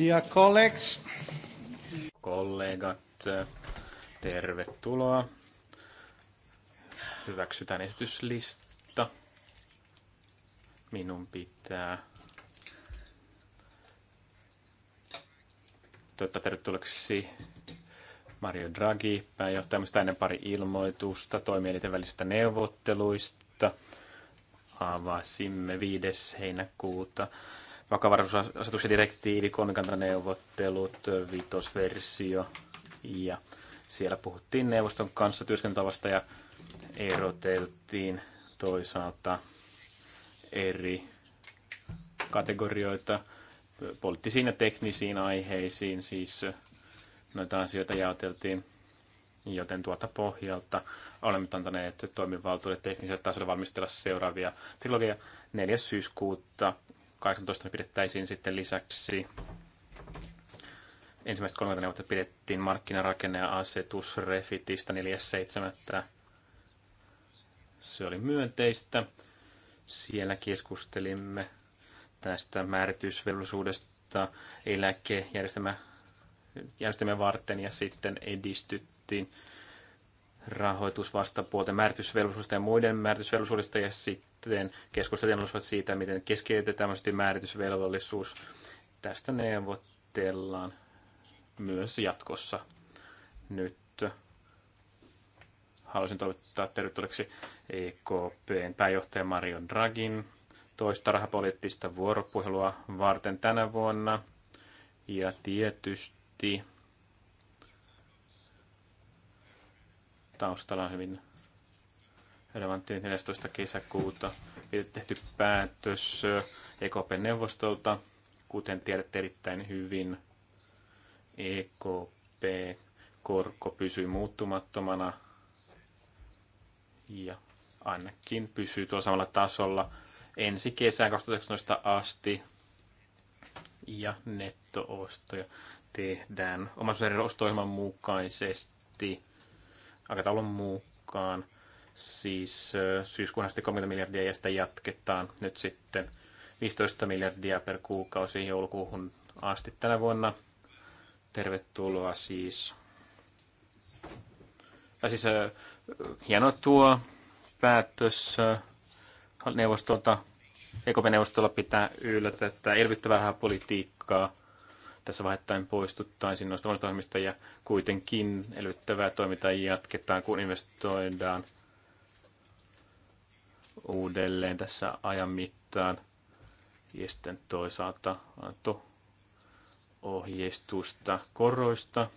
Dear colleagues. Kollegat, tervetuloa. Hyväksytään esityslista. Minun pitää Toivottavasti tervetulleeksi Mario Draghi, pääjohtaja, ennen pari ilmoitusta toimielinten välisistä neuvotteluista avasimme 5. heinäkuuta vakavaraisuusasetus ja direktiivi, kolmikantaneuvottelut, viitosversio ja siellä puhuttiin neuvoston kanssa työskentelytavasta ja eroteltiin toisaalta eri kategorioita poliittisiin ja teknisiin aiheisiin, siis noita asioita jaoteltiin, joten tuolta pohjalta olemme antaneet toimivaltuudet tekniselle tasolle valmistella seuraavia trilogia 4. syyskuuta 18 pidettäisiin sitten lisäksi. Ensimmäiset 30 neuvottelut pidettiin markkinarakenne- ja Refitistä 4.7. Se oli myönteistä. Siellä keskustelimme tästä määritysvelvollisuudesta eläkejärjestelmä järjestelmän varten ja sitten edistyttiin rahoitusvastapuolten määritysvelvollisuudesta ja muiden määritysvelvollisuudesta ja sitten sitten keskustelut analysoivat siitä, miten keskeytetään määritysvelvollisuus. Tästä neuvotellaan myös jatkossa nyt. Haluaisin toivottaa tervetulleeksi EKPn pääjohtaja Mario Dragin toista rahapoliittista vuoropuhelua varten tänä vuonna. Ja tietysti taustalla on hyvin relevantti 14. kesäkuuta tehty päätös EKPn neuvostolta, kuten tiedätte erittäin hyvin. EKP korko pysyi muuttumattomana ja ainakin pysyy tuolla samalla tasolla ensi kesään 2019 asti. Ja nettoostoja tehdään omaisuuden osto mukaisesti aikataulun mukaan – Siis syyskuun asti 30 miljardia ja sitä jatketaan nyt sitten 15 miljardia per kuukausi joulukuuhun asti tänä vuonna. Tervetuloa siis. Ja siis hieno tuo päätös neuvostolta, EKP-neuvostolla pitää yllä tätä elvyttävää rahapolitiikkaa. Tässä vaihtain poistuttaisiin noista ja kuitenkin elvyttävää toimintaa jatketaan, kun investoidaan uudelleen tässä ajan mittaan. Ja sitten toisaalta annettu ohjeistusta koroista.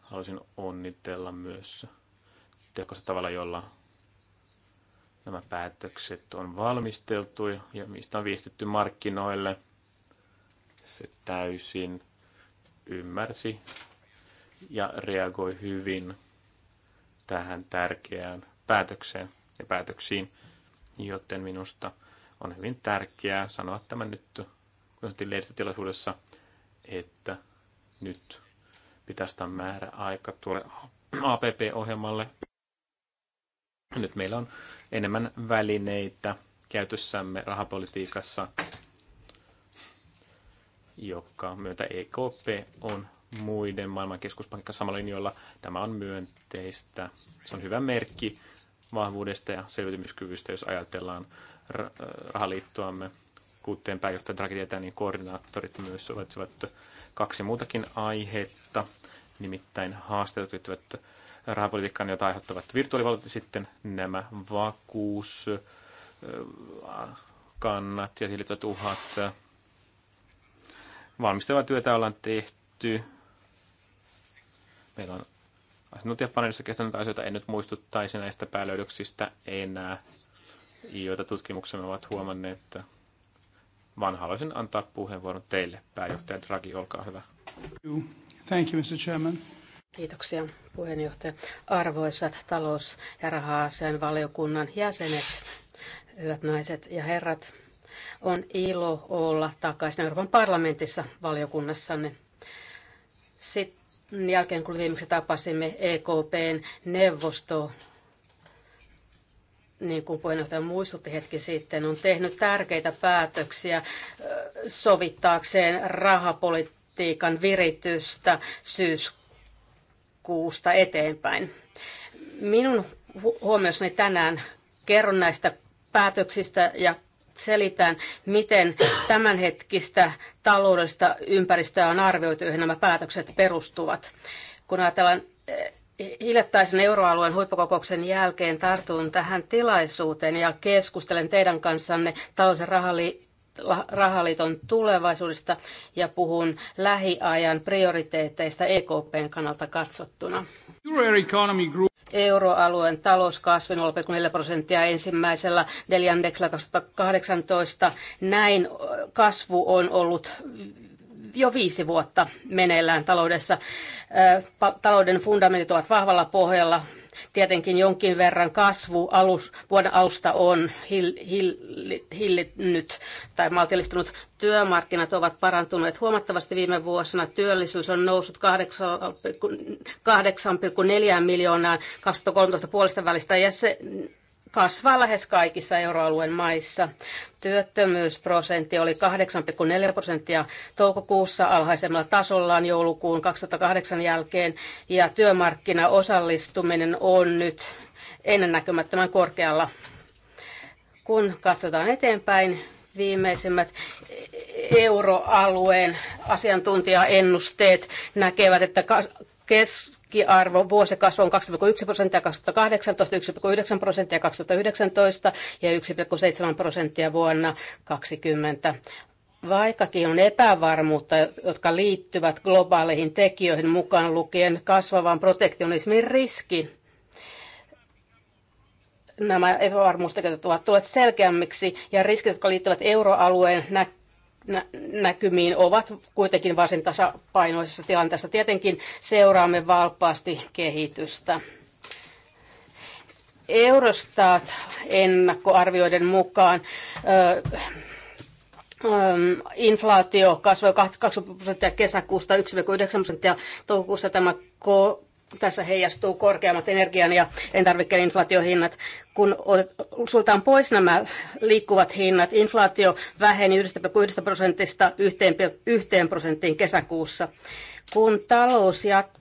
Haluaisin onnitella myös tekosta tavalla, jolla nämä päätökset on valmisteltu ja mistä on viestitty markkinoille. Se täysin ymmärsi ja reagoi hyvin tähän tärkeään päätökseen ja päätöksiin joten minusta on hyvin tärkeää sanoa tämä nyt lehdistötilaisuudessa, että nyt pitäisi tämän määrä aika tuolle APP-ohjelmalle. Nyt meillä on enemmän välineitä käytössämme rahapolitiikassa, joka myötä EKP on muiden maailman keskuspankka samalla linjoilla. Tämä on myönteistä. Se on hyvä merkki, vahvuudesta ja selviytymiskyvystä, jos ajatellaan rahaliittoamme. Kuutteen pääjohtaja Draghi tietää, niin koordinaattorit myös valitsivat kaksi muutakin aihetta, nimittäin haasteet liittyvät rahapolitiikkaan, jota aiheuttavat virtuaalivaluutat sitten nämä vakuus, kannat ja sillä uhat. Valmistavaa työtä ollaan tehty. Meillä on asiantuntijapaneelissa käsitellyt asioita, en nyt muistuttaisi näistä päälöydöksistä enää, joita tutkimuksemme ovat huomanneet, että vaan haluaisin antaa puheenvuoron teille. Pääjohtaja Draghi, olkaa hyvä. Thank you, Mr. Chairman. Kiitoksia puheenjohtaja. Arvoisat talous- ja raha valiokunnan jäsenet, hyvät naiset ja herrat, on ilo olla takaisin Euroopan parlamentissa valiokunnassanne. Sitten jälkeen, kun viimeksi tapasimme EKPn neuvosto, niin kuin puheenjohtaja muistutti hetki sitten, on tehnyt tärkeitä päätöksiä sovittaakseen rahapolitiikan viritystä syyskuusta eteenpäin. Minun huomiosani tänään kerron näistä päätöksistä ja selitän, miten tämänhetkistä taloudellista ympäristöä on arvioitu, johon nämä päätökset perustuvat. Kun ajatellaan eh, Hiljattaisen euroalueen huippukokouksen jälkeen tartun tähän tilaisuuteen ja keskustelen teidän kanssanne talous- ja rahali- rahaliiton tulevaisuudesta ja puhun lähiajan prioriteetteista EKPn kannalta katsottuna euroalueen talouskasvin 0,4 prosenttia ensimmäisellä neljänneksellä 2018. Näin kasvu on ollut jo viisi vuotta meneillään taloudessa. Talouden fundamentit ovat vahvalla pohjalla. Tietenkin jonkin verran kasvu alus, vuoden alusta on hill, hill, hillinnyt tai maltillistunut. Työmarkkinat ovat parantuneet huomattavasti viime vuosina. Työllisyys on noussut 8,4 miljoonaan 2013 puolesta välistä ja se kasvaa lähes kaikissa euroalueen maissa. Työttömyysprosentti oli 8,4 prosenttia toukokuussa alhaisemmalla tasollaan joulukuun 2008 jälkeen ja työmarkkinaosallistuminen on nyt ennennäkemättömän korkealla. Kun katsotaan eteenpäin, viimeisimmät euroalueen asiantuntijaennusteet näkevät, että kes- keskiarvo vuosikasvu on 2,1 prosenttia 2018, 1,9 prosenttia 2019 ja 1,7 prosenttia vuonna 2020. Vaikkakin on epävarmuutta, jotka liittyvät globaaleihin tekijöihin mukaan lukien kasvavan protektionismin riski, nämä epävarmuustekijät ovat tulleet selkeämmiksi ja riskit, jotka liittyvät euroalueen nä- näkymiin ovat kuitenkin varsin tasapainoisessa tilanteessa. Tietenkin seuraamme valppaasti kehitystä. Eurostat ennakkoarvioiden mukaan ö, inflaatio kasvoi 2 prosenttia kesäkuusta, 1,9 prosenttia toukokuussa tämä tässä heijastuu korkeammat energian ja elintarvikkeiden inflaatiohinnat. Kun sultaan pois nämä liikkuvat hinnat, inflaatio väheni 1,1 prosentista 1 prosenttiin kesäkuussa. Kun talous jatkuu,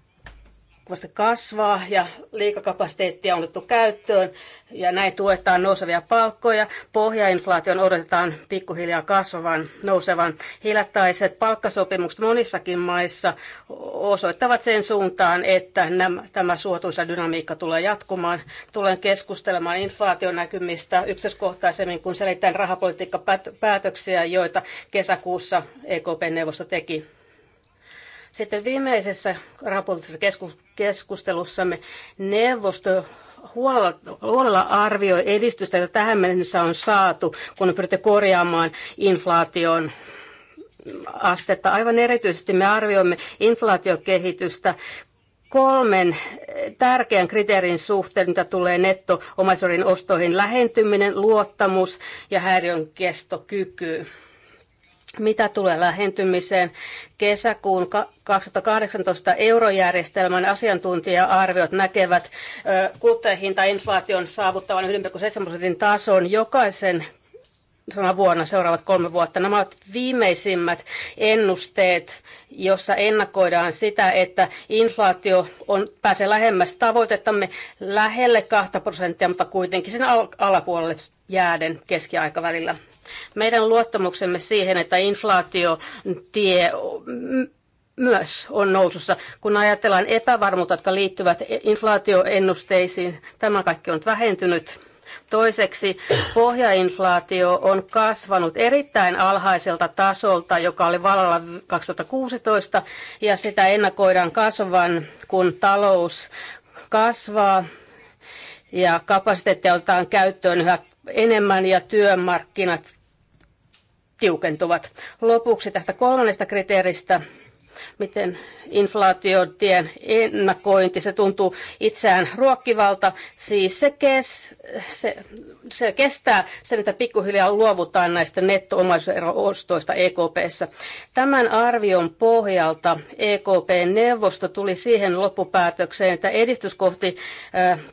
jatkuvasti kasvaa ja liikakapasiteettia on otettu käyttöön ja näin tuetaan nousevia palkkoja. Pohjainflaation odotetaan pikkuhiljaa kasvavan, nousevan. Hiljattaiset palkkasopimukset monissakin maissa osoittavat sen suuntaan, että nämä, tämä suotuisa dynamiikka tulee jatkumaan. Tulen keskustelemaan inflaation näkymistä yksityiskohtaisemmin, kun selitän rahapolitiikkapäätöksiä, joita kesäkuussa EKP-neuvosto teki. Sitten viimeisessä raportissa keskustelussa keskustelussamme. Neuvosto huolella, arvioi edistystä, jota tähän mennessä on saatu, kun pyritte korjaamaan inflaation astetta. Aivan erityisesti me arvioimme inflaatiokehitystä kolmen tärkeän kriteerin suhteen, mitä tulee netto omaisuuden ostoihin, lähentyminen, luottamus ja häiriön kestokyky. Mitä tulee lähentymiseen, kesäkuun 2018 eurojärjestelmän asiantuntija-arviot näkevät kuluttajahintainflaation saavuttavan 1,7 prosentin tason jokaisen vuonna seuraavat kolme vuotta. Nämä ovat viimeisimmät ennusteet, jossa ennakoidaan sitä, että inflaatio on, pääsee lähemmäs tavoitettamme lähelle 2 prosenttia, mutta kuitenkin sen al- alapuolelle jääden keskiaikavälillä. Meidän luottamuksemme siihen, että inflaatiotie myös on nousussa. Kun ajatellaan epävarmuutta, jotka liittyvät inflaatioennusteisiin, tämä kaikki on vähentynyt. Toiseksi pohjainflaatio on kasvanut erittäin alhaiselta tasolta, joka oli vallalla 2016, ja sitä ennakoidaan kasvavan, kun talous kasvaa ja kapasiteettia otetaan käyttöön yhä enemmän ja työmarkkinat tiukentuvat. Lopuksi tästä kolmannesta kriteeristä, miten inflaatiotien ennakointi, se tuntuu itseään ruokkivalta, siis se, kes, se, se kestää sen, että pikkuhiljaa luovutaan näistä netto ostoista EKPssä. Tämän arvion pohjalta EKP-neuvosto tuli siihen loppupäätökseen, että edistys kohti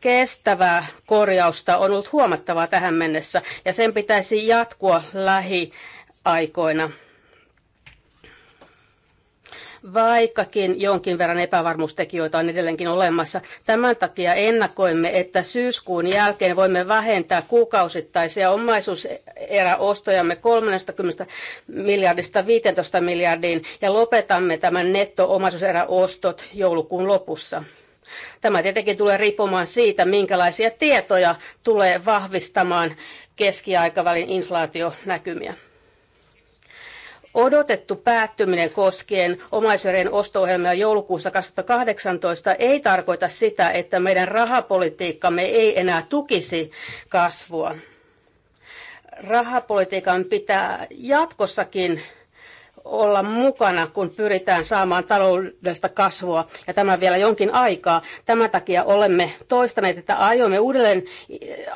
kestävää korjausta on ollut huomattavaa tähän mennessä, ja sen pitäisi jatkua lähi aikoina. Vaikkakin jonkin verran epävarmuustekijöitä on edelleenkin olemassa, tämän takia ennakoimme, että syyskuun jälkeen voimme vähentää kuukausittaisia omaisuuseräostojamme 30 miljardista 15 miljardiin ja lopetamme tämän netto-omaisuuseräostot joulukuun lopussa. Tämä tietenkin tulee riippumaan siitä, minkälaisia tietoja tulee vahvistamaan keskiaikavälin inflaationäkymiä odotettu päättyminen koskien omaisuuden osto joulukuussa 2018 ei tarkoita sitä, että meidän rahapolitiikkamme ei enää tukisi kasvua. Rahapolitiikan pitää jatkossakin olla mukana, kun pyritään saamaan taloudesta kasvua, ja tämä vielä jonkin aikaa. Tämän takia olemme toistaneet, että aiomme uudelleen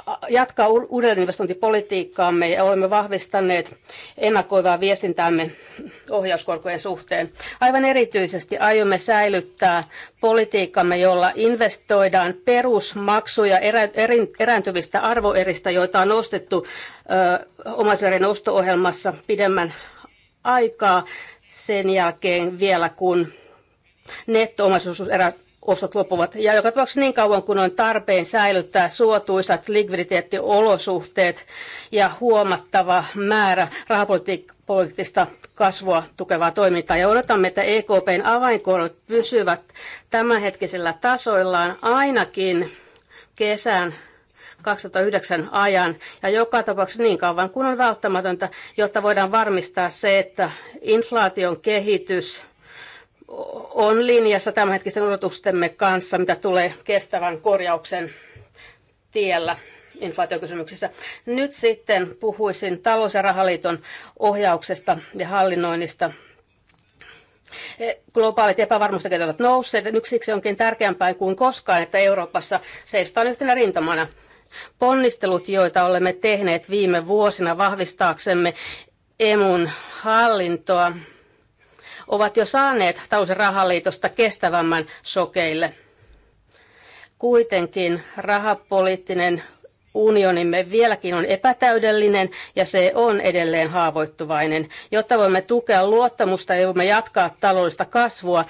äh, jatkaa uudelleen investointipolitiikkaamme ja olemme vahvistaneet ennakoivaa viestintäämme ohjauskorkojen suhteen. Aivan erityisesti aiomme säilyttää politiikkamme, jolla investoidaan perusmaksuja erä, erin, erääntyvistä arvoeristä, joita on nostettu ö, omaisuuden osto-ohjelmassa pidemmän aikaa sen jälkeen vielä, kun nettoomaisuuserät ostot loppuvat. Ja joka tapauksessa niin kauan, kun on tarpeen säilyttää suotuisat likviditeettiolosuhteet ja huomattava määrä rahapoliittista kasvua tukevaa toimintaa. Ja odotamme, että EKPn avainkorot pysyvät tämänhetkisellä tasoillaan ainakin kesän 2009 ajan ja joka tapauksessa niin kauan kuin on välttämätöntä, jotta voidaan varmistaa se, että inflaation kehitys on linjassa tämänhetkisten odotustemme kanssa, mitä tulee kestävän korjauksen tiellä inflaatiokysymyksissä. Nyt sitten puhuisin talous- ja rahaliiton ohjauksesta ja hallinnoinnista. E, globaalit epävarmuustekijät ovat nousseet, ja onkin tärkeämpää kuin koskaan, että Euroopassa seisotaan yhtenä rintamana ponnistelut, joita olemme tehneet viime vuosina vahvistaaksemme emun hallintoa, ovat jo saaneet tausen rahaliitosta kestävämmän sokeille. Kuitenkin rahapoliittinen unionimme vieläkin on epätäydellinen ja se on edelleen haavoittuvainen. Jotta voimme tukea luottamusta ja voimme jatkaa taloudellista kasvua,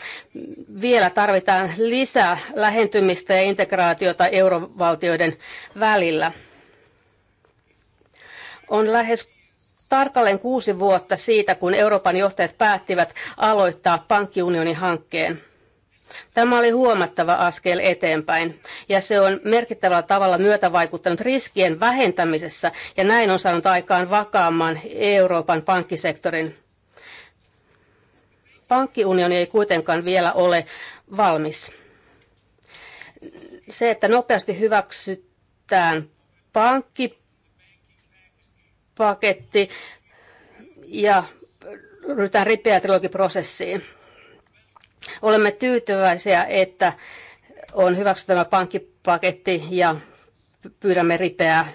vielä tarvitaan lisää lähentymistä ja integraatiota eurovaltioiden välillä. On lähes tarkalleen kuusi vuotta siitä, kun Euroopan johtajat päättivät aloittaa pankkiunionin hankkeen Tämä oli huomattava askel eteenpäin ja se on merkittävällä tavalla myötävaikuttanut riskien vähentämisessä ja näin on saanut aikaan vakaamman Euroopan pankkisektorin. Pankkiunioni ei kuitenkaan vielä ole valmis. Se, että nopeasti hyväksytään pankkipaketti ja ryhdytään ripeä trilogiprosessiin. Olemme tyytyväisiä, että on hyväksytty tämä pankkipaketti ja pyydämme ripeää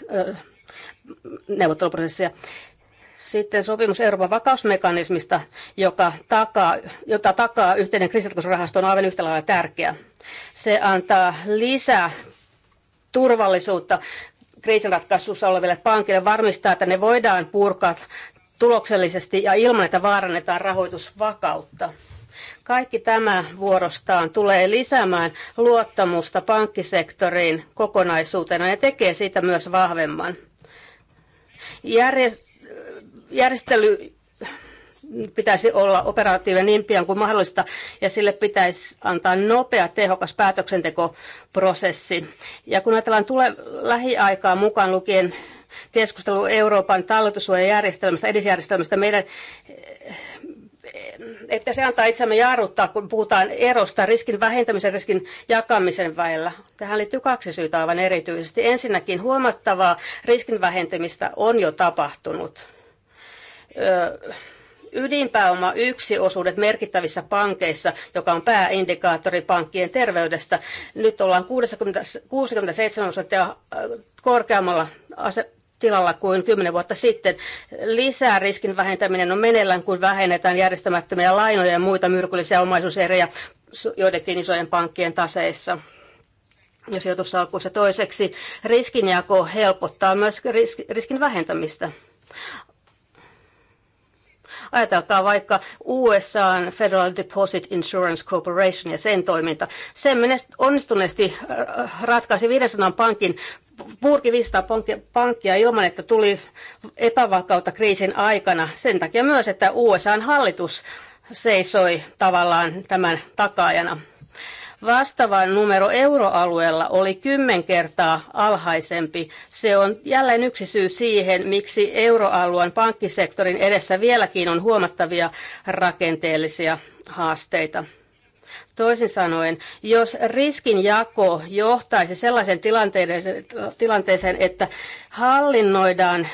neuvotteluprosessia. Sitten sopimus Euroopan vakausmekanismista, joka takaa, jota takaa yhteinen kriisitkusrahasto on aivan yhtä lailla tärkeä. Se antaa lisää turvallisuutta kriisinratkaisussa oleville pankille varmistaa, että ne voidaan purkaa tuloksellisesti ja ilman, että vaarannetaan rahoitusvakautta. Kaikki tämä vuorostaan tulee lisäämään luottamusta pankkisektoriin kokonaisuutena ja tekee siitä myös vahvemman. Järjestely pitäisi olla operatiivinen niin pian kuin mahdollista ja sille pitäisi antaa nopea, tehokas päätöksentekoprosessi. Ja kun ajatellaan tule lähiaikaa mukaan lukien keskustelu Euroopan talletussuojajärjestelmästä, edisjärjestelmästä, meidän ei se antaa itsemme jarruttaa, kun puhutaan erosta riskin vähentämisen ja riskin jakamisen väellä. Tähän liittyy kaksi syytä aivan erityisesti. Ensinnäkin huomattavaa riskin vähentämistä on jo tapahtunut. Öö, ydinpääoma yksi osuudet merkittävissä pankeissa, joka on pääindikaattori pankkien terveydestä. Nyt ollaan 60, 67 prosenttia korkeammalla ase, tilalla kuin kymmenen vuotta sitten. Lisää riskin vähentäminen on meneillään, kun vähennetään järjestämättömiä lainoja ja muita myrkyllisiä omaisuuseriä joidenkin isojen pankkien taseissa ja sijoitussalkuissa. Toiseksi riskinjako helpottaa myös riskin vähentämistä. Ajatelkaa vaikka USA Federal Deposit Insurance Corporation ja sen toiminta. Se onnistuneesti äh, äh, ratkaisi 500 pankin purki 500 pankkia ilman, että tuli epävakautta kriisin aikana. Sen takia myös, että USAn hallitus seisoi tavallaan tämän takaajana. Vastaava numero euroalueella oli kymmen kertaa alhaisempi. Se on jälleen yksi syy siihen, miksi euroalueen pankkisektorin edessä vieläkin on huomattavia rakenteellisia haasteita. Toisin sanoen, jos jako johtaisi sellaiseen tilanteeseen, että hallinnoidaan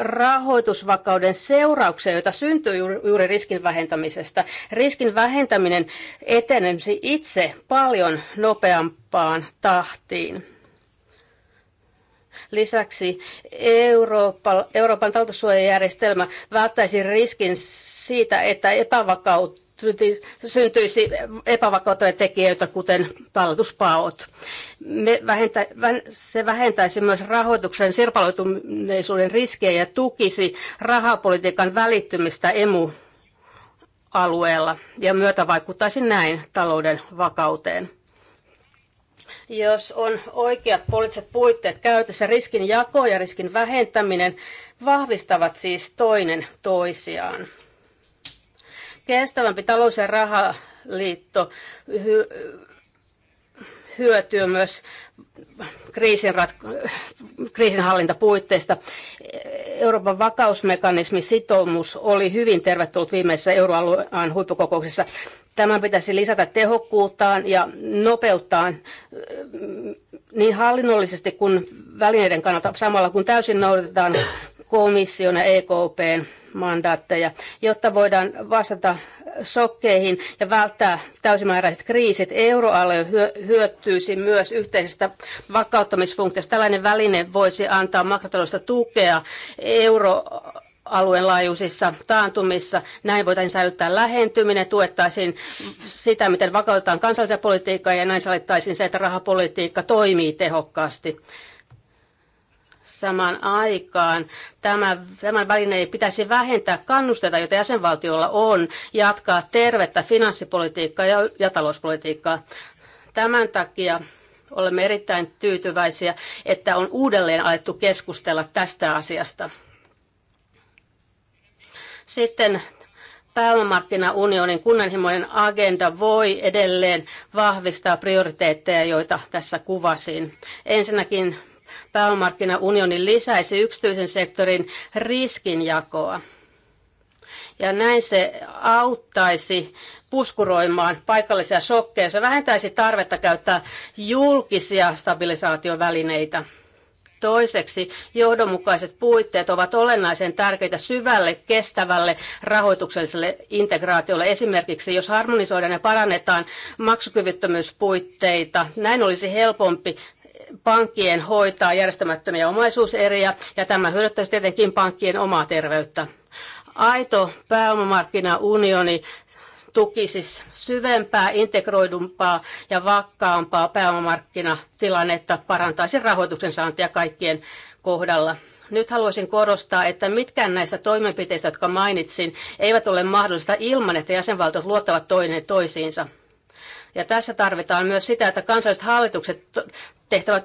rahoitusvakauden seurauksia, joita syntyy juuri riskin vähentämisestä. Riskin vähentäminen etenemisi itse paljon nopeampaan tahtiin. Lisäksi Eurooppa, Euroopan talutussuojajärjestelmä välttäisi riskin siitä, että epävakautta syntyisi epävakauttavia tekijöitä, kuten talletuspaot. vähentä, se vähentäisi myös rahoituksen sirpaloituneisuuden riskejä ja tukisi rahapolitiikan välittymistä emu alueella ja myötävaikuttaisi näin talouden vakauteen. Jos on oikeat poliittiset puitteet käytössä, riskin jako ja riskin vähentäminen vahvistavat siis toinen toisiaan. Kestävämpi talous- ja rahaliitto hy- hyötyy myös kriisinrat- kriisinhallintapuitteista. Euroopan vakausmekanismin sitoumus oli hyvin tervetullut viimeisessä euroalueen huippukokouksessa. Tämän pitäisi lisätä tehokkuuttaan ja nopeuttaan mm, niin hallinnollisesti kuin välineiden kannalta samalla kun täysin noudatetaan komission ja EKPn mandaatteja, jotta voidaan vastata sokkeihin ja välttää täysimääräiset kriisit. Euroalue hyötyisi myös yhteisestä vakauttamisfunktiosta. Tällainen väline voisi antaa makrotaloudesta tukea euro alueen laajuisissa taantumissa. Näin voitaisiin säilyttää lähentyminen, tuettaisiin sitä, miten vakautetaan kansallisia politiikkaa ja näin sallittaisiin se, että rahapolitiikka toimii tehokkaasti. Samaan aikaan tämä, tämän välineen ei pitäisi vähentää kannusteita, joita jäsenvaltiolla on jatkaa tervettä finanssipolitiikkaa ja, ja talouspolitiikkaa. Tämän takia olemme erittäin tyytyväisiä, että on uudelleen alettu keskustella tästä asiasta. Sitten pääomamarkkinaunionin kunnanhimoinen agenda voi edelleen vahvistaa prioriteetteja, joita tässä kuvasin. Ensinnäkin pääomarkkinaunioni lisäisi yksityisen sektorin riskinjakoa. Ja näin se auttaisi puskuroimaan paikallisia shokkeja. Se vähentäisi tarvetta käyttää julkisia stabilisaatiovälineitä. Toiseksi johdonmukaiset puitteet ovat olennaisen tärkeitä syvälle, kestävälle rahoitukselliselle integraatiolle. Esimerkiksi jos harmonisoidaan ja parannetaan maksukyvyttömyyspuitteita, näin olisi helpompi pankkien hoitaa järjestämättömiä omaisuuseriä, ja tämä hyödyttäisi tietenkin pankkien omaa terveyttä. Aito pääomamarkkinaunioni tukisi syvempää, integroidumpaa ja vakkaampaa pääomamarkkinatilannetta, parantaisi rahoituksen saantia kaikkien kohdalla. Nyt haluaisin korostaa, että mitkään näistä toimenpiteistä, jotka mainitsin, eivät ole mahdollista ilman, että jäsenvaltiot luottavat toinen toisiinsa. Ja tässä tarvitaan myös sitä, että kansalliset hallitukset tehtävät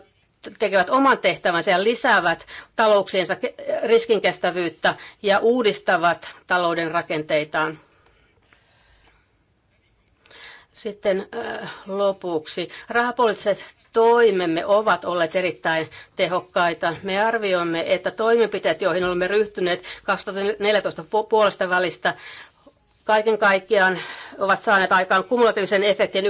tekevät oman tehtävänsä ja lisäävät talouksiensa riskinkestävyyttä ja uudistavat talouden rakenteitaan. Sitten äh, lopuksi. Rahapoliittiset toimemme ovat olleet erittäin tehokkaita. Me arvioimme, että toimenpiteet, joihin olemme ryhtyneet 2014 puolesta välistä, kaiken kaikkiaan ovat saaneet aikaan kumulatiivisen efektin 1,9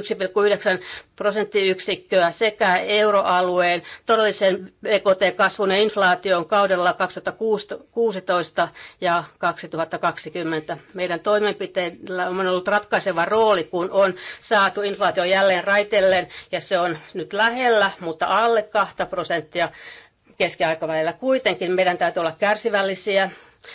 prosenttiyksikköä sekä euroalueen todellisen BKT-kasvun ja inflaation kaudella 2016 ja 2020. Meidän toimenpiteillä on ollut ratkaiseva rooli, kun on saatu inflaatio jälleen raitelleen ja se on nyt lähellä, mutta alle 2 prosenttia keskiaikavälillä. Kuitenkin meidän täytyy olla kärsivällisiä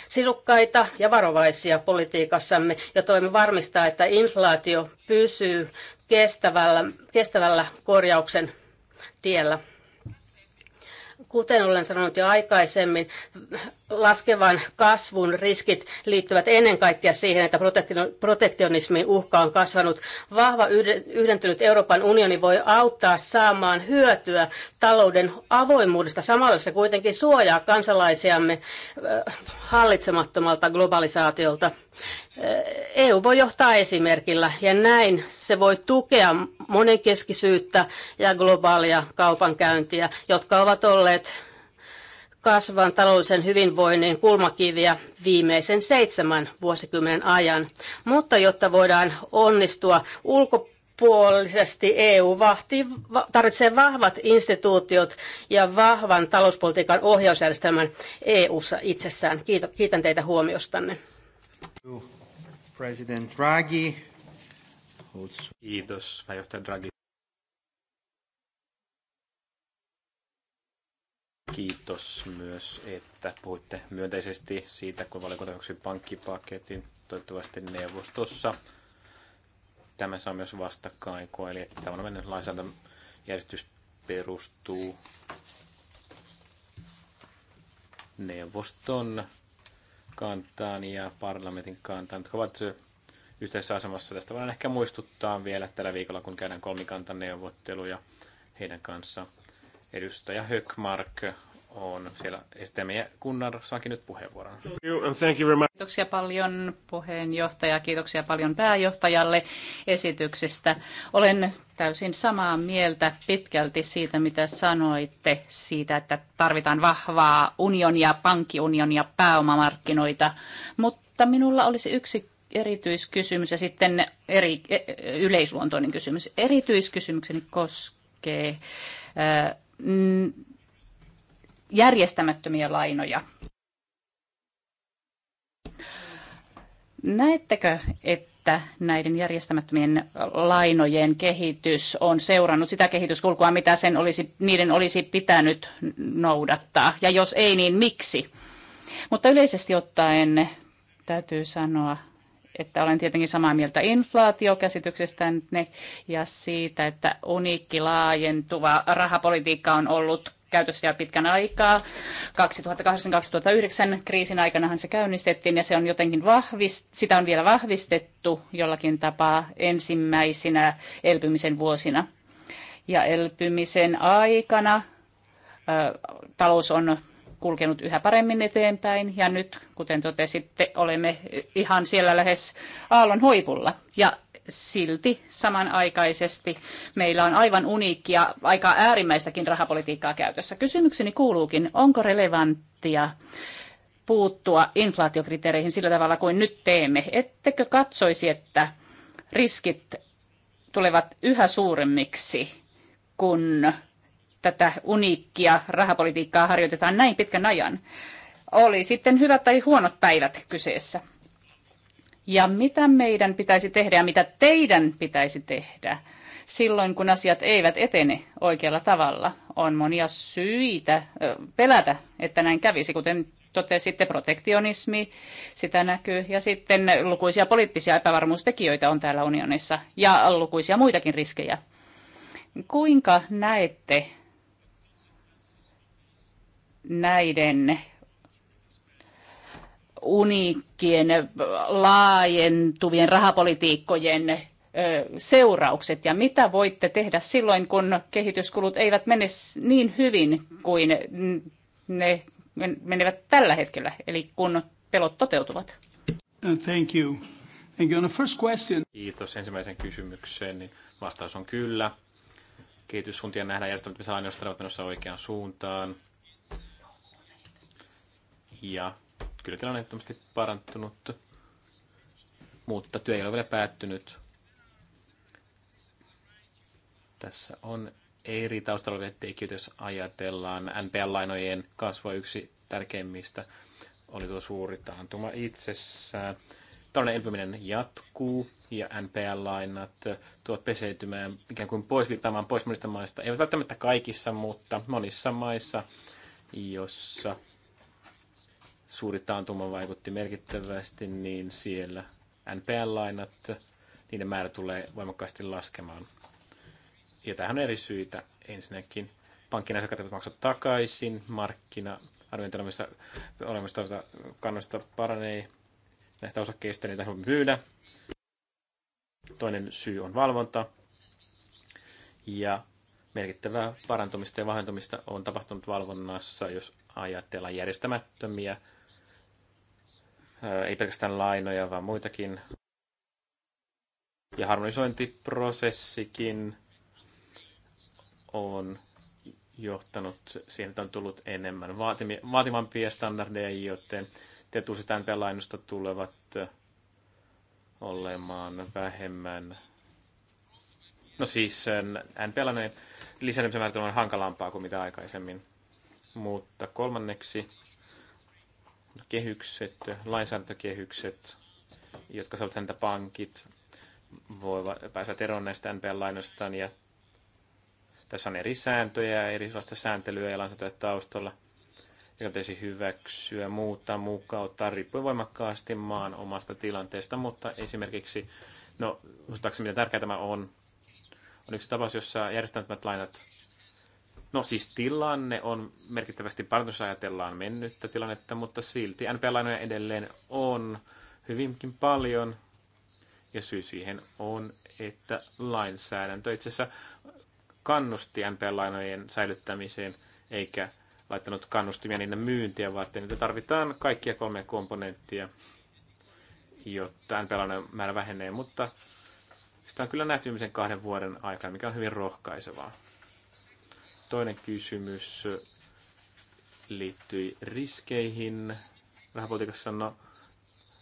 sisukkaita ja varovaisia politiikassamme ja toimme varmistaa, että inflaatio pysyy kestävällä, kestävällä korjauksen tiellä. Kuten olen sanonut jo aikaisemmin, laskevan kasvun riskit liittyvät ennen kaikkea siihen, että protektionismin uhka on kasvanut. Vahva yhdentynyt Euroopan unioni voi auttaa saamaan hyötyä talouden avoimuudesta. Samalla se kuitenkin suojaa kansalaisiamme äh, hallitsemattomalta globalisaatiolta. Äh, EU voi johtaa esimerkillä ja näin se voi tukea monenkeskisyyttä ja globaalia kaupankäyntiä, jotka ovat olleet kasvan taloudellisen hyvinvoinnin kulmakiviä viimeisen seitsemän vuosikymmenen ajan. Mutta jotta voidaan onnistua ulkopuolisesti EU vahtii, tarvitsee vahvat instituutiot ja vahvan talouspolitiikan ohjausjärjestelmän EU:ssa itsessään. Kiito, kiitän teitä huomiostanne. President Draghi. Kiitos, pääjohtaja Draghi. Kiitos myös, että puhuitte myönteisesti siitä, kun valiokunta hyväksyi pankkipaketin toivottavasti neuvostossa. Tämä saa myös vastakaikoa, eli että tämä mennyt lainsäädäntöjärjestys perustuu neuvoston kantaan ja parlamentin kantaan, jotka ovat yhteisessä asemassa. Tästä voidaan ehkä muistuttaa vielä tällä viikolla, kun käydään kolmikantaneuvotteluja heidän kanssaan Edustaja Höckmark on siellä esittämme ja Gunnar saakin nyt puheenvuoron. Kiitoksia paljon puheenjohtaja, kiitoksia paljon pääjohtajalle esityksestä. Olen täysin samaa mieltä pitkälti siitä, mitä sanoitte, siitä, että tarvitaan vahvaa unionia, pankkiunionia, pääomamarkkinoita, mutta minulla olisi yksi erityiskysymys ja sitten eri, e, yleisluontoinen kysymys. Erityiskysymykseni koskee Mm, järjestämättömiä lainoja. Näettekö, että näiden järjestämättömien lainojen kehitys on seurannut sitä kehityskulkua, mitä sen olisi, niiden olisi pitänyt noudattaa? Ja jos ei, niin miksi? Mutta yleisesti ottaen täytyy sanoa, että olen tietenkin samaa mieltä inflaatiokäsityksestänne ja siitä, että uniikki laajentuva rahapolitiikka on ollut käytössä jo pitkän aikaa. 2008-2009 kriisin aikanahan se käynnistettiin ja se on jotenkin vahvist, sitä on vielä vahvistettu jollakin tapaa ensimmäisinä elpymisen vuosina. Ja elpymisen aikana ö, talous on kulkenut yhä paremmin eteenpäin ja nyt, kuten totesitte, olemme ihan siellä lähes aallon huipulla. Ja silti samanaikaisesti meillä on aivan uniikkia, aika äärimmäistäkin rahapolitiikkaa käytössä. Kysymykseni kuuluukin, onko relevanttia puuttua inflaatiokriteereihin sillä tavalla kuin nyt teemme? Ettekö katsoisi, että riskit tulevat yhä suuremmiksi, kun tätä uniikkia rahapolitiikkaa harjoitetaan näin pitkän ajan. Oli sitten hyvät tai huonot päivät kyseessä. Ja mitä meidän pitäisi tehdä ja mitä teidän pitäisi tehdä silloin, kun asiat eivät etene oikealla tavalla? On monia syitä pelätä, että näin kävisi, kuten totesitte, protektionismi, sitä näkyy. Ja sitten lukuisia poliittisia epävarmuustekijöitä on täällä unionissa ja lukuisia muitakin riskejä. Kuinka näette näiden uniikkien laajentuvien rahapolitiikkojen seuraukset ja mitä voitte tehdä silloin, kun kehityskulut eivät mene niin hyvin kuin ne menevät tällä hetkellä, eli kun pelot toteutuvat? Uh, thank you. Thank you. On the first question. Kiitos ensimmäisen kysymykseen. Niin vastaus on kyllä. Kehityssuuntia nähdään järjestelmät, missä ainoastaan menossa oikeaan suuntaan. Ja kyllä tilanne on parantunut, mutta työ ei ole vielä päättynyt. Tässä on eri taustalla olevia tekijöitä, jos ajatellaan NPL-lainojen kasvua yksi tärkeimmistä oli tuo suuri taantuma itsessään. Tällainen elpyminen jatkuu ja NPL-lainat tuot peseytymään ikään kuin pois virtaamaan pois monista maista. Ei välttämättä kaikissa, mutta monissa maissa, jossa suuri taantuma vaikutti merkittävästi, niin siellä NPL-lainat, niiden määrä tulee voimakkaasti laskemaan. Ja tähän on eri syitä. Ensinnäkin pankkin asiakkaat maksaa takaisin, markkina arviointinomista olemista kannasta paranee näistä osakkeista, niitä on myydä. Toinen syy on valvonta. Ja merkittävää parantumista ja vahentumista on tapahtunut valvonnassa, jos ajatellaan järjestämättömiä ei pelkästään lainoja, vaan muitakin. Ja harmonisointiprosessikin on johtanut siihen, että on tullut enemmän vaativampia standardeja, joten tietysti lainosta tulevat olemaan vähemmän. No siis NP-lainojen lisääntymismäärät on hankalampaa kuin mitä aikaisemmin. Mutta kolmanneksi kehykset, lainsäädäntökehykset, jotka saavat häntä pankit, voi päästä eroon näistä NPL-lainoistaan ja tässä on eri sääntöjä ja erilaista sääntelyä ja lainsäädäntöä taustalla, joka pitäisi hyväksyä, muuttaa, mukauttaa, riippuen voimakkaasti maan omasta tilanteesta, mutta esimerkiksi, no, muistaakseni miten tärkeää tämä on, on yksi tapaus, jossa järjestämättömät lainat No siis tilanne on merkittävästi parantunut, jos ajatellaan mennyttä tilannetta, mutta silti NP-lainoja edelleen on hyvinkin paljon. Ja syy siihen on, että lainsäädäntö itse asiassa kannusti NP-lainojen säilyttämiseen, eikä laittanut kannustimia niiden myyntiä varten. Niitä tarvitaan kaikkia kolme komponenttia, jotta NP-lainojen määrä vähenee, mutta sitä on kyllä nähty kahden vuoden aikana, mikä on hyvin rohkaisevaa. Toinen kysymys liittyi riskeihin rahapolitiikassa. No,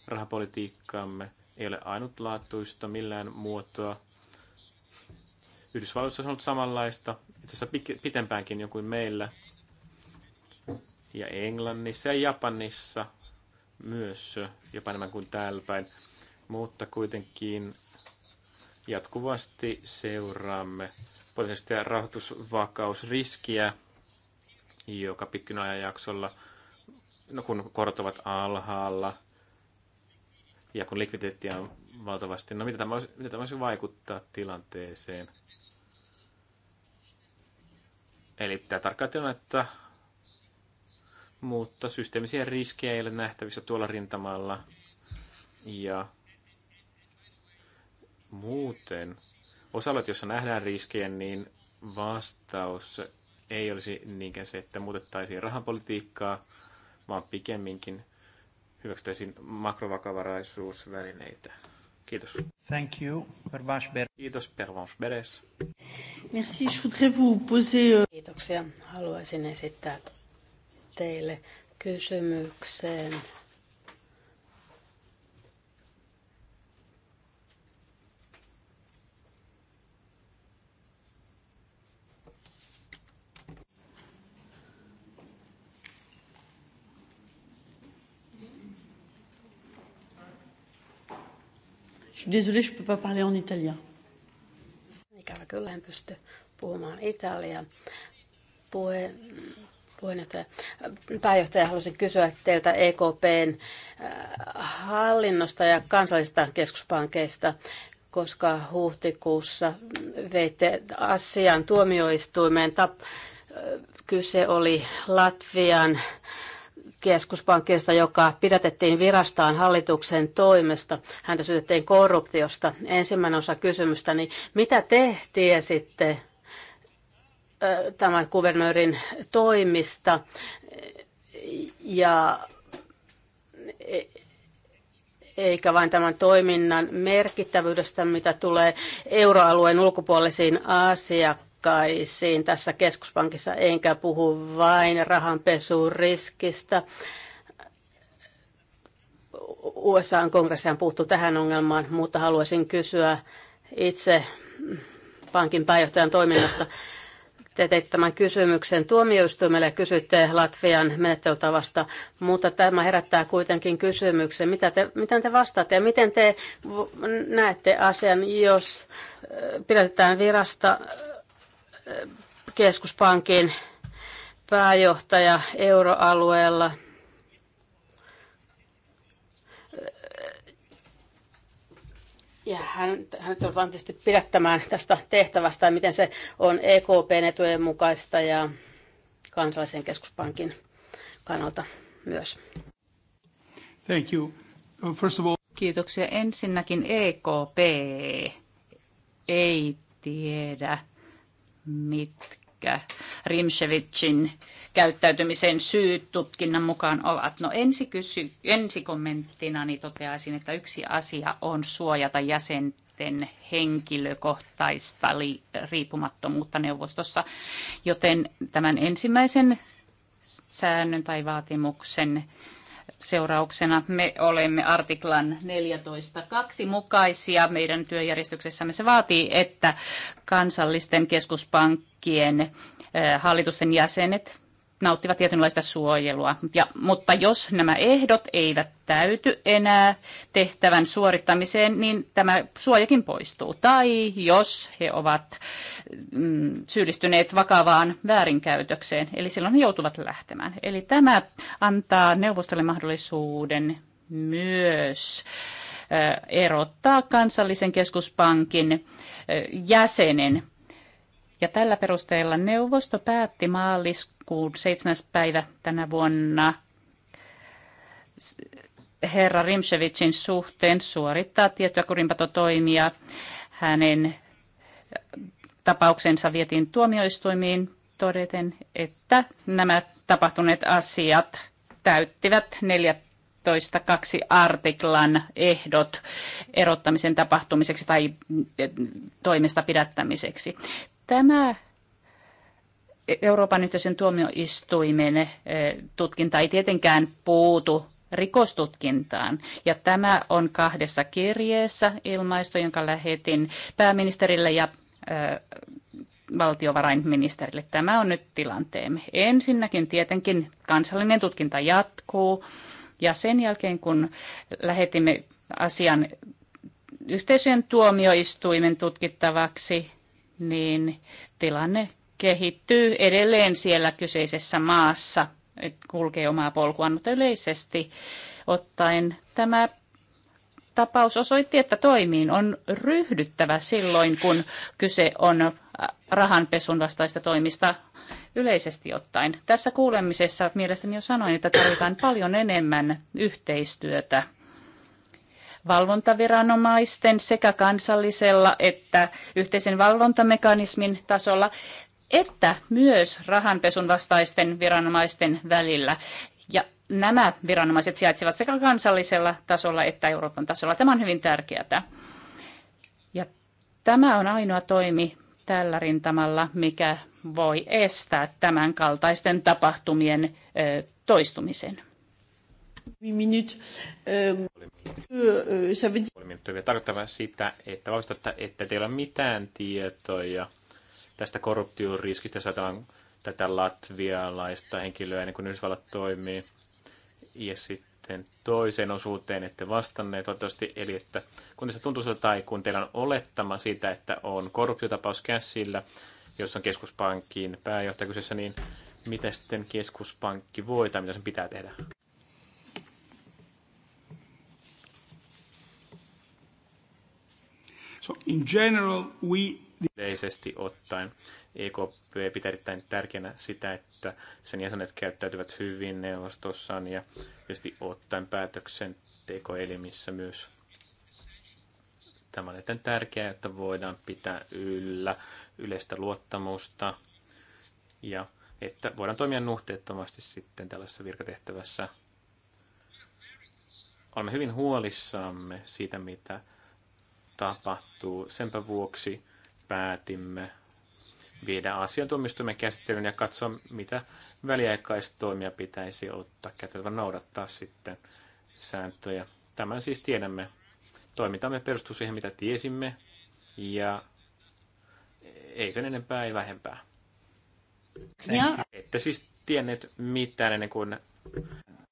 rahapolitiikkaamme ei ole ainutlaatuista millään muotoa. Yhdysvalloissa on ollut samanlaista, itse asiassa pitempäänkin joku meillä. Ja Englannissa ja Japanissa myös, jopa enemmän kuin täällä päin. Mutta kuitenkin jatkuvasti seuraamme poliittista ja rahoitusvakausriskiä, joka pitkin ajan jaksolla, no kun korot ovat alhaalla ja kun likviditeettiä on valtavasti, no mitä tämä, olisi, mitä tämä voisi vaikuttaa tilanteeseen? Eli pitää tarkkaa että mutta systeemisiä riskejä ei ole nähtävissä tuolla rintamalla. Ja Muuten, osalla, jossa nähdään riskejä, niin vastaus ei olisi niinkään se, että muutettaisiin rahapolitiikkaa, vaan pikemminkin hyväksyttäisiin makrovakavaraisuusvälineitä. Kiitos. Thank you, Kiitos, Pervanche Beres. Merci, je voudrais vous poser... Euh, Kiitoksia. Haluaisin esittää teille kysymyksen. suis désolée, je ne peux pas parler en italien. puheenjohtaja, pääjohtaja, haluaisin kysyä teiltä EKPn äh, hallinnosta ja kansallisista keskuspankkeista, koska huhtikuussa veitte asian tuomioistuimeen. Äh, kyse oli Latvian keskuspankista, joka pidätettiin virastaan hallituksen toimesta. Häntä syytettiin korruptiosta. Ensimmäinen osa kysymystä, niin mitä te tiesitte tämän kuvernöörin toimista ja e- eikä vain tämän toiminnan merkittävyydestä, mitä tulee euroalueen ulkopuolisiin asiakkaisiin? vastakkaisiin tässä keskuspankissa, enkä puhu vain rahanpesuriskistä. USA-kongressihan puuttuu tähän ongelmaan, mutta haluaisin kysyä itse pankin pääjohtajan toiminnasta. Te teitte tämän kysymyksen tuomioistuimelle ja kysytte Latvian menettelytavasta, mutta tämä herättää kuitenkin kysymyksen, mitä te, miten te vastaatte ja miten te näette asian, jos äh, pidätetään virasta keskuspankin pääjohtaja euroalueella. Ja hän, hän tullaan tietysti pidättämään tästä tehtävästä ja miten se on ekp etujen mukaista ja kansallisen keskuspankin kannalta myös. Thank you. First of all... Kiitoksia. Ensinnäkin EKP ei tiedä mitkä Rimshevicin käyttäytymisen syyt tutkinnan mukaan ovat. No ensi kysy, ensi kommenttina, niin toteaisin, että yksi asia on suojata jäsenten henkilökohtaista riippumattomuutta neuvostossa, joten tämän ensimmäisen säännön tai vaatimuksen seurauksena me olemme artiklan 14.2 mukaisia. Meidän työjärjestyksessämme se vaatii, että kansallisten keskuspankkien eh, hallitusten jäsenet nauttivat tietynlaista suojelua. Ja, mutta jos nämä ehdot eivät täyty enää tehtävän suorittamiseen, niin tämä suojakin poistuu. Tai jos he ovat mm, syyllistyneet vakavaan väärinkäytökseen, eli silloin he joutuvat lähtemään. Eli tämä antaa neuvostolle mahdollisuuden myös erottaa kansallisen keskuspankin jäsenen ja tällä perusteella neuvosto päätti maaliskuun 7. päivä tänä vuonna herra Rimsevicin suhteen suorittaa tiettyä kurinpatotoimia. Hänen tapauksensa vietiin tuomioistuimiin todeten, että nämä tapahtuneet asiat täyttivät 14.2 artiklan ehdot erottamisen tapahtumiseksi tai toimesta pidättämiseksi. Tämä Euroopan yhteisön tuomioistuimen eh, tutkinta ei tietenkään puutu rikostutkintaan. Ja tämä on kahdessa kirjeessä ilmaistu, jonka lähetin pääministerille ja eh, valtiovarainministerille. Tämä on nyt tilanteemme. Ensinnäkin tietenkin kansallinen tutkinta jatkuu ja sen jälkeen kun lähetimme asian yhteisöjen tuomioistuimen tutkittavaksi, niin tilanne kehittyy edelleen siellä kyseisessä maassa, että kulkee omaa polkuaan, mutta yleisesti ottaen tämä tapaus osoitti, että toimiin on ryhdyttävä silloin, kun kyse on äh, rahanpesun vastaista toimista yleisesti ottaen. Tässä kuulemisessa mielestäni jo sanoin, että tarvitaan paljon enemmän yhteistyötä valvontaviranomaisten sekä kansallisella että yhteisen valvontamekanismin tasolla että myös rahanpesun vastaisten viranomaisten välillä. Ja nämä viranomaiset sijaitsevat sekä kansallisella tasolla että Euroopan tasolla. Tämä on hyvin tärkeää. Ja tämä on ainoa toimi tällä rintamalla, mikä voi estää tämän kaltaisten tapahtumien toistumisen. Euh, euh, euh, Puoli minuuttia tarkoittaa sitä, että vastata, että teillä on mitään tietoja tästä korruption riskistä, jos ajatellaan tätä latvialaista henkilöä ennen kuin Yhdysvallat toimii. Ja sitten toiseen osuuteen että vastanneet toivottavasti, eli että kun teistä tuntuu tai kun teillä on olettama siitä, että on korruptiotapaus käsillä, jos on keskuspankin pääjohtaja kyseessä, niin mitä sitten keskuspankki voi tai mitä sen pitää tehdä? So in general we... Yleisesti ottaen EKP pitää erittäin tärkeänä sitä, että sen jäsenet käyttäytyvät hyvin neuvostossaan ja tietysti ottaen päätöksentekoelimissä myös. Tämä on erittäin tärkeää, että voidaan pitää yllä yleistä luottamusta ja että voidaan toimia nuhteettomasti sitten tällaisessa virkatehtävässä. Olemme hyvin huolissamme siitä, mitä tapahtuu. Senpä vuoksi päätimme viedä asiantuomistumme käsittelyyn ja katsoa, mitä väliaikaistoimia pitäisi ottaa kätevä noudattaa sitten sääntöjä. Tämän siis tiedämme. Toimintamme perustuu siihen, mitä tiesimme, ja ei sen enempää, ei vähempää. Ja. Ette siis tienneet mitään ennen kuin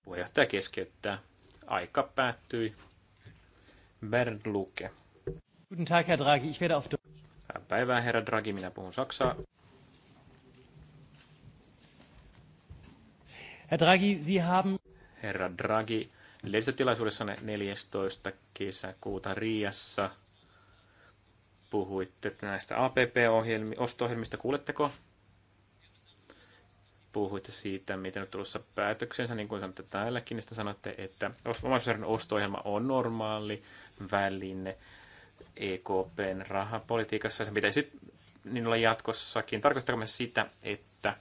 puheenjohtaja keskeyttää. Aika päättyi. Bernd Luke. Guten Tag, Herr Draghi. Ich werde auf Hyvää päivää, herra Draghi. Minä puhun saksaa. Herr Draghi, Sie haben... Herra Draghi, lehdistötilaisuudessanne 14. kesäkuuta Riassa puhuitte näistä app ostohjelmista Kuuletteko? Puhuitte siitä, miten on tulossa päätöksensä, niin kuin sanotte täälläkin, niin sanotte, että omaisuuden osto-ohjelma on normaali väline EKPn rahapolitiikassa. Sen pitäisi niin olla jatkossakin. Tarkoittaako me sitä, että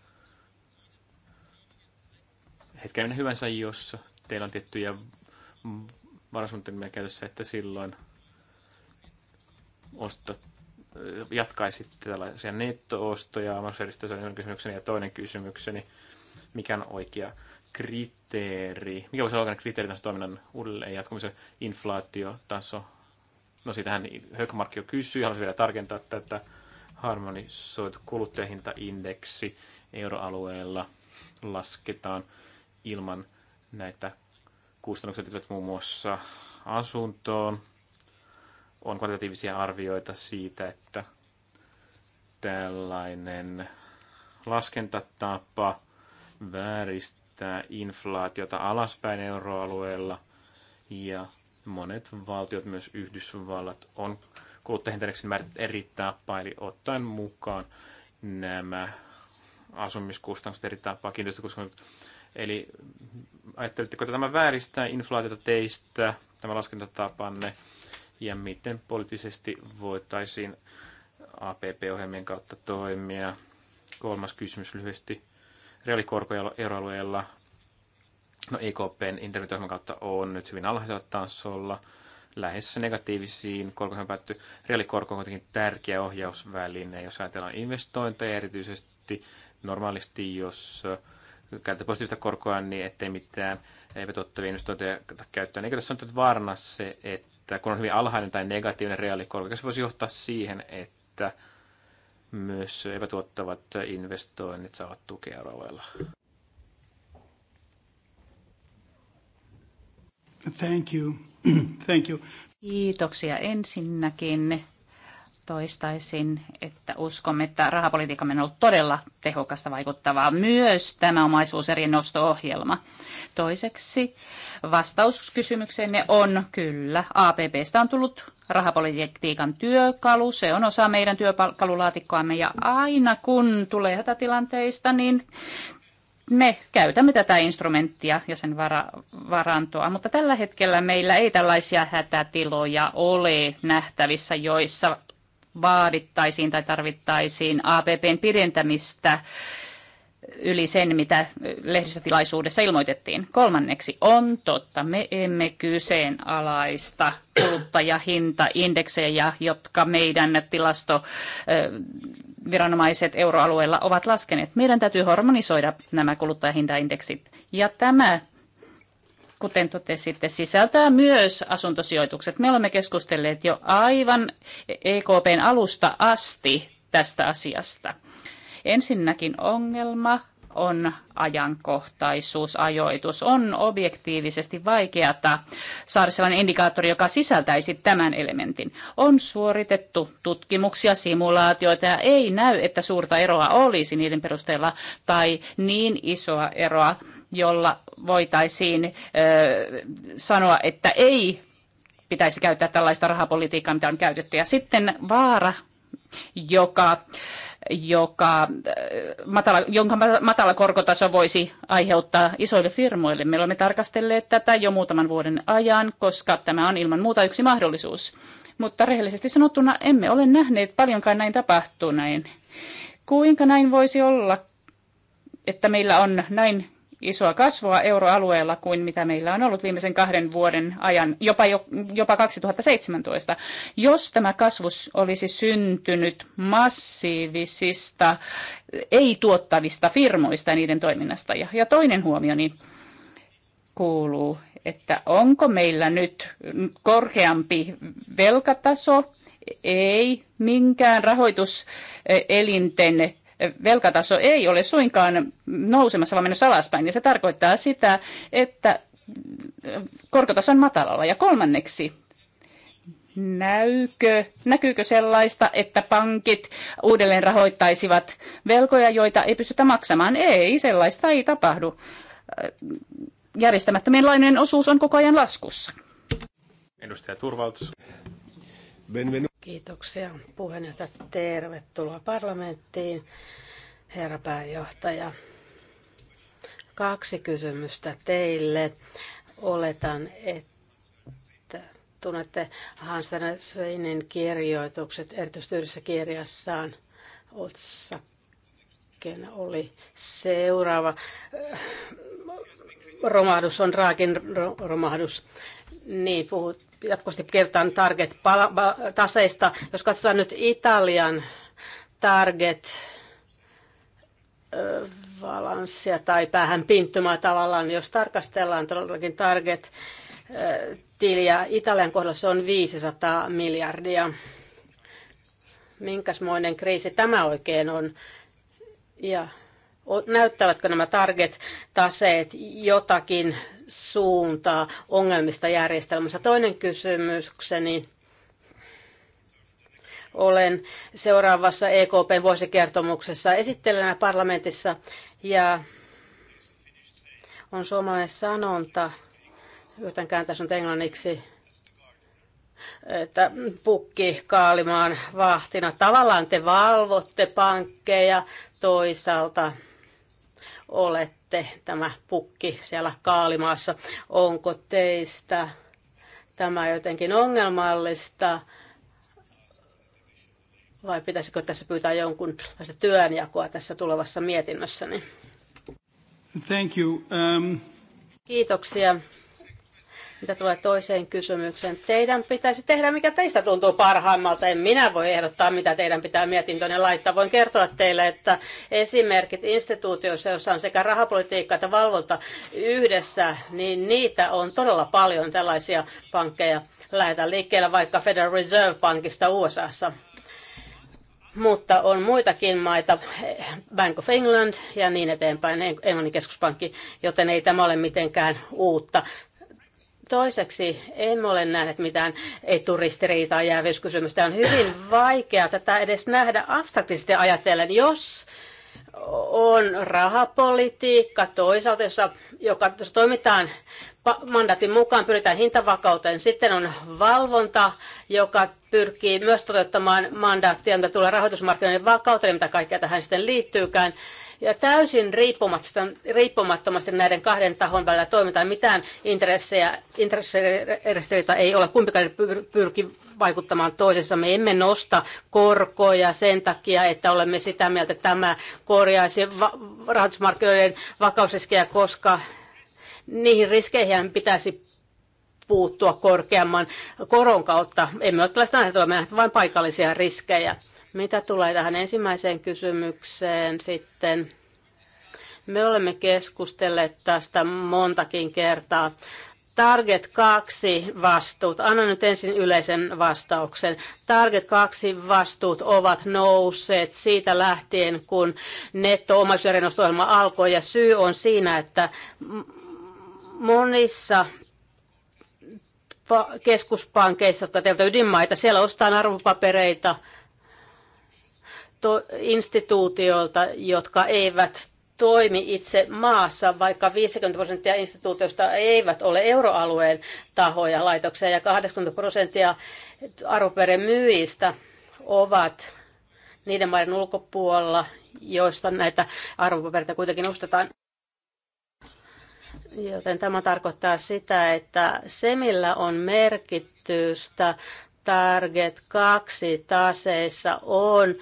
hetken hyvänsä, jos teillä on tiettyjä varasuunnitelmia käytössä, että silloin ostat, jatkaisitte tällaisia netto-ostoja se on kysymykseni. Ja toinen kysymykseni, mikä on oikea kriteeri, mikä voisi olla oikea kriteeri tämän toiminnan uudelleen jatkumisen inflaatiotaso, No sitähän Högmark jo kysyi, haluaisin vielä tarkentaa tätä harmonisoitu kuluttajahintaindeksi euroalueella lasketaan ilman näitä kustannuksia liittyvät muun muassa asuntoon. On kvalitatiivisia arvioita siitä, että tällainen laskentatapa vääristää inflaatiota alaspäin euroalueella ja monet valtiot, myös Yhdysvallat, on kuluttajahintaindeksin määritet eri tapaa, eli ottaen mukaan nämä asumiskustannukset eri tapaa, kiinteistökustannukset. Eli ajattelitteko, että tämä vääristää inflaatiota teistä, tämä laskentatapanne, ja miten poliittisesti voitaisiin APP-ohjelmien kautta toimia? Kolmas kysymys lyhyesti. Reaalikorkoja euroalueella No EKPn internetohjelman kautta on nyt hyvin alhaisella tasolla, lähes negatiivisiin korkoihin päätty. Reaalikorko on kuitenkin tärkeä ohjausväline, jos ajatellaan investointeja erityisesti normaalisti, jos äh, käytetään positiivista korkoa, niin ettei mitään epätuottavia investointeja käyttää. Eikä tässä on nyt vaarana se, että kun on hyvin alhainen tai negatiivinen reaalikorko, se voisi johtaa siihen, että myös epätuottavat investoinnit saavat tukea rooleilla. Thank you. Thank you. Kiitoksia ensinnäkin. Toistaisin, että uskomme, että rahapolitiikka on ollut todella tehokasta vaikuttavaa. Myös tämä omaisuuserien nosto-ohjelma. Toiseksi vastaus kysymykseenne on kyllä. APPstä on tullut rahapolitiikan työkalu. Se on osa meidän työkalulaatikkoamme ja aina kun tulee hätätilanteista, niin me käytämme tätä instrumenttia ja sen vara, varantoa, mutta tällä hetkellä meillä ei tällaisia hätätiloja ole nähtävissä, joissa vaadittaisiin tai tarvittaisiin APPn pidentämistä yli sen, mitä lehdistötilaisuudessa ilmoitettiin. Kolmanneksi on totta, me emme kyseenalaista kuluttajahintaindeksejä, jotka meidän tilasto viranomaiset euroalueella ovat laskeneet. Meidän täytyy harmonisoida nämä kuluttajahintaindeksit. Ja tämä, kuten totesitte, sisältää myös asuntosijoitukset. Me olemme keskustelleet jo aivan EKPn alusta asti tästä asiasta. Ensinnäkin ongelma on ajankohtaisuus, ajoitus. On objektiivisesti vaikeata saada sellainen indikaattori, joka sisältäisi tämän elementin. On suoritettu tutkimuksia, simulaatioita ja ei näy, että suurta eroa olisi niiden perusteella tai niin isoa eroa, jolla voitaisiin ö, sanoa, että ei pitäisi käyttää tällaista rahapolitiikkaa, mitä on käytetty. Ja sitten vaara, joka joka, äh, matala, jonka matala korkotaso voisi aiheuttaa isoille firmoille. Me olemme tarkastelleet tätä jo muutaman vuoden ajan, koska tämä on ilman muuta yksi mahdollisuus. Mutta rehellisesti sanottuna emme ole nähneet paljonkaan näin tapahtuneen. Kuinka näin voisi olla, että meillä on näin isoa kasvua euroalueella kuin mitä meillä on ollut viimeisen kahden vuoden ajan, jopa, jo, jopa 2017. Jos tämä kasvu olisi syntynyt massiivisista, ei-tuottavista firmoista ja niiden toiminnasta. Ja, ja toinen huomioni kuuluu, että onko meillä nyt korkeampi velkataso ei minkään rahoituselinten velkataso ei ole suinkaan nousemassa, vaan menossa alaspäin. niin se tarkoittaa sitä, että korkotaso on matalalla. Ja kolmanneksi, näykö, näkyykö sellaista, että pankit uudelleen rahoittaisivat velkoja, joita ei pystytä maksamaan? Ei, sellaista ei tapahdu. Järjestämättömien lainojen osuus on koko ajan laskussa. Edustaja Turvalts. Benvenu. Kiitoksia puheenjohtaja. Tervetuloa parlamenttiin, herra pääjohtaja. Kaksi kysymystä teille. Oletan, että tunnette Hans Sveinin kirjoitukset, erityisesti yhdessä kirjassaan otsakkeena oli seuraava romahdus on raakin romahdus. Niin, puhut jatkuvasti kertaan target-taseista. Jos katsotaan nyt Italian target valanssia tai päähän pinttymää tavallaan, jos tarkastellaan todellakin target tiliä Italian kohdalla se on 500 miljardia. Minkäsmoinen kriisi tämä oikein on? Ja näyttävätkö nämä target-taseet jotakin suuntaa ongelmista järjestelmässä? Toinen kysymykseni. Olen seuraavassa EKPn vuosikertomuksessa esittelenä parlamentissa ja on suomalainen sanonta, joten kääntäisi nyt englanniksi, että pukki kaalimaan vahtina. Tavallaan te valvotte pankkeja, toisaalta olette tämä pukki siellä kaalimaassa. Onko teistä tämä jotenkin ongelmallista? Vai pitäisikö tässä pyytää jonkunlaista työnjakoa tässä tulevassa mietinnössäni? Thank you. Um... Kiitoksia. Mitä tulee toiseen kysymykseen, teidän pitäisi tehdä, mikä teistä tuntuu parhaimmalta. En minä voi ehdottaa, mitä teidän pitää mietintöinen laittaa. Voin kertoa teille, että esimerkit instituutioissa, joissa on sekä rahapolitiikka että valvonta yhdessä, niin niitä on todella paljon tällaisia pankkeja. lähetä liikkeelle vaikka Federal Reserve Bankista USAssa mutta on muitakin maita, Bank of England ja niin eteenpäin, Englannin keskuspankki, joten ei tämä ole mitenkään uutta. Toiseksi emme ole nähnyt mitään eturistiriitaa jäävyyskysymystä. On hyvin vaikea tätä edes nähdä abstraktisesti ajatellen, jos on rahapolitiikka toisaalta, jossa, joka, jossa toimitaan mandatin mukaan, pyritään hintavakauteen. Sitten on valvonta, joka pyrkii myös toteuttamaan mandaattia, mitä tulee rahoitusmarkkinoiden vakauteen, mitä kaikkea tähän sitten liittyykään ja täysin riippumattomasti näiden kahden tahon välillä toimitaan. Mitään intressejä, intressejä ei ole. Kumpikaan pyrki vaikuttamaan toisessa Me emme nosta korkoja sen takia, että olemme sitä mieltä, että tämä korjaisi va- rahoitusmarkkinoiden vakausriskejä, koska niihin riskeihin pitäisi puuttua korkeamman koron kautta. Emme ole tällaista nähnyt, vain paikallisia riskejä mitä tulee tähän ensimmäiseen kysymykseen sitten, me olemme keskustelleet tästä montakin kertaa. Target 2 vastuut. Anna nyt ensin yleisen vastauksen. Target 2 vastuut ovat nousseet siitä lähtien, kun netto alkoi ja syy on siinä, että monissa keskuspankeissa, jotka teiltä ydinmaita, siellä ostaa arvopapereita – to- instituutioilta, jotka eivät toimi itse maassa, vaikka 50 prosenttia instituutioista eivät ole euroalueen tahoja, laitoksia ja 80 prosenttia arvoperien myyjistä ovat niiden maiden ulkopuolella, joista näitä arvopapereita kuitenkin ostetaan. Joten tämä tarkoittaa sitä, että se millä on merkitystä Target 2 taseissa on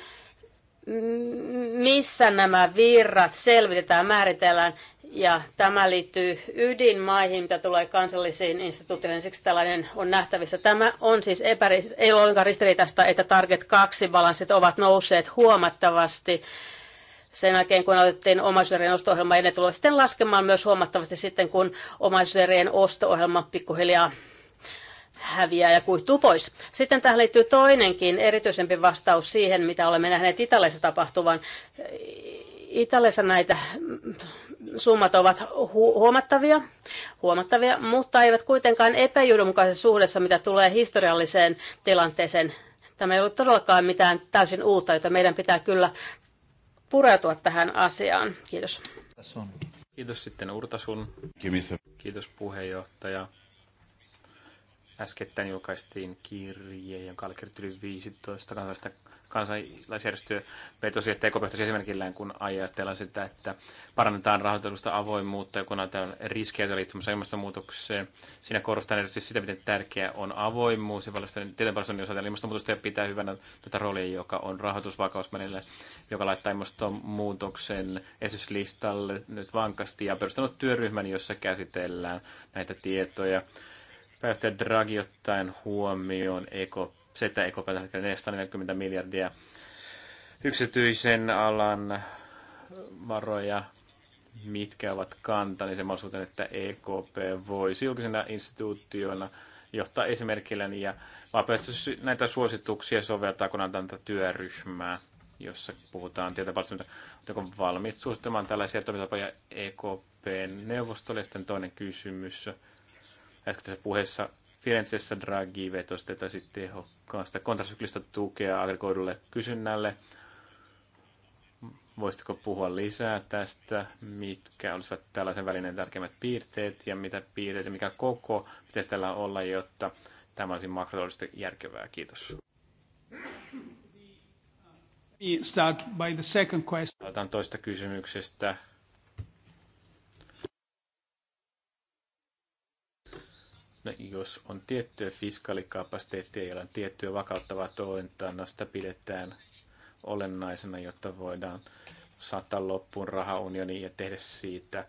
missä nämä virrat selvitetään, määritellään, ja tämä liittyy ydinmaihin, mitä tulee kansallisiin instituutioihin, siksi tällainen on nähtävissä. Tämä on siis epäri, ei ole ollenkaan ristiriitaista, että Target 2 balanssit ovat nousseet huomattavasti sen jälkeen, kun otettiin omaisuuserien osto-ohjelma, ja ne tulevat sitten laskemaan myös huomattavasti sitten, kun omaisuuserien osto-ohjelma pikkuhiljaa häviää ja kuihtuu pois. Sitten tähän liittyy toinenkin erityisempi vastaus siihen, mitä olemme nähneet Italiassa tapahtuvan. Italiassa näitä summat ovat hu- huomattavia, huomattavia, mutta eivät kuitenkaan epäjohdonmukaisessa suhdessa, mitä tulee historialliseen tilanteeseen. Tämä ei ollut todellakaan mitään täysin uutta, jota meidän pitää kyllä pureutua tähän asiaan. Kiitos. Kiitos sitten Urtasun. Kiitos puheenjohtaja äskettäin julkaistiin kirje, jonka allekirjoitti yli 15 kansalaista kansalaisjärjestö vetosi, että EKP esimerkillään, kun ajatellaan sitä, että parannetaan rahoitusta avoimuutta, kun ajatellaan riskejä, joita liittymässä ilmastonmuutokseen. Siinä korostetaan erityisesti sitä, miten tärkeää on avoimuus, ja tieteen paljon osalta ilmastonmuutosta ja pitää hyvänä tätä roolia, joka on rahoitusvakausväline, joka laittaa ilmastonmuutoksen esityslistalle nyt vankasti, ja perustanut työryhmän, jossa käsitellään näitä tietoja pääjohtaja Draghi ottaen huomioon eko, se, että eko on 440 miljardia yksityisen alan varoja, mitkä ovat kantani niin sen mahdollisuuden, että EKP voisi julkisena instituutiona johtaa esimerkillä niin ja vapaasti näitä suosituksia soveltaa, kun antaa tätä työryhmää, jossa puhutaan että onko valmiit suosittamaan tällaisia toimintapoja EKPn neuvostolle. Sitten toinen kysymys äskeisessä puheessa Firenzessä Draghi vetosi tätä sitten tehokkaasta kontrasyklistä tukea agregoidulle kysynnälle. Voisitko puhua lisää tästä, mitkä olisivat tällaisen välineen tärkeimmät piirteet ja mitä piirteitä, mikä koko pitäisi tällä olla, jotta tämä olisi makrotaloudellisesti järkevää? Kiitos. Start by the second question. Aloitan toista kysymyksestä No, jos on tiettyä fiskaalikapasiteettia, jolla on tiettyä vakauttavaa tointa, no sitä pidetään olennaisena, jotta voidaan saattaa loppuun rahaunioni ja tehdä siitä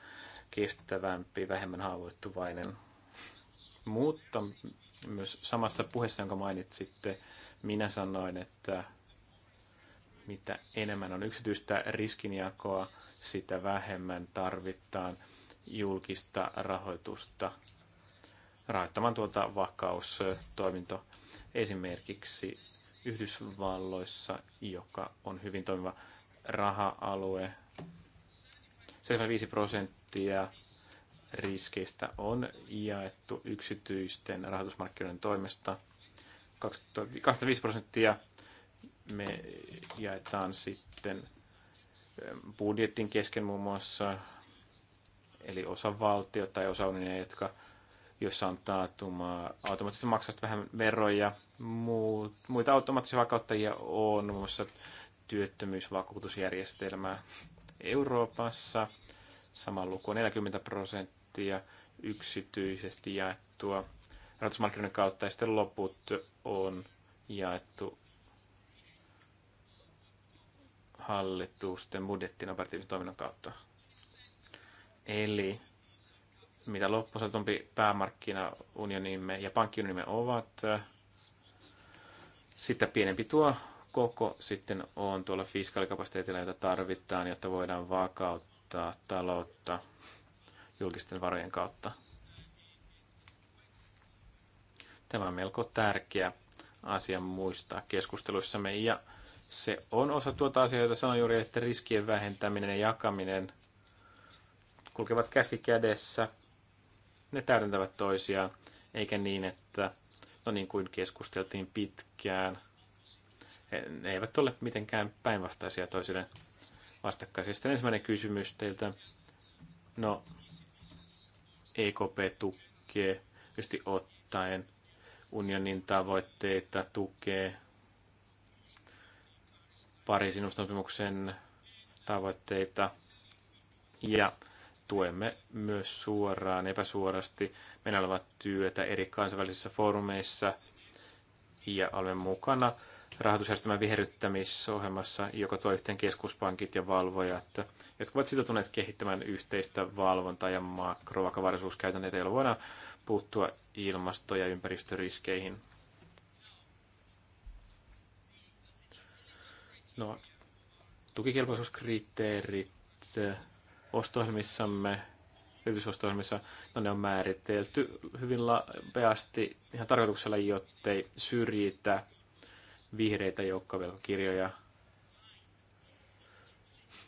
kestävämpi, vähemmän haavoittuvainen. Mutta myös samassa puheessa, jonka mainitsitte, minä sanoin, että mitä enemmän on yksityistä riskinjakoa, sitä vähemmän tarvitaan julkista rahoitusta rahoittamaan tuota vakaustoiminto esimerkiksi Yhdysvalloissa, joka on hyvin toimiva raha-alue. 75 prosenttia riskeistä on jaettu yksityisten rahoitusmarkkinoiden toimesta. 25 prosenttia me jaetaan sitten budjetin kesken muun muassa, eli osa valtiota tai osa unionia, jotka jossa on taatumaa, automaattisesti maksat vähän veroja. Muut, muita automaattisia vakauttajia on muun muassa työttömyysvakuutusjärjestelmä Euroopassa. Sama luku on 40 prosenttia yksityisesti jaettua rahoitusmarkkinoiden kautta ja sitten loput on jaettu hallitusten budjettiin operatiivisen toiminnan kautta. Eli mitä loppusatumpi päämarkkinaunionimme ja pankkiunionimme ovat, sitä pienempi tuo koko sitten on tuolla fiskaalikapasiteetilla, jota tarvitaan, jotta voidaan vakauttaa taloutta julkisten varojen kautta. Tämä on melko tärkeä asia muistaa keskusteluissamme ja se on osa tuota asiaa, jota sanoin juuri, että riskien vähentäminen ja jakaminen kulkevat käsi kädessä – ne täydentävät toisiaan, eikä niin, että no niin kuin keskusteltiin pitkään, ne eivät ole mitenkään päinvastaisia toisille vastakkaisia. Sitten ensimmäinen kysymys teiltä. No, EKP tukee, tietysti ottaen unionin tavoitteita, tukee Pariisin sopimuksen tavoitteita ja tuemme myös suoraan, epäsuorasti meillä olevaa työtä eri kansainvälisissä foorumeissa ja olemme mukana rahoitusjärjestelmän viherryttämisohjelmassa, joka tuo yhteen keskuspankit ja valvojat, jotka ovat sitoutuneet kehittämään yhteistä valvontaa ja makrovakavaraisuuskäytänteitä, joilla voidaan puuttua ilmasto- ja ympäristöriskeihin. No, tukikelpoisuuskriteerit ostohjelmissamme, yritysostohjelmissa, no ne on määritelty hyvin lapeasti ihan tarkoituksella, jottei syrjitä vihreitä joukkovelkakirjoja.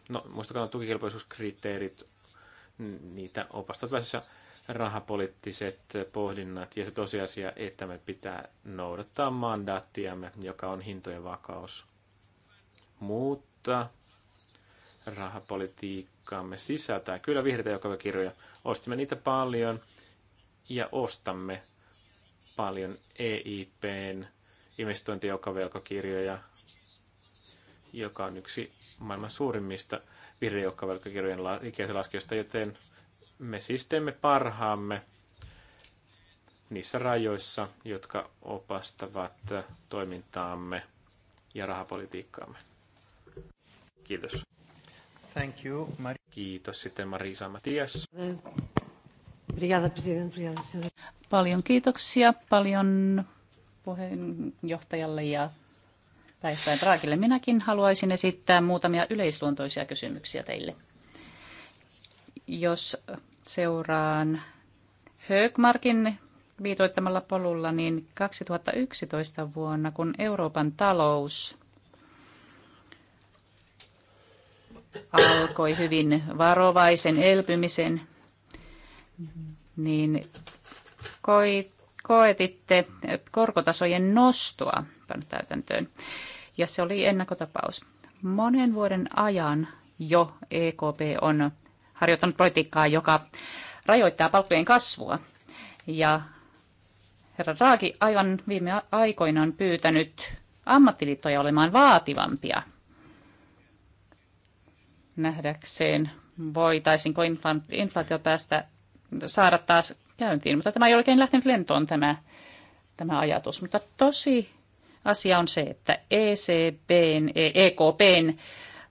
No, muistakaa no, niitä opastat siis rahapoliittiset pohdinnat ja se tosiasia, että me pitää noudattaa mandaattiamme, joka on hintojen vakaus. Mutta rahapolitiikka kirjakammekaamme sisältää kyllä vihreitä kirjoja. Ostimme niitä paljon ja ostamme paljon EIPn investointi joka on yksi maailman suurimmista joka velkakirjojen liikelaskeista, joten me siis teemme parhaamme niissä rajoissa, jotka opastavat toimintaamme ja rahapolitiikkaamme. Kiitos. Thank you, Kiitos sitten Marisa Matias. Paljon kiitoksia, paljon puheenjohtajalle ja päivittäin Draakille. Minäkin haluaisin esittää muutamia yleisluontoisia kysymyksiä teille. Jos seuraan Högmarkin viitoittamalla polulla, niin 2011 vuonna, kun Euroopan talous alkoi hyvin varovaisen elpymisen, niin koit, koetitte korkotasojen nostoa täytäntöön. Ja se oli ennakkotapaus. Monen vuoden ajan jo EKP on harjoittanut politiikkaa, joka rajoittaa palkkojen kasvua. Ja herra Raaki aivan viime aikoina on pyytänyt ammattiliittoja olemaan vaativampia – nähdäkseen, voitaisinko inflaatio päästä saada taas käyntiin. Mutta tämä ei oikein lähtenyt lentoon tämä, tämä ajatus. Mutta tosi asia on se, että ECBn, EKPn e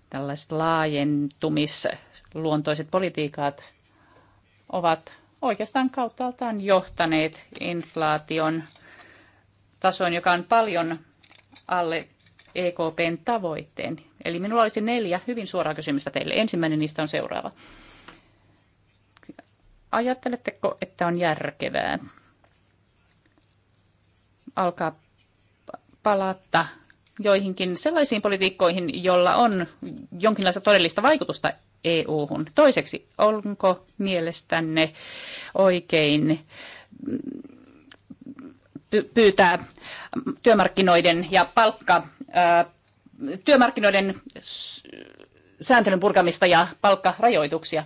tällaiset laajentumisluontoiset politiikat ovat oikeastaan kauttaaltaan johtaneet inflaation tasoon, joka on paljon alle EKPn tavoitteen. Eli minulla olisi neljä hyvin suoraa kysymystä teille. Ensimmäinen niistä on seuraava. Ajatteletteko, että on järkevää alkaa palata joihinkin sellaisiin politiikkoihin, jolla on jonkinlaista todellista vaikutusta EU-hun. Toiseksi, onko mielestänne oikein pyytää työmarkkinoiden ja palkka työmarkkinoiden sääntelyn purkamista ja palkkarajoituksia.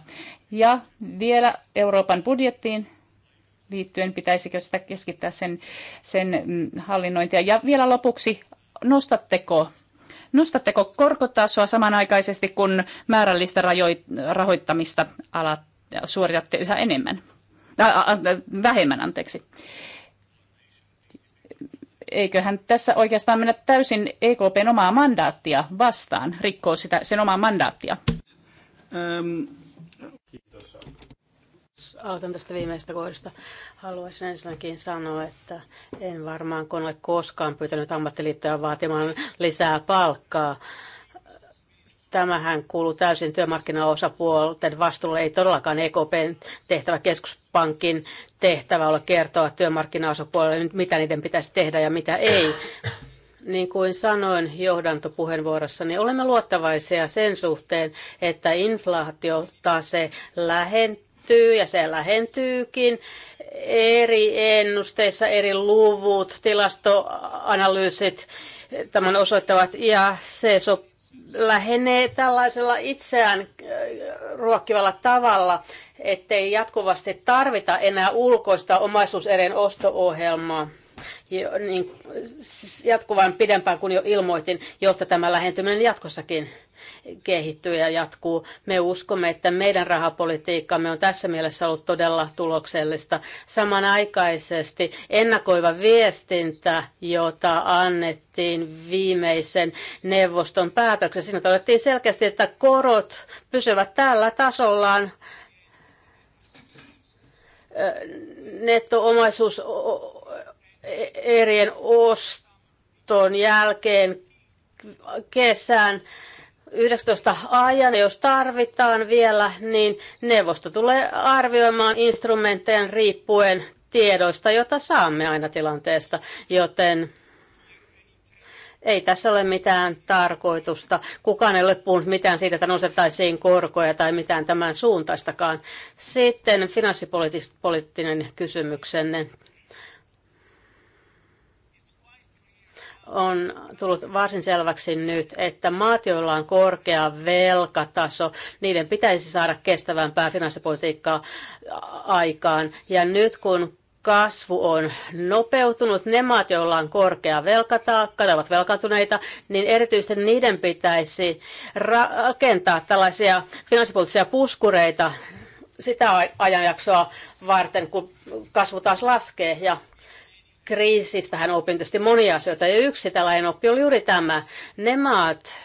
Ja vielä Euroopan budjettiin liittyen pitäisikö sitä keskittää sen, sen mm, hallinnointia. Ja vielä lopuksi, nostatteko, nostatteko korkotasoa samanaikaisesti, kun määrällistä rajoit, rahoittamista alat, suoritatte yhä enemmän? äh, äh, vähemmän, anteeksi eiköhän tässä oikeastaan mennä täysin EKPn omaa mandaattia vastaan, rikkoo sitä, sen omaa mandaattia. Ähm, kiitos. Aloitan tästä viimeisestä kohdasta. Haluaisin ensinnäkin sanoa, että en varmaan ole koskaan pyytänyt ammattiliittoja vaatimaan lisää palkkaa Tämähän kuuluu täysin työmarkkinaosapuolten vastuulle. Ei todellakaan EKPn tehtävä, keskuspankin tehtävä ole kertoa työmarkkinaosapuolelle, mitä niiden pitäisi tehdä ja mitä ei. Niin kuin sanoin johdantopuheenvuorossa, niin olemme luottavaisia sen suhteen, että inflaatiotase lähentyy ja se lähentyykin eri ennusteissa eri luvut, tilastoanalyysit tämän osoittavat ja se sopii lähenee tällaisella itseään äh, ruokkivalla tavalla, ettei jatkuvasti tarvita enää ulkoista omaisuuserien osto-ohjelmaa niin jatkuvan pidempään kuin jo ilmoitin, jotta tämä lähentyminen jatkossakin kehittyy ja jatkuu. Me uskomme, että meidän rahapolitiikkamme on tässä mielessä ollut todella tuloksellista. Samanaikaisesti ennakoiva viestintä, jota annettiin viimeisen neuvoston päätöksessä, siinä todettiin selkeästi, että korot pysyvät tällä tasollaan nettoomaisuus erien oston jälkeen kesän 19 ajan, jos tarvitaan vielä, niin neuvosto tulee arvioimaan instrumentteja riippuen tiedoista, joita saamme aina tilanteesta, joten ei tässä ole mitään tarkoitusta. Kukaan ei ole puhunut mitään siitä, että nostettaisiin korkoja tai mitään tämän suuntaistakaan. Sitten finanssipoliittinen kysymyksenne. on tullut varsin selväksi nyt, että maat, joilla on korkea velkataso, niiden pitäisi saada kestävämpää finanssipolitiikkaa aikaan. Ja nyt kun kasvu on nopeutunut, ne maat, joilla on korkea velkataakka tai ovat velkaantuneita, niin erityisesti niiden pitäisi rakentaa tällaisia finanssipoliittisia puskureita sitä ajanjaksoa varten, kun kasvu taas laskee ja hän opin tietysti monia asioita, ja yksi tällainen oppi oli juuri tämä. Ne maat,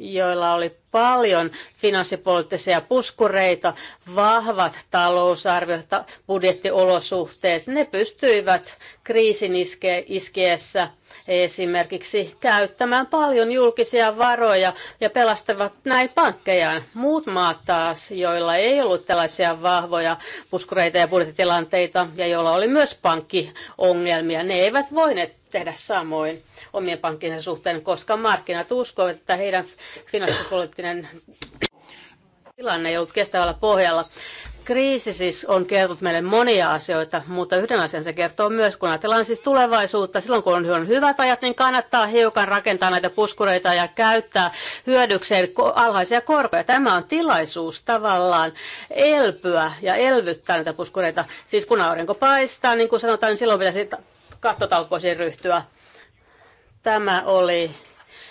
joilla oli paljon finanssipoliittisia puskureita, vahvat talousarviot, budjettiolosuhteet, ne pystyivät kriisin iske- iskiessä esimerkiksi käyttämään paljon julkisia varoja ja pelastavat näin pankkejaan. Muut maat taas, joilla ei ollut tällaisia vahvoja puskureita ja budjettitilanteita ja joilla oli myös pankkiongelmia, ne eivät voineet tehdä samoin omien pankkinsa suhteen, koska markkinat uskovat, että heidän finanssipoliittinen tilanne ei ollut kestävällä pohjalla. Kriisi siis on kertonut meille monia asioita, mutta yhden asian se kertoo myös, kun ajatellaan siis tulevaisuutta. Silloin kun on hyvät ajat, niin kannattaa hiukan rakentaa näitä puskureita ja käyttää hyödykseen alhaisia korkoja. Tämä on tilaisuus tavallaan elpyä ja elvyttää näitä puskureita. Siis kun aurinko paistaa, niin kuin sanotaan, niin silloin pitäisi kattotalkoisiin ryhtyä. Tämä oli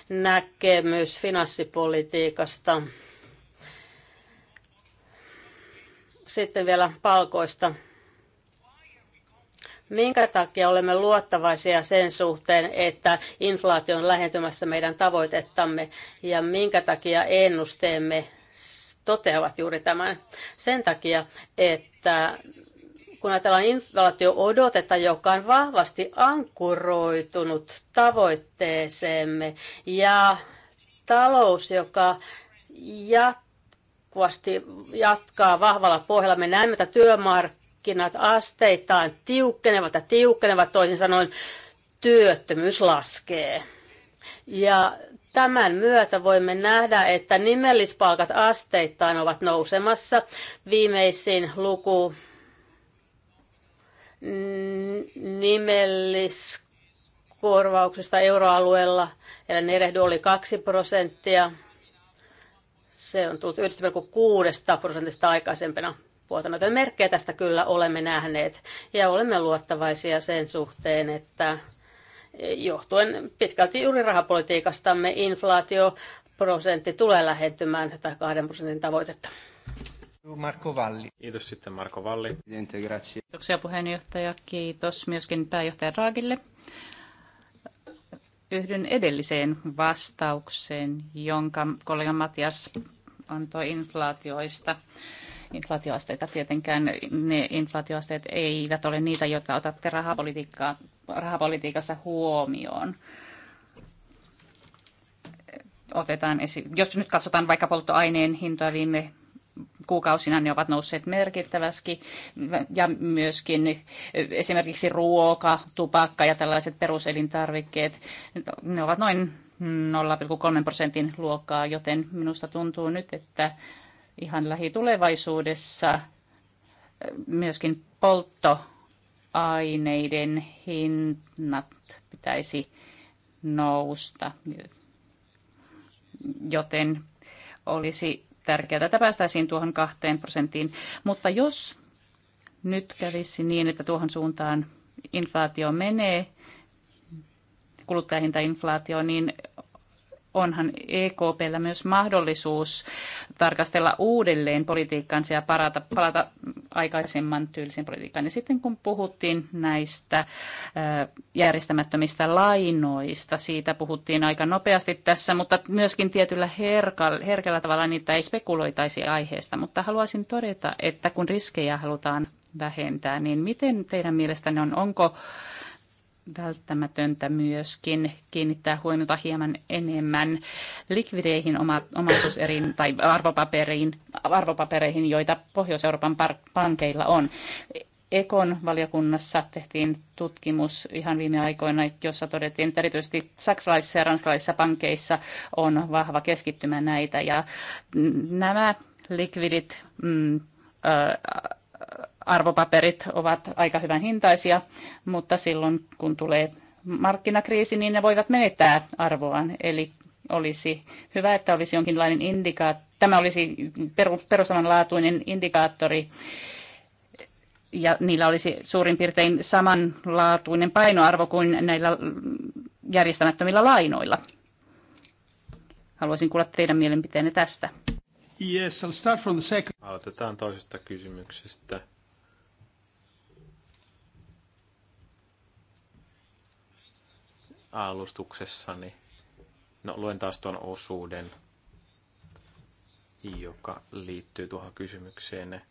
näkemys finanssipolitiikasta. Sitten vielä palkoista. Minkä takia olemme luottavaisia sen suhteen, että inflaatio on lähentymässä meidän tavoitettamme ja minkä takia ennusteemme toteavat juuri tämän? Sen takia, että kun ajatellaan inflaatio-odotetta, joka on vahvasti ankkuroitunut tavoitteeseemme ja talous, joka jatkuu, jatkuvasti jatkaa vahvalla pohjalla. Me näemme, että työmarkkinat asteittain tiukkenevat ja tiukkenevat, toisin sanoen työttömyys laskee. Ja tämän myötä voimme nähdä, että nimellispalkat asteittain ovat nousemassa. Viimeisin luku nimelliskorvauksista euroalueella, eli ne oli 2 prosenttia. Se on tullut 1,6 prosentista aikaisempina vuotena. Joten merkkejä tästä kyllä olemme nähneet ja olemme luottavaisia sen suhteen, että johtuen pitkälti juuri rahapolitiikastamme inflaatioprosentti tulee lähentymään tätä kahden prosentin tavoitetta. Marko Valli. Kiitos sitten Marko Valli. Kiitoksia puheenjohtaja. Kiitos myöskin pääjohtaja Raagille. Yhdyn edelliseen vastaukseen, jonka kollega Matias antoi inflaatioista. Inflaatioasteita tietenkään, ne inflaatioasteet eivät ole niitä, joita otatte rahapolitiikkaa, rahapolitiikassa huomioon. Otetaan esi- Jos nyt katsotaan vaikka polttoaineen hintoa viime kuukausina ne ovat nousseet merkittävästi ja myöskin esimerkiksi ruoka, tupakka ja tällaiset peruselintarvikkeet, ne ovat noin 0,3 prosentin luokkaa, joten minusta tuntuu nyt, että ihan lähitulevaisuudessa myöskin polttoaineiden hinnat pitäisi nousta, joten olisi tärkeää, että päästäisiin tuohon kahteen prosenttiin. Mutta jos nyt kävisi niin, että tuohon suuntaan inflaatio menee, kuluttajahintainflaatio, niin onhan EKPllä myös mahdollisuus tarkastella uudelleen politiikkaansa ja parata, palata aikaisemman tyylisen politiikkaan. Ja sitten kun puhuttiin näistä järjestämättömistä lainoista, siitä puhuttiin aika nopeasti tässä, mutta myöskin tietyllä herkällä, herkällä tavalla niitä ei spekuloitaisi aiheesta. Mutta haluaisin todeta, että kun riskejä halutaan vähentää, niin miten teidän mielestänne on, onko välttämätöntä myöskin kiinnittää huomiota hieman enemmän likvideihin omaisuuseriin tai arvopaperiin, arvopapereihin, joita Pohjois-Euroopan pankeilla on. Ekon valiokunnassa tehtiin tutkimus ihan viime aikoina, jossa todettiin, että erityisesti saksalaisissa ja ranskalaisissa pankeissa on vahva keskittymä näitä. Ja nämä likvidit mm, arvopaperit ovat aika hyvän hintaisia, mutta silloin kun tulee markkinakriisi, niin ne voivat menettää arvoaan. Eli olisi hyvä, että olisi jonkinlainen indikaattori, tämä olisi perustavanlaatuinen indikaattori, ja niillä olisi suurin piirtein samanlaatuinen painoarvo kuin näillä järjestämättömillä lainoilla. Haluaisin kuulla teidän mielipiteenne tästä. Yes, I'll start from the second. Aloitetaan toisesta kysymyksestä. Alustuksessani. No, luen taas tuon osuuden, joka liittyy tuohon kysymykseen.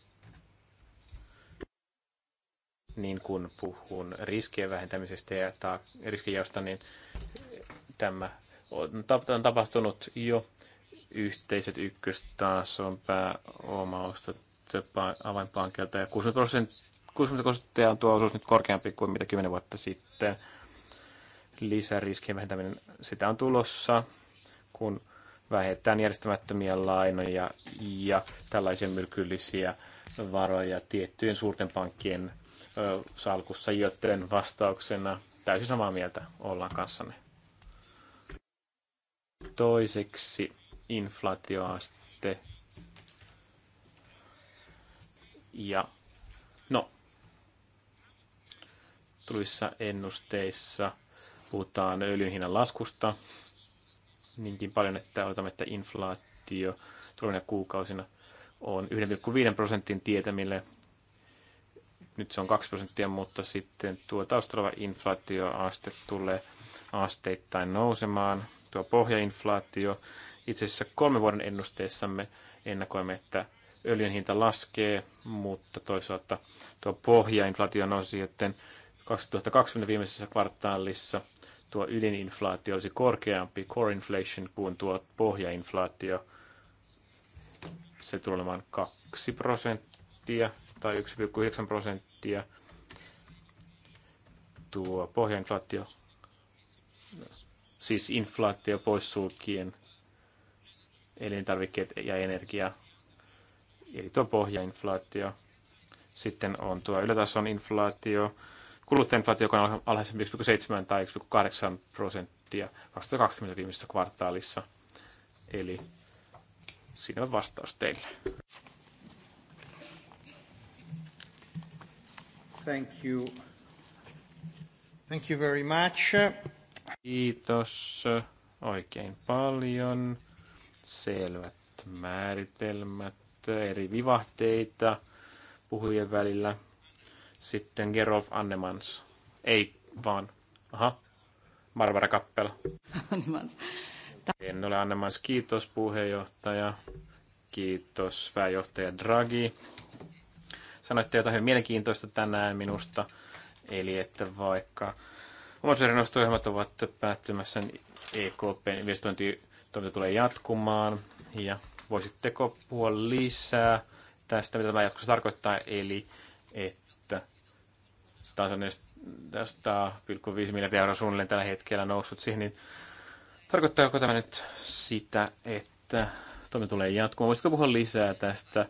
Niin kun puhun riskien vähentämisestä ja riskijausta, niin tämä on tapahtunut jo yhteiset ykköstason pääomausta avainpankilta. Ja 60 prosenttia on tuo osuus nyt korkeampi kuin mitä 10 vuotta sitten. Lisäriskien vähentäminen, sitä on tulossa, kun vähetään järjestämättömiä lainoja ja tällaisia myrkyllisiä varoja tiettyjen suurten pankkien ö, salkussa, joten vastauksena täysin samaa mieltä ollaan kanssanne. Toiseksi inflaatioaste. Ja no, tulissa ennusteissa puhutaan öljyn hinnan laskusta niinkin paljon, että odotamme, että inflaatio tulevina kuukausina on 1,5 prosentin tietämille. Nyt se on 2 prosenttia, mutta sitten tuo taustalla inflaatioaste tulee asteittain nousemaan. Tuo pohjainflaatio, itse asiassa kolmen vuoden ennusteessamme ennakoimme, että öljyn hinta laskee, mutta toisaalta tuo pohjainflaatio nousi, joten 2020 viimeisessä kvartaalissa tuo ydininflaatio olisi korkeampi core inflation kuin tuo pohjainflaatio. Se tulee olemaan 2 prosenttia tai 1,9 prosenttia. Tuo pohjainflaatio, siis inflaatio poissulkien elintarvikkeet ja energia. Eli tuo pohjainflaatio. Sitten on tuo ylätason inflaatio, kuluttajainflaatio, joka on alhaisempi 1,7 tai 1,8 prosenttia 2020 viimeisessä kvartaalissa. Eli siinä on vastaus teille. Thank you. Thank you very much. Kiitos oikein paljon selvät määritelmät, eri vivahteita puhujien välillä. Sitten Gerolf Annemans. Ei vaan. Aha. Barbara Kappel. Annemans. En ole Annemans. Kiitos puheenjohtaja. Kiitos pääjohtaja Draghi. Sanoitte jotain hyvin mielenkiintoista tänään minusta. Eli että vaikka omaisuuden ovat päättymässä, niin EKPn investointi toiminta tulee jatkumaan ja voisitteko puhua lisää tästä, mitä tämä jatkossa tarkoittaa, eli että taas on 5 miljardia euroa suunnilleen tällä hetkellä noussut siihen, niin tarkoittaako tämä nyt sitä, että toiminta tulee jatkumaan? Voisitko puhua lisää tästä?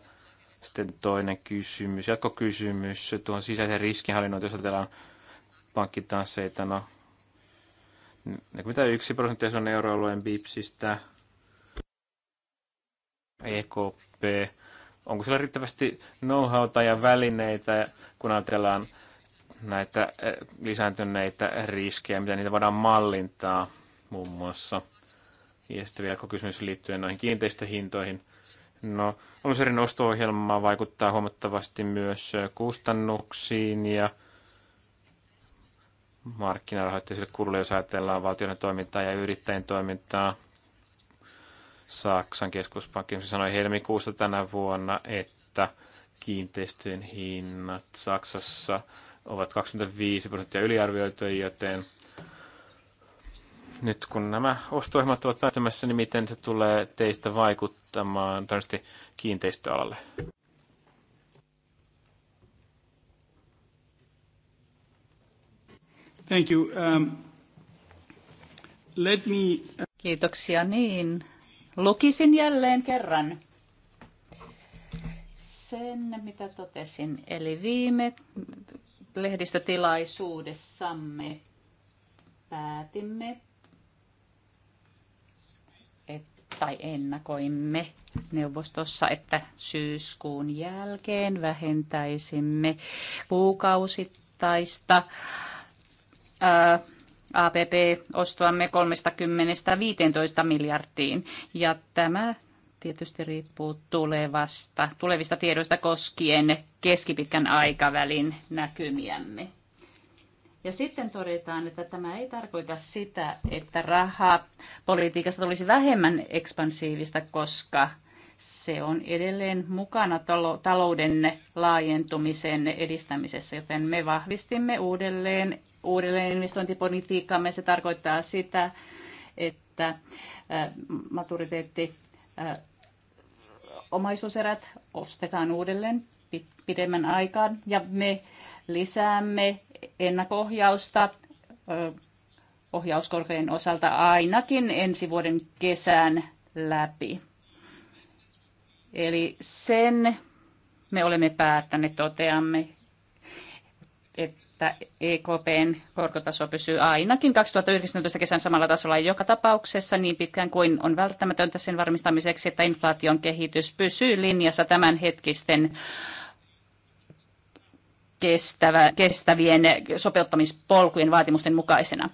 Sitten toinen kysymys, jatkokysymys tuon sisäisen riskinhallinnon, jos ajatellaan pankkitaseita, no 41 prosenttia se on euroalueen BIPSistä. EKP. Onko siellä riittävästi know-howta ja välineitä, kun ajatellaan näitä eh, lisääntyneitä riskejä, mitä niitä voidaan mallintaa muun muassa? Ja sitten vielä kysymys liittyen noihin kiinteistöhintoihin. No, aluserin osto-ohjelma vaikuttaa huomattavasti myös eh, kustannuksiin ja markkinarahoitteisille kuluille, jos ajatellaan valtion toimintaa ja yrittäjien toimintaa. Saksan keskuspankki sanoi helmikuussa tänä vuonna, että kiinteistöjen hinnat Saksassa ovat 25 prosenttia yliarvioituja, joten nyt kun nämä ostoimat ovat päättämässä, niin miten se tulee teistä vaikuttamaan todennäköisesti kiinteistöalalle? Thank you. Um, let me... Uh, Kiitoksia niin. Lukisin jälleen kerran sen, mitä totesin. Eli viime lehdistötilaisuudessamme päätimme, et, tai ennakoimme neuvostossa, että syyskuun jälkeen vähentäisimme kuukausittaista APP-ostoamme 30-15 miljardiin. Ja tämä tietysti riippuu tulevasta, tulevista tiedoista koskien keskipitkän aikavälin näkymiämme. Ja sitten todetaan, että tämä ei tarkoita sitä, että rahapolitiikasta tulisi vähemmän ekspansiivista, koska se on edelleen mukana talouden laajentumisen edistämisessä, joten me vahvistimme uudelleen, uudelleen investointipolitiikkaamme. Se tarkoittaa sitä, että äh, maturiteetti äh, omaisuuserät ostetaan uudelleen pidemmän aikaan ja me lisäämme ennakohjausta äh, ohjauskorkojen osalta ainakin ensi vuoden kesän läpi. Eli sen me olemme päättäneet, toteamme, että EKPn korkotaso pysyy ainakin 2019 kesän samalla tasolla joka tapauksessa niin pitkään kuin on välttämätöntä sen varmistamiseksi, että inflaation kehitys pysyy linjassa tämänhetkisten kestävä, kestävien sopeuttamispolkujen vaatimusten mukaisena.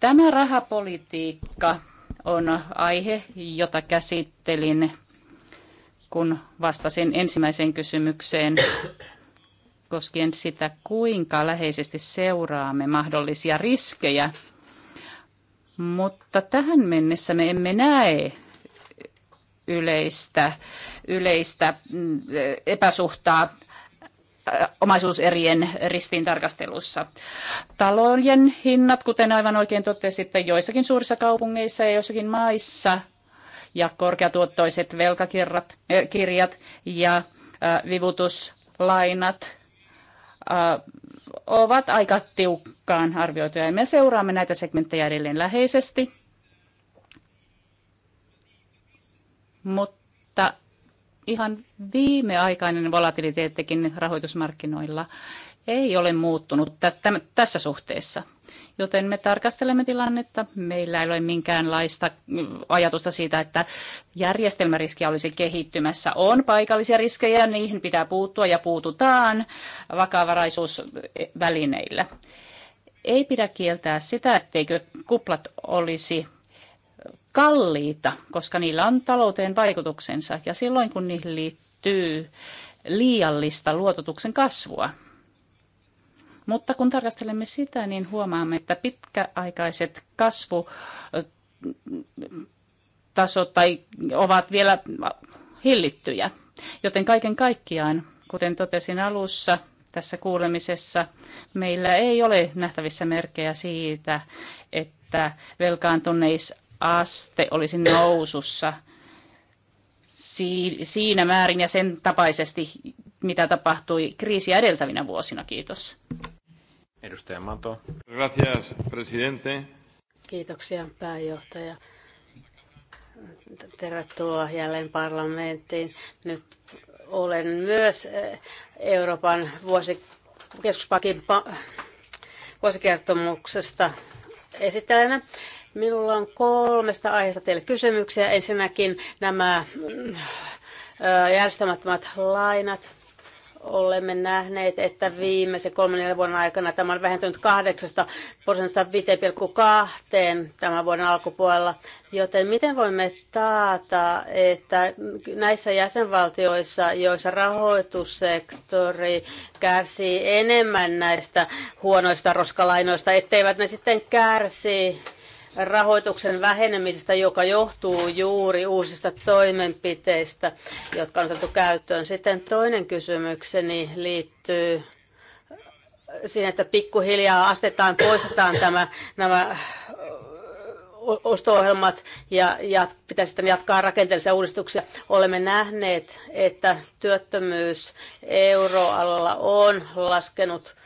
Tämä rahapolitiikka on aihe, jota käsittelin kun vastasin ensimmäiseen kysymykseen koskien sitä, kuinka läheisesti seuraamme mahdollisia riskejä. Mutta tähän mennessä me emme näe yleistä, yleistä mm, epäsuhtaa äh, omaisuuserien tarkastelussa. Talojen hinnat, kuten aivan oikein totesitte, joissakin suurissa kaupungeissa ja joissakin maissa ja korkeatuottoiset velkakirjat eh, ja vivutuslainat ovat aika tiukkaan arvioituja. Me seuraamme näitä segmenttejä edelleen läheisesti, mutta ihan viimeaikainen volatiliteettikin rahoitusmarkkinoilla ei ole muuttunut tässä suhteessa. Joten me tarkastelemme tilannetta. Meillä ei ole minkäänlaista ajatusta siitä, että järjestelmäriskiä olisi kehittymässä. On paikallisia riskejä, niihin pitää puuttua ja puututaan vakavaraisuusvälineillä. Ei pidä kieltää sitä, etteikö kuplat olisi kalliita, koska niillä on talouteen vaikutuksensa ja silloin kun niihin liittyy liiallista luototuksen kasvua, mutta kun tarkastelemme sitä, niin huomaamme, että pitkäaikaiset kasvu tasot tai ovat vielä hillittyjä. Joten kaiken kaikkiaan, kuten totesin alussa tässä kuulemisessa, meillä ei ole nähtävissä merkkejä siitä, että velkaantuneisaste olisi nousussa siinä määrin ja sen tapaisesti, mitä tapahtui kriisiä edeltävinä vuosina. Kiitos. Edustaja Mato. Gracias, presidente. Kiitoksia, pääjohtaja. Tervetuloa jälleen parlamenttiin. Nyt olen myös eh, Euroopan vuosikeskuspakin vuosikertomuksesta esittelijänä. Minulla on kolmesta aiheesta teille kysymyksiä. Ensinnäkin nämä mm, eh, järjestämättömät lainat olemme nähneet, että viimeisen kolmen neljän vuoden aikana tämä on vähentynyt 8 prosentista 5,2 tämän vuoden alkupuolella. Joten miten voimme taata, että näissä jäsenvaltioissa, joissa rahoitussektori kärsii enemmän näistä huonoista roskalainoista, etteivät ne sitten kärsi rahoituksen vähenemisestä, joka johtuu juuri uusista toimenpiteistä, jotka on otettu käyttöön. Sitten toinen kysymykseni liittyy siihen, että pikkuhiljaa astetaan, poistetaan tämä, nämä osto-ohjelmat ja, ja pitäisi sitten jatkaa rakenteellisia uudistuksia. Olemme nähneet, että työttömyys euroalueella on laskenut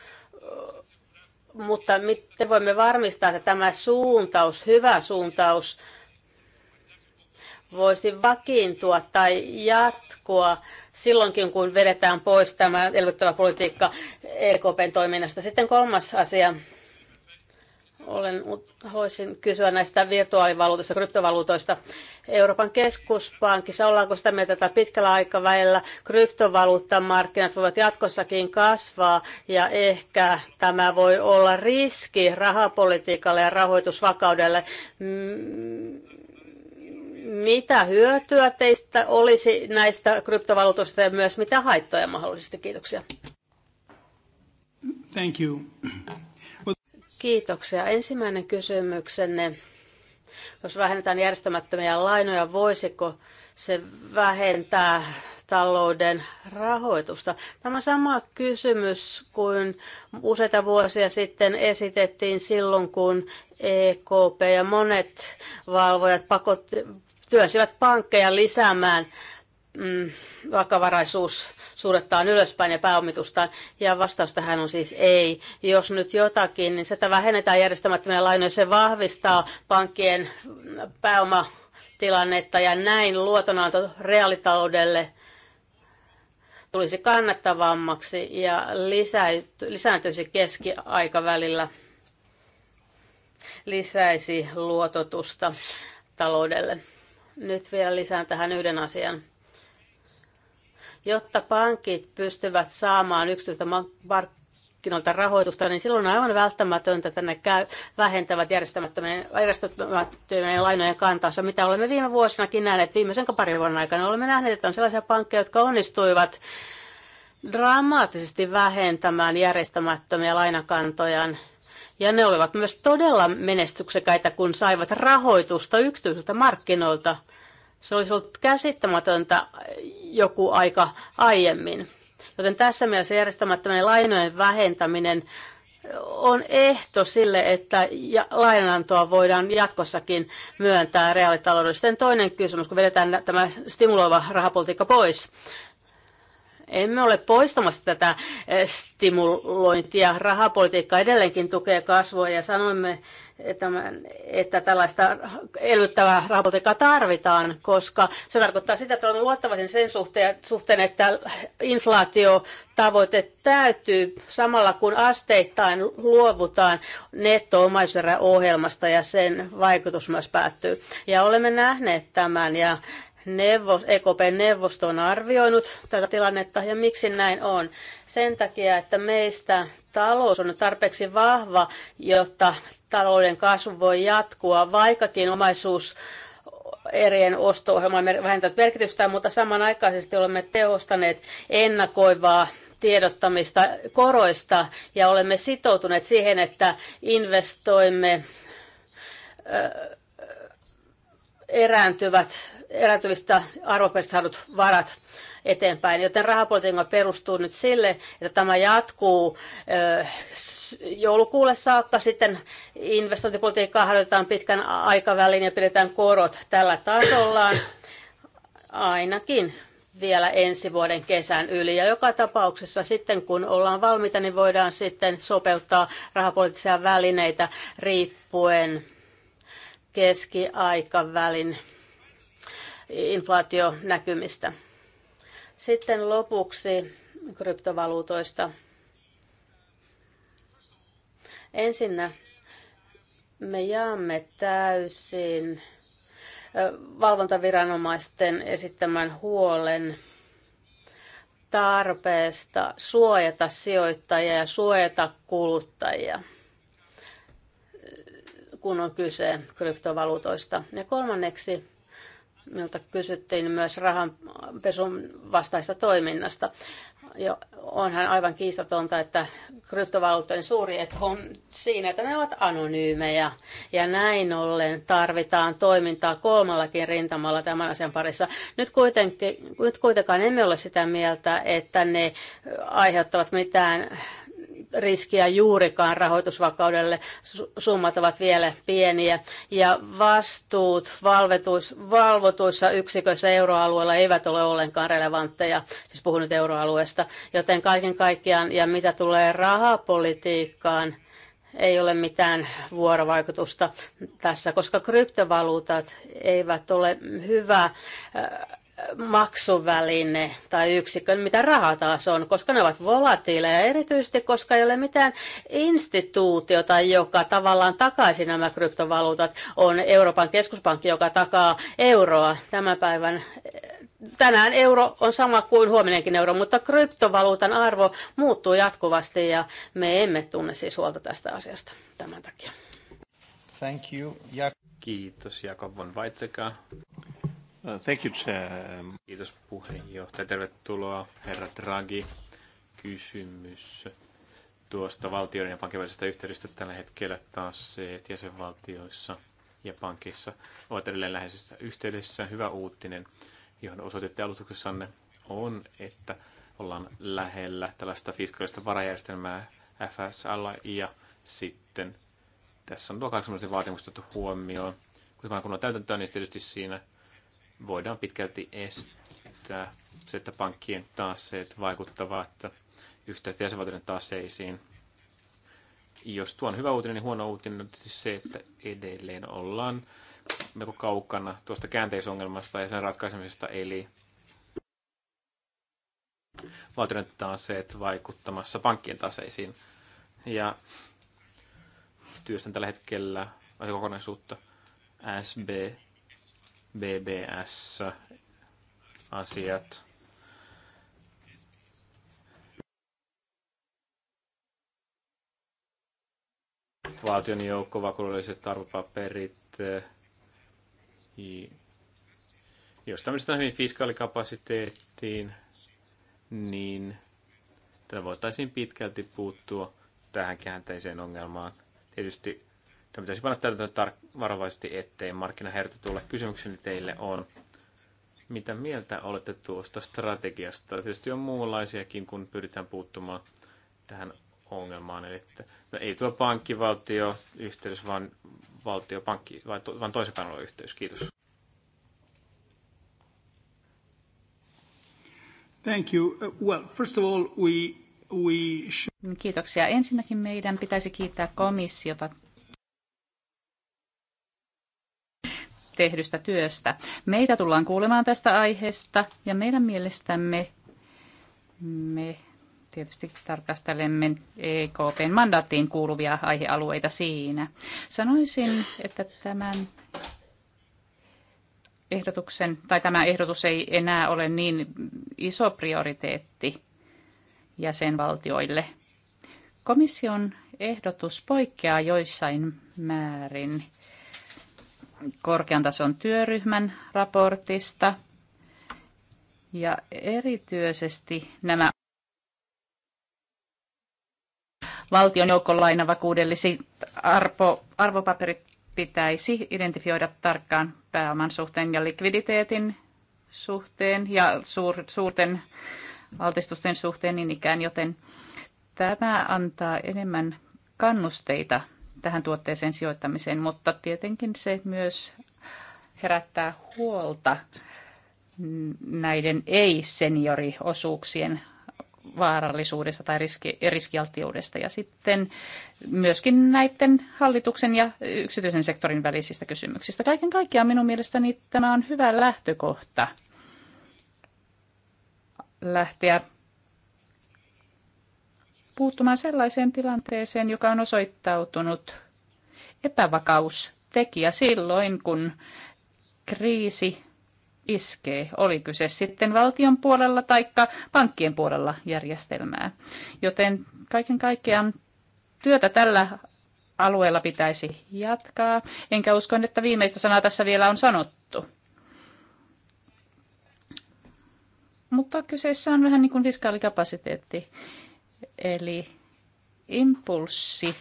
mutta miten voimme varmistaa, että tämä suuntaus, hyvä suuntaus, voisi vakiintua tai jatkua silloinkin, kun vedetään pois tämä elvyttävä politiikka EKPn toiminnasta. Sitten kolmas asia, olen, haluaisin kysyä näistä virtuaalivaluutoista, kryptovaluutoista. Euroopan keskuspankissa ollaanko sitä mieltä, että pitkällä aikavälillä kryptovaluuttamarkkinat voivat jatkossakin kasvaa ja ehkä tämä voi olla riski rahapolitiikalle ja rahoitusvakaudelle. Mitä hyötyä teistä olisi näistä kryptovaluutoista ja myös mitä haittoja mahdollisesti? Kiitoksia. Thank you. Kiitoksia. Ensimmäinen kysymyksenne. Jos vähennetään järjestämättömiä lainoja, voisiko se vähentää talouden rahoitusta. Tämä sama kysymys kuin useita vuosia sitten esitettiin silloin, kun EKP ja monet valvojat pakotti, työsivät pankkeja lisäämään mm, suurettaan ylöspäin ja pääomitustaan? Ja vastaus tähän on siis ei. Jos nyt jotakin, niin sitä vähennetään järjestämättömiä lainoja. Se vahvistaa pankkien pääomatilannetta ja näin luotonanto reaalitaloudelle tulisi kannattavammaksi ja lisääntyisi keskiaikavälillä, lisäisi luototusta taloudelle. Nyt vielä lisään tähän yhden asian Jotta pankit pystyvät saamaan yksityistä markkinoilta rahoitusta, niin silloin on aivan välttämätöntä, että ne käy, vähentävät järjestämättömien, järjestämättömien lainojen kantansa, mitä olemme viime vuosinakin nähneet. Viimeisen parin vuoden aikana olemme nähneet, että on sellaisia pankkeja, jotka onnistuivat dramaattisesti vähentämään järjestämättömiä lainakantojaan. Ja ne olivat myös todella menestyksekäitä, kun saivat rahoitusta yksityisiltä markkinoilta. Se olisi ollut käsittämätöntä joku aika aiemmin. Joten tässä mielessä järjestämättömien lainojen vähentäminen on ehto sille, että lainantoa voidaan jatkossakin myöntää reaalitaloudellisesti. Sitten toinen kysymys, kun vedetään tämä stimuloiva rahapolitiikka pois, emme ole poistamassa tätä eh, stimulointia. Rahapolitiikka edelleenkin tukee kasvua ja sanoimme, että, eh, että tällaista elvyttävää rahapolitiikkaa tarvitaan, koska se tarkoittaa sitä, että olemme luottavaisen sen suhteen, suhteen että inflaatiotavoite täytyy samalla kun asteittain luovutaan netto ohjelmasta ja sen vaikutus myös päättyy. Ja olemme nähneet tämän ja neuvos, EKP-neuvosto on arvioinut tätä tilannetta ja miksi näin on. Sen takia, että meistä talous on tarpeeksi vahva, jotta talouden kasvu voi jatkua, vaikkakin omaisuus erien osto-ohjelman vähentänyt merkitystä, mutta samanaikaisesti olemme tehostaneet ennakoivaa tiedottamista koroista ja olemme sitoutuneet siihen, että investoimme erääntyvät erääntyvistä arvopäistä saadut varat eteenpäin. Joten rahapolitiikka perustuu nyt sille, että tämä jatkuu joulukuulle saakka. Sitten investointipolitiikkaa harjoitetaan pitkän aikavälin ja pidetään korot tällä tasollaan ainakin vielä ensi vuoden kesän yli. Ja joka tapauksessa sitten, kun ollaan valmiita, niin voidaan sitten sopeuttaa rahapoliittisia välineitä riippuen keskiaikavälin inflaationäkymistä. Sitten lopuksi kryptovaluutoista. Ensinnä me jaamme täysin valvontaviranomaisten esittämän huolen tarpeesta suojata sijoittajia ja suojata kuluttajia, kun on kyse kryptovaluutoista. Ja kolmanneksi minulta kysyttiin myös rahanpesun vastaista toiminnasta. Ja onhan aivan kiistatonta, että kryptovaluuttojen suuri etu on siinä, että ne ovat anonyymejä. Ja näin ollen tarvitaan toimintaa kolmallakin rintamalla tämän asian parissa. Nyt, kuitenkin, nyt kuitenkaan emme ole sitä mieltä, että ne aiheuttavat mitään riskiä juurikaan rahoitusvakaudelle. Summat ovat vielä pieniä ja vastuut valvotuissa yksiköissä euroalueella eivät ole ollenkaan relevantteja, siis puhun nyt euroalueesta, joten kaiken kaikkiaan ja mitä tulee rahapolitiikkaan, ei ole mitään vuorovaikutusta tässä, koska kryptovaluutat eivät ole hyvä äh, maksuväline tai yksikkö, mitä raha taas on, koska ne ovat volatiileja, erityisesti koska ei ole mitään instituutiota, joka tavallaan takaisi nämä kryptovaluutat. On Euroopan keskuspankki, joka takaa euroa tämän päivän tänään euro on sama kuin huominenkin euro, mutta kryptovaluutan arvo muuttuu jatkuvasti ja me emme tunne siis huolta tästä asiasta tämän takia. Thank you. Ja- Kiitos Jakob von Weizsäcker. Uh, thank you, Chair. Um, Kiitos puheenjohtaja. Tervetuloa, herra Draghi. Kysymys tuosta valtioiden ja pankin välisestä yhteydestä tällä hetkellä taas se, että jäsenvaltioissa ja pankissa ovat edelleen läheisessä yhteydessä. Hyvä uutinen, johon osoitette alustuksessanne, on, että ollaan lähellä tällaista fiskaalista varajärjestelmää FSL ja sitten tässä on tuo 80 vaatimus otettu huomioon. Kun on kunnon täytäntöön, niin tietysti siinä voidaan pitkälti estää se, että pankkien taseet vaikuttavat yksittäisten jäsenvaltioiden taseisiin. Jos tuon hyvä uutinen, niin huono uutinen on siis se, että edelleen ollaan melko kaukana tuosta käänteisongelmasta ja sen ratkaisemisesta, eli valtioiden taseet vaikuttamassa pankkien taseisiin. Ja työstän tällä hetkellä kokonaisuutta SB BBS-asiat. Valtion joukkovakuudelliset arvopaperit, eh, jos tämmöistä hyvin fiskaalikapasiteettiin, niin tämä voitaisiin pitkälti puuttua tähän käänteiseen ongelmaan. Tietysti Tämä pitäisi panna täytäntöön varovaisesti, ettei markkinahäiriötä tule. Kysymykseni teille on, mitä mieltä olette tuosta strategiasta? Tietysti on muunlaisiakin, kun pyritään puuttumaan tähän ongelmaan. Eli että, no ei tuo pankkivaltio yhteys, vaan valtio pankki, vai to, vaan toisen päin yhteys. Kiitos. Thank you. Uh, well, first of all, we, we should... Kiitoksia. Ensinnäkin meidän pitäisi kiittää komissiota tehdystä työstä. Meitä tullaan kuulemaan tästä aiheesta ja meidän mielestämme me tietysti tarkastelemme EKPn mandaattiin kuuluvia aihealueita siinä. Sanoisin, että tämän ehdotuksen, tai tämä ehdotus ei enää ole niin iso prioriteetti jäsenvaltioille. Komission ehdotus poikkeaa joissain määrin korkean tason työryhmän raportista. Ja erityisesti nämä valtion joukkolainavakuudelliset arvo, arvopaperit pitäisi identifioida tarkkaan pääoman suhteen ja likviditeetin suhteen ja suur, suurten altistusten suhteen niin ikään, joten tämä antaa enemmän kannusteita tähän tuotteeseen sijoittamiseen, mutta tietenkin se myös herättää huolta näiden ei-senioriosuuksien vaarallisuudesta tai riski, riskialtiudesta ja sitten myöskin näiden hallituksen ja yksityisen sektorin välisistä kysymyksistä. Kaiken kaikkiaan minun mielestäni tämä on hyvä lähtökohta lähteä puuttumaan sellaiseen tilanteeseen, joka on osoittautunut epävakaustekijä silloin, kun kriisi iskee, oli kyse sitten valtion puolella tai pankkien puolella järjestelmää. Joten kaiken kaikkiaan työtä tällä alueella pitäisi jatkaa, enkä usko, että viimeistä sanaa tässä vielä on sanottu. Mutta kyseessä on vähän niin kuin fiskaalikapasiteetti. Eli impulssi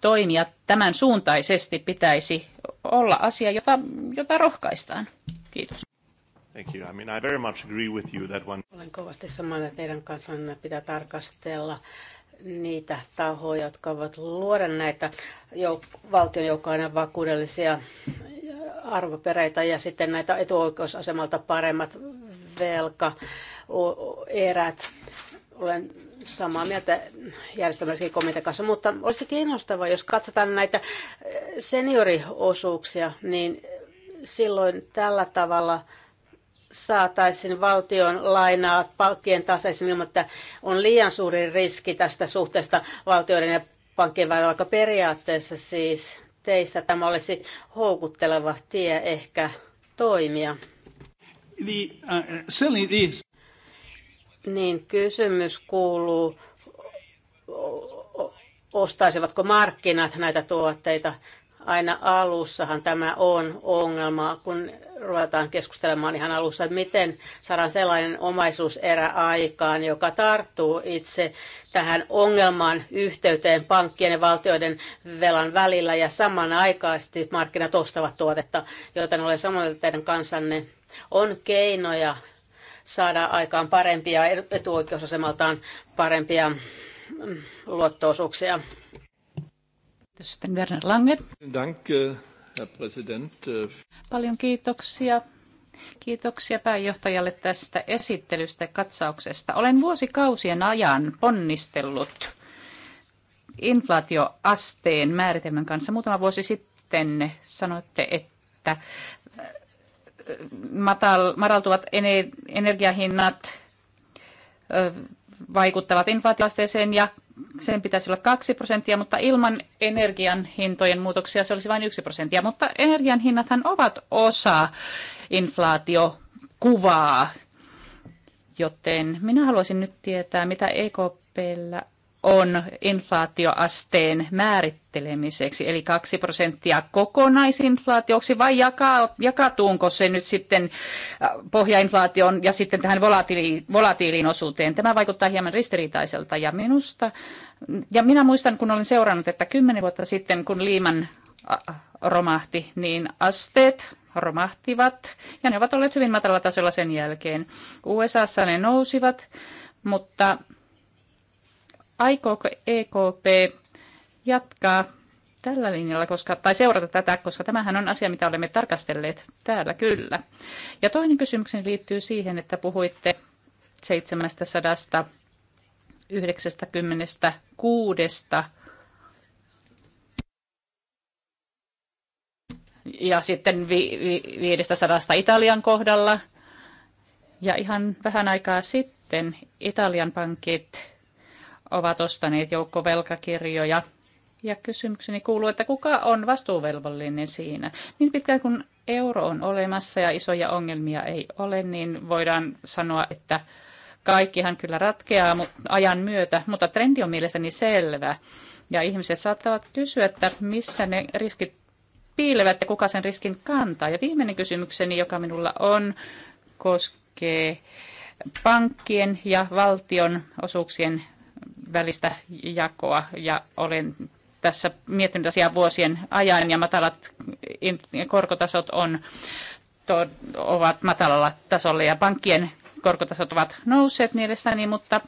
toimia tämän suuntaisesti pitäisi olla asia, jota, jota rohkaistaan. Kiitos. Thank you. I mean, I very much agree with you that one... Olen kovasti samaa mieltä teidän kanssanne. Pitää tarkastella niitä tahoja, jotka ovat luoda näitä jouk- valtion joukkoina vakuudellisia arvopereitä ja sitten näitä etuoikeusasemalta paremmat velkaerät. Olen samaa mieltä järjestelmällisen komitean kanssa, mutta olisi kiinnostavaa, jos katsotaan näitä eh, senioriosuuksia, niin silloin tällä tavalla saataisiin valtion lainaa pankkien tasaisin ilman, että on liian suuri riski tästä suhteesta valtioiden ja pankkien välillä, vaikka periaatteessa siis teistä tämä olisi houkutteleva tie ehkä toimia. The, uh, certainly niin kysymys kuuluu, ostaisivatko markkinat näitä tuotteita. Aina alussahan tämä on ongelma, kun ruvetaan keskustelemaan ihan alussa, että miten saadaan sellainen omaisuuserä aikaan, joka tarttuu itse tähän ongelman yhteyteen pankkien ja valtioiden velan välillä ja samanaikaisesti markkinat ostavat tuotetta, joten olen samoin teidän kansanne. On keinoja saada aikaan parempia etuoikeusasemaltaan parempia mm, luottoosuuksia. Sitten Werner Lange. Eh, Herr eh. Paljon kiitoksia. Kiitoksia pääjohtajalle tästä esittelystä ja katsauksesta. Olen vuosikausien ajan ponnistellut inflaatioasteen määritelmän kanssa. Muutama vuosi sitten sanoitte, että matal, ener, energiahinnat vaikuttavat inflaatioasteeseen ja sen pitäisi olla 2 prosenttia, mutta ilman energian hintojen muutoksia se olisi vain 1 prosenttia. Mutta energian hinnathan ovat osa inflaatiokuvaa, joten minä haluaisin nyt tietää, mitä EKPllä on inflaatioasteen määrittelemiseksi, eli 2 prosenttia kokonaisinflaatioksi, vai jaka, jakatuunko se nyt sitten äh, pohjainflaatioon ja sitten tähän volatiili, volatiiliin osuuteen? Tämä vaikuttaa hieman ristiriitaiselta, ja minusta, ja minä muistan, kun olen seurannut, että kymmenen vuotta sitten, kun liiman romahti, niin asteet romahtivat, ja ne ovat olleet hyvin matalalla tasolla sen jälkeen. USAssa ne nousivat, mutta aikooko EKP jatkaa tällä linjalla, koska, tai seurata tätä, koska tämähän on asia, mitä olemme tarkastelleet täällä kyllä. Ja toinen kysymykseni liittyy siihen, että puhuitte 796 ja sitten 500 Italian kohdalla. Ja ihan vähän aikaa sitten Italian pankit ovat ostaneet velkakirjoja. Ja kysymykseni kuuluu, että kuka on vastuuvelvollinen siinä? Niin pitkään kun euro on olemassa ja isoja ongelmia ei ole, niin voidaan sanoa, että kaikkihan kyllä ratkeaa ajan myötä, mutta trendi on mielestäni selvä. Ja ihmiset saattavat kysyä, että missä ne riskit piilevät ja kuka sen riskin kantaa. Ja viimeinen kysymykseni, joka minulla on, koskee pankkien ja valtion osuuksien välistä jakoa ja olen tässä miettinyt asiaa vuosien ajan ja matalat korkotasot on, to, ovat matalalla tasolla ja pankkien korkotasot ovat nousseet mielestäni, mutta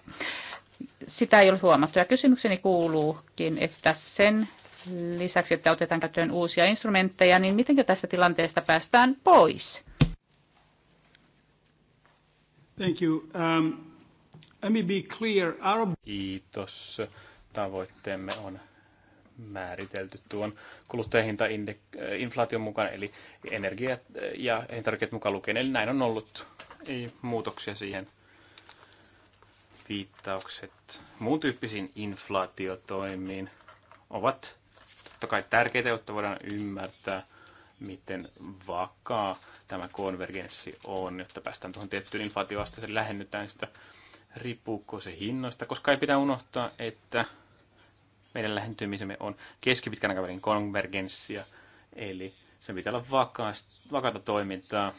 sitä ei ole huomattu. Ja kysymykseni kuuluukin, että sen lisäksi, että otetaan käyttöön uusia instrumentteja, niin miten tästä tilanteesta päästään pois? Thank you. Um... Kiitos. Tavoitteemme on määritelty tuon kuluttajahintainflaation äh, mukaan, eli energia ja elintarvikkeet mukaan lukien. Eli näin on ollut. Ei muutoksia siihen viittaukset muun tyyppisiin inflaatiotoimiin ovat totta kai tärkeitä, jotta voidaan ymmärtää, miten vakaa tämä konvergenssi on, jotta päästään tuohon tiettyyn inflaatioasteeseen, lähennytään sitä riippuuko se hinnoista, koska ei pidä unohtaa, että meidän lähentymisemme on keskipitkän aikavälin konvergenssia, eli sen pitää olla vakaata toimintaa,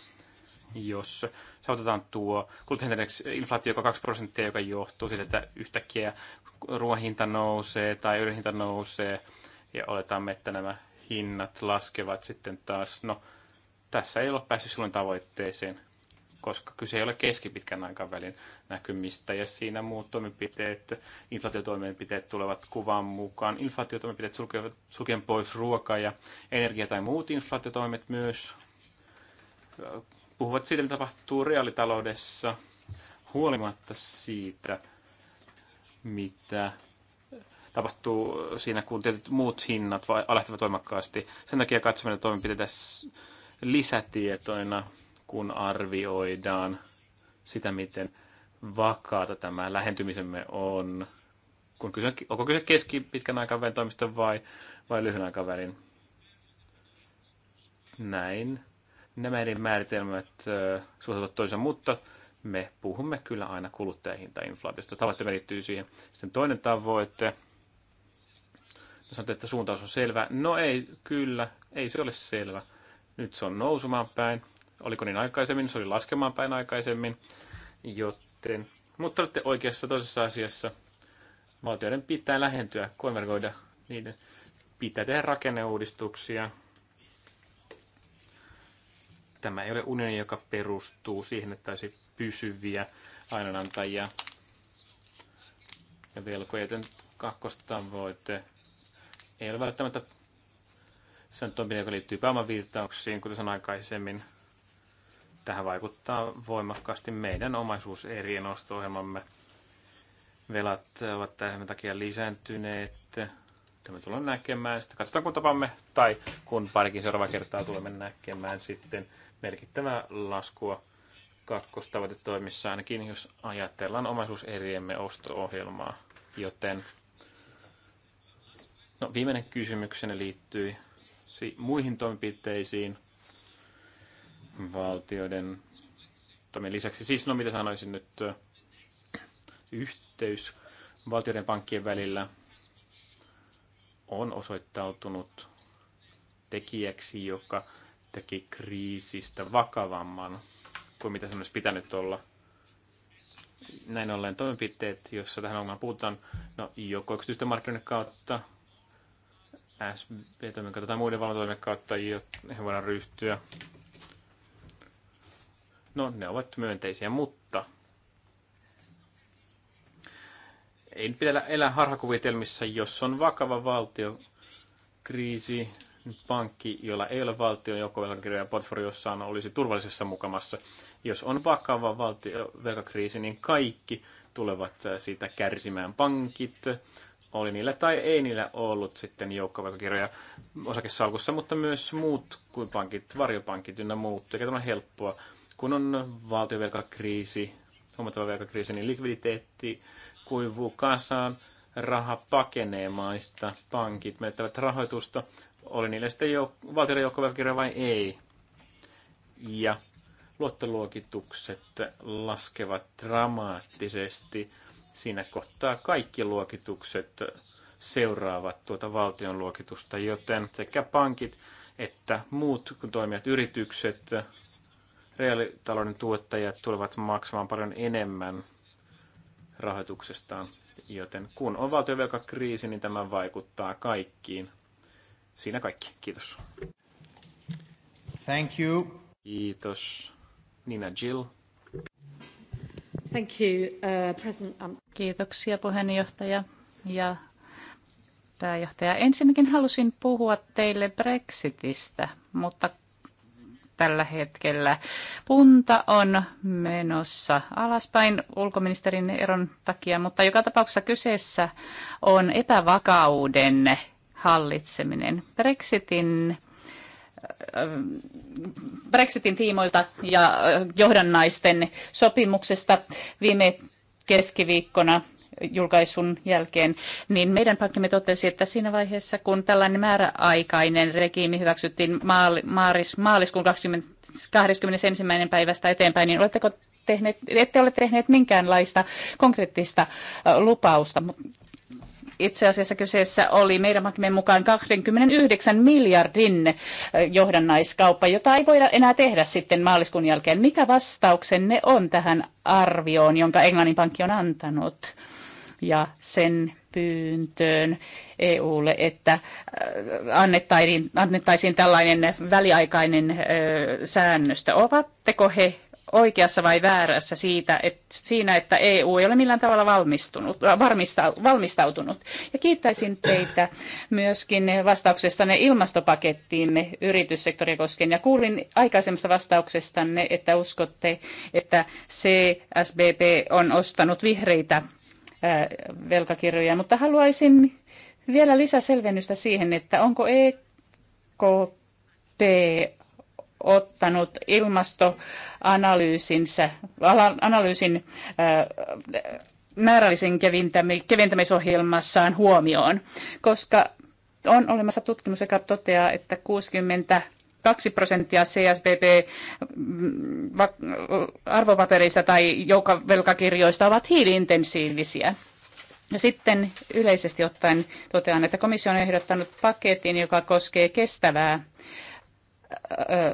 jos saavutetaan tuo kuluttajahintaindeksi-inflaatio, joka 2 prosenttia, joka johtuu siitä, että yhtäkkiä ruoan hinta nousee tai yhden hinta nousee, ja oletamme, että nämä hinnat laskevat sitten taas. No, tässä ei ole päässyt silloin tavoitteeseen koska kyse ei ole keskipitkän aikavälin näkymistä, ja siinä muut toimenpiteet, inflaatiotoimenpiteet tulevat kuvan mukaan. Inflaatiotoimenpiteet sulkevat sulkien pois ruoka ja energia tai muut inflaatiotoimet myös puhuvat siitä, mitä tapahtuu reaalitaloudessa, huolimatta siitä, mitä tapahtuu siinä, kun tietyt muut hinnat alehtivat voimakkaasti. Sen takia katsominen toimenpiteitä lisätietoina kun arvioidaan sitä, miten vakaata tämä lähentymisemme on, kun kyse, onko kyse keskipitkän aikavälin toimista vai, vai lyhyen aikavälin. Näin. Nämä eri määritelmät suosivat toisensa, mutta me puhumme kyllä aina kuluttajahintainflaatiosta. Tavoitte liittyy siihen. Sitten toinen tavoite. No sanotte, että suuntaus on selvä. No ei, kyllä, ei se ole selvä. Nyt se on nousumaan päin. Oliko niin aikaisemmin? Se oli laskemaan päin aikaisemmin. Joten, mutta olette oikeassa toisessa asiassa. Valtioiden pitää lähentyä, konvergoida niiden. Pitää tehdä rakenneuudistuksia. Tämä ei ole unioni, joka perustuu siihen, että olisi pysyviä ainoanantajia ja velkoja. Joten kakkostavoite ei ole välttämättä se on toimi, joka liittyy pääomavirtauksiin, kuten sanoin aikaisemmin. Tähän vaikuttaa voimakkaasti meidän omaisuuserien osto-ohjelmamme. Velat ovat tämän takia lisääntyneet. Tämä tullaan näkemään. Sitten katsotaan, kun tapamme tai kun parikin seuraava kertaa tulemme näkemään sitten merkittävää laskua kakkostavoitetoimissa, ainakin jos ajatellaan omaisuuseriemme osto-ohjelmaa. Joten no, viimeinen kysymykseni liittyy muihin toimenpiteisiin, valtioiden toimien lisäksi. Siis no mitä sanoisin nyt, yhteys valtioiden pankkien välillä on osoittautunut tekijäksi, joka teki kriisistä vakavamman kuin mitä se olisi pitänyt olla. Näin ollen toimenpiteet, joissa tähän ongelmaan puhutaan, no joko yksityisten markkinoiden kautta, SB-toimien kautta tai muiden valvontoimien kautta, joihin voidaan ryhtyä No, ne ovat myönteisiä, mutta ei nyt pidä elää harhakuvitelmissa, jos on vakava valtiokriisi, pankki, jolla ei ole valtion joukkovelkakirjoja portfoliossaan, olisi turvallisessa mukamassa. Jos on vakava valtiovelkakriisi, niin kaikki tulevat siitä kärsimään pankit, oli niillä tai ei niillä ollut sitten joukkovelkakirjoja osakesalkussa, mutta myös muut kuin pankit, varjopankit ynnä muut, eikä tämä helppoa kun on valtiovelkakriisi, huomattava velkakriisi, niin likviditeetti kuivuu kasaan, raha pakenee maista, pankit menettävät rahoitusta, oli niille sitten jouk- valtioiden joukkovelkakirja vai ei. Ja luottoluokitukset laskevat dramaattisesti. Siinä kohtaa kaikki luokitukset seuraavat tuota valtion luokitusta, joten sekä pankit että muut toimijat, yritykset, reaalitalouden tuottajat tulevat maksamaan paljon enemmän rahoituksestaan. Joten kun on valtiovelkakriisi, niin tämä vaikuttaa kaikkiin. Siinä kaikki. Kiitos. Thank you. Kiitos. Nina Jill. Thank you, uh, President. Um, Kiitoksia puheenjohtaja ja pääjohtaja. Ensinnäkin halusin puhua teille Brexitistä, mutta tällä hetkellä. Punta on menossa alaspäin ulkoministerin eron takia, mutta joka tapauksessa kyseessä on epävakauden hallitseminen. Brexitin äh, Brexitin tiimoilta ja äh, johdannaisten sopimuksesta viime keskiviikkona julkaisun jälkeen, niin meidän pankkimme totesi, että siinä vaiheessa, kun tällainen määräaikainen regiimi hyväksyttiin maaliskuun 20, 21. päivästä eteenpäin, niin oletteko tehneet, ette ole tehneet minkäänlaista konkreettista lupausta, itse asiassa kyseessä oli meidän pankkimme mukaan 29 miljardin johdannaiskauppa, jota ei voida enää tehdä sitten maaliskuun jälkeen. Mikä vastauksenne on tähän arvioon, jonka Englannin pankki on antanut? ja sen pyyntöön EUlle, että äh, annettaisiin, annettaisiin tällainen väliaikainen äh, säännöstö. Ovatteko he oikeassa vai väärässä siitä, että, siinä, että EU ei ole millään tavalla valmistunut, äh, varmista, valmistautunut. Ja kiittäisin teitä myöskin vastauksestanne ilmastopakettiimme yrityssektoria koskien. Ja kuulin aikaisemmasta vastauksestanne, että uskotte, että CSBP on ostanut vihreitä velkakirjoja, mutta haluaisin vielä lisäselvennystä siihen, että onko EKP ottanut ilmastoanalyysinsä, analyysin määrällisen keventämisohjelmassaan huomioon, koska on olemassa tutkimus, joka toteaa, että 60 2 prosenttia CSBB mm, arvopaperista tai velkakirjoista ovat hiiliintensiivisiä. Ja sitten yleisesti ottaen totean, että komissio on ehdottanut paketin, joka koskee kestävää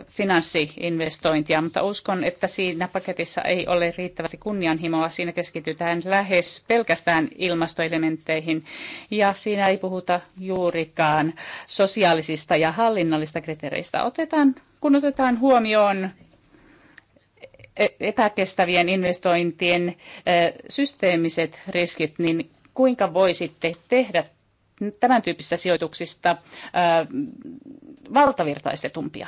finanssiinvestointia, mutta uskon, että siinä paketissa ei ole riittävästi kunnianhimoa. Siinä keskitytään lähes pelkästään ilmastoelementteihin ja siinä ei puhuta juurikaan sosiaalisista ja hallinnollista kriteereistä. Otetaan, kun otetaan huomioon e-, epäkestävien investointien systeemiset riskit, niin kuinka voisitte tehdä tämän tyyppistä sijoituksista valtavirtaistetumpia?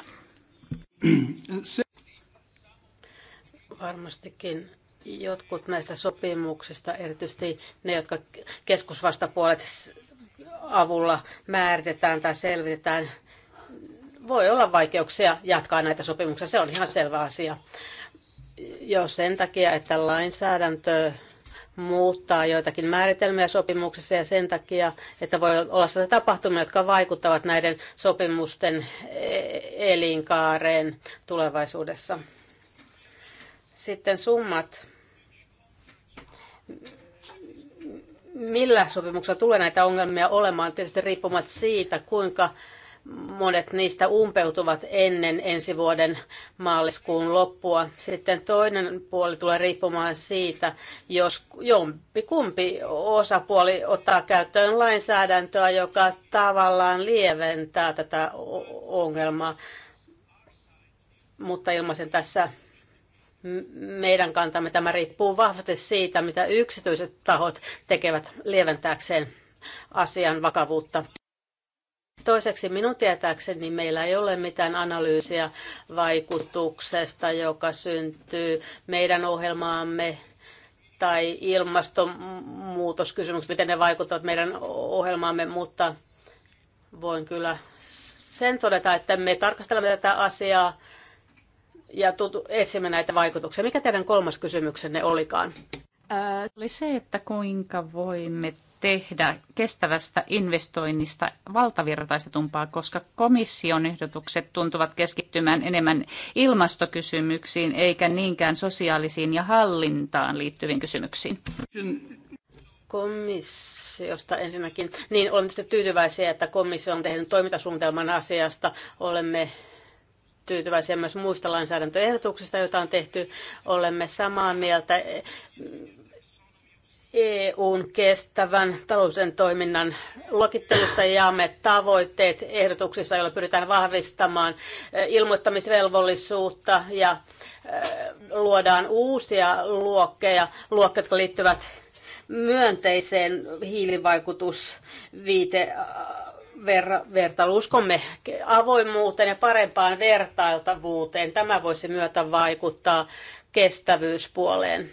Varmastikin jotkut näistä sopimuksista, erityisesti ne, jotka keskusvastapuolet avulla määritetään tai selvitetään, voi olla vaikeuksia jatkaa näitä sopimuksia. Se on ihan selvä asia. Jo sen takia, että lainsäädäntö muuttaa joitakin määritelmiä sopimuksessa ja sen takia, että voi olla sellaisia tapahtumia, jotka vaikuttavat näiden sopimusten e- elinkaareen tulevaisuudessa. Sitten summat. Millä sopimuksella tulee näitä ongelmia olemaan, tietysti riippumatta siitä, kuinka Monet niistä umpeutuvat ennen ensi vuoden maaliskuun loppua. Sitten toinen puoli tulee riippumaan siitä, jos jompi kumpi osapuoli ottaa käyttöön lainsäädäntöä, joka tavallaan lieventää tätä ongelmaa. Mutta ilmaisen tässä meidän kantamme. Tämä riippuu vahvasti siitä, mitä yksityiset tahot tekevät lieventääkseen asian vakavuutta. Toiseksi minun tietääkseni meillä ei ole mitään analyysiä vaikutuksesta, joka syntyy meidän ohjelmaamme tai ilmastonmuutoskysymykset, miten ne vaikuttavat meidän ohjelmaamme, mutta voin kyllä sen todeta, että me tarkastelemme tätä asiaa ja etsimme näitä vaikutuksia. Mikä teidän kolmas kysymyksenne olikaan? Ää, äh, oli se, että kuinka voimme tehdä kestävästä investoinnista valtavirtaistetumpaa, koska komission ehdotukset tuntuvat keskittymään enemmän ilmastokysymyksiin eikä niinkään sosiaalisiin ja hallintaan liittyviin kysymyksiin. Komissiosta ensinnäkin. Niin, olemme tyytyväisiä, että komissio on tehnyt toimintasuunnitelman asiasta. Olemme tyytyväisiä myös muista lainsäädäntöehdotuksista, joita on tehty. Olemme samaa mieltä EUn kestävän taloudellisen toiminnan luokittelusta jaamme tavoitteet ehdotuksissa, joilla pyritään vahvistamaan ilmoittamisvelvollisuutta ja luodaan uusia luokkeja, luokkeja, jotka liittyvät myönteiseen hiilivaikutusviite Uskomme avoimuuteen ja parempaan vertailtavuuteen. Tämä voisi myötä vaikuttaa kestävyyspuoleen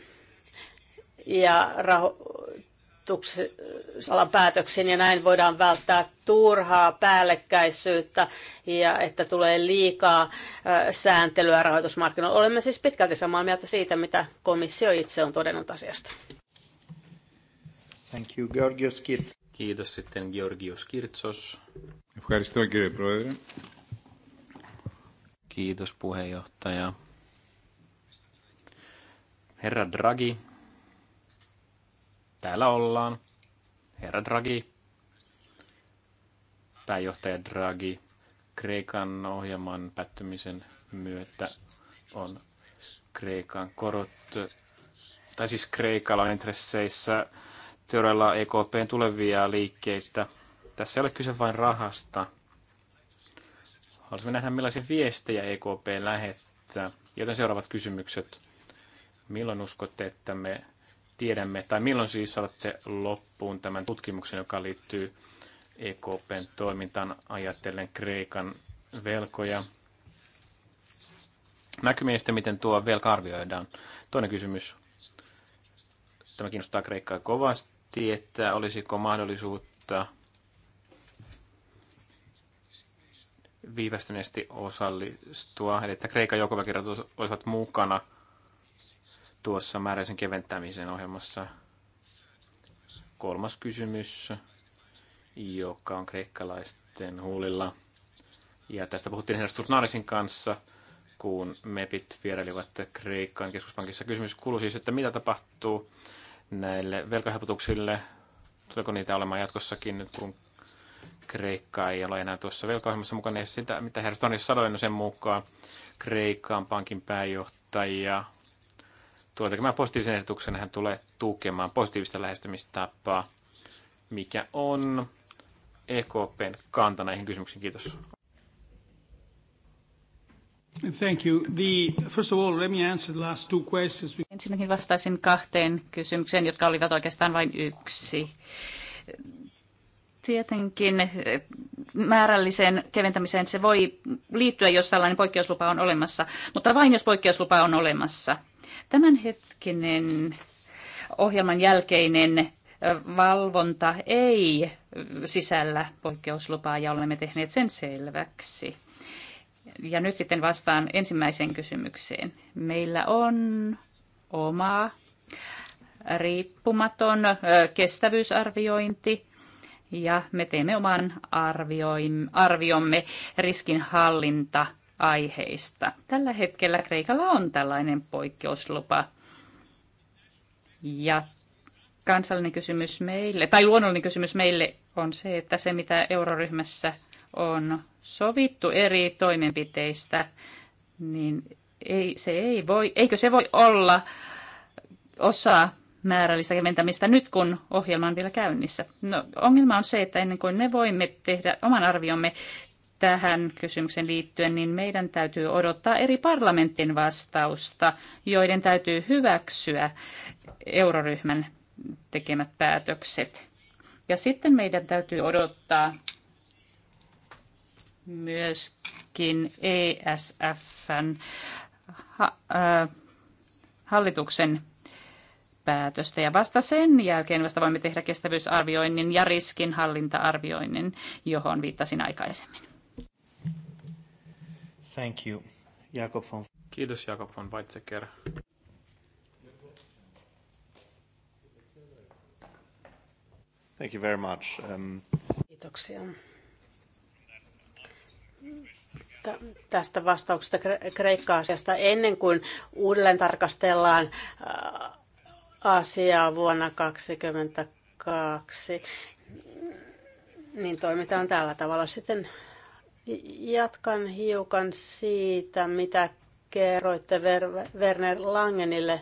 ja rahoitusalan päätöksiin ja näin voidaan välttää turhaa päällekkäisyyttä ja että tulee liikaa äh, sääntelyä rahoitusmarkkinoilla. Olemme siis pitkälti samaa mieltä siitä, mitä komissio itse on todennut asiasta. Thank you, Georgios Kirtsos. Kiitos sitten Georgios Kirtsos. Kiitos puheenjohtaja. Herra Draghi, Täällä ollaan. Herra Draghi. Pääjohtaja Draghi. Kreikan ohjelman päättymisen myötä on Kreikan korot, tai siis Kreikalla on intresseissä teorialla EKPn tulevia liikkeitä. Tässä ei ole kyse vain rahasta. Haluaisimme nähdä, millaisia viestejä EKP lähettää. Joten seuraavat kysymykset. Milloin uskotte, että me tiedämme, tai milloin siis saatte loppuun tämän tutkimuksen, joka liittyy EKPn toimintaan ajatellen Kreikan velkoja? sitten, miten tuo velka arvioidaan. Toinen kysymys. Tämä kiinnostaa Kreikkaa kovasti, että olisiko mahdollisuutta viivästyneesti osallistua, eli että Kreikan joukkoväkirjat olisivat mukana – tuossa määräisen keventämisen ohjelmassa. Kolmas kysymys, joka on kreikkalaisten huulilla. Ja tästä puhuttiin Herra Naarisin kanssa, kun MEPit vierailivat Kreikan keskuspankissa. Kysymys kuuluu siis, että mitä tapahtuu näille velkahelpotuksille? Tuleeko niitä olemaan jatkossakin, kun Kreikka ei ole enää tuossa velkaohjelmassa mukana. Ja sitä, mitä Herstonissa sanoi, no sen mukaan Kreikan pankin pääjohtaja tulee tekemään positiivisen ehdotuksen, hän tulee tukemaan positiivista lähestymistapaa, mikä on EKPn kanta näihin kysymyksiin. Kiitos. Thank you. The, first of all, let me answer the last two questions. Ensinnäkin vastaisin kahteen kysymykseen, jotka olivat oikeastaan vain yksi Tietenkin eh, määrälliseen keventämiseen se voi liittyä, jos tällainen poikkeuslupa on olemassa, mutta vain jos poikkeuslupa on olemassa. Tämänhetkinen ohjelman jälkeinen eh, valvonta ei sisällä poikkeuslupaa ja olemme tehneet sen selväksi. Ja nyt sitten vastaan ensimmäiseen kysymykseen. Meillä on oma riippumaton eh, kestävyysarviointi ja me teemme oman arviomme riskinhallinta aiheista. Tällä hetkellä Kreikalla on tällainen poikkeuslupa. Ja kansallinen kysymys meille, tai luonnollinen kysymys meille on se, että se mitä euroryhmässä on sovittu eri toimenpiteistä, niin ei, se ei voi, eikö se voi olla osa määrällistä keventämistä nyt, kun ohjelma on vielä käynnissä. No, ongelma on se, että ennen kuin me voimme tehdä oman arviomme tähän kysymykseen liittyen, niin meidän täytyy odottaa eri parlamentin vastausta, joiden täytyy hyväksyä euroryhmän tekemät päätökset. Ja sitten meidän täytyy odottaa myöskin ESFn ha- äh, hallituksen päätöstä ja vasta sen jälkeen vasta voimme tehdä kestävyysarvioinnin ja riskinhallintaarvioinnin, johon viittasin aikaisemmin. Thank you. Jakob von... Kiitos Jakob von Weizsäcker. Thank you very much. Um... Kiitoksia. tästä vastauksesta Kreikka-asiasta ennen kuin uudelleen tarkastellaan asiaa vuonna 2022, niin toimitaan tällä tavalla. Sitten jatkan hiukan siitä, mitä kerroitte Werner Langenille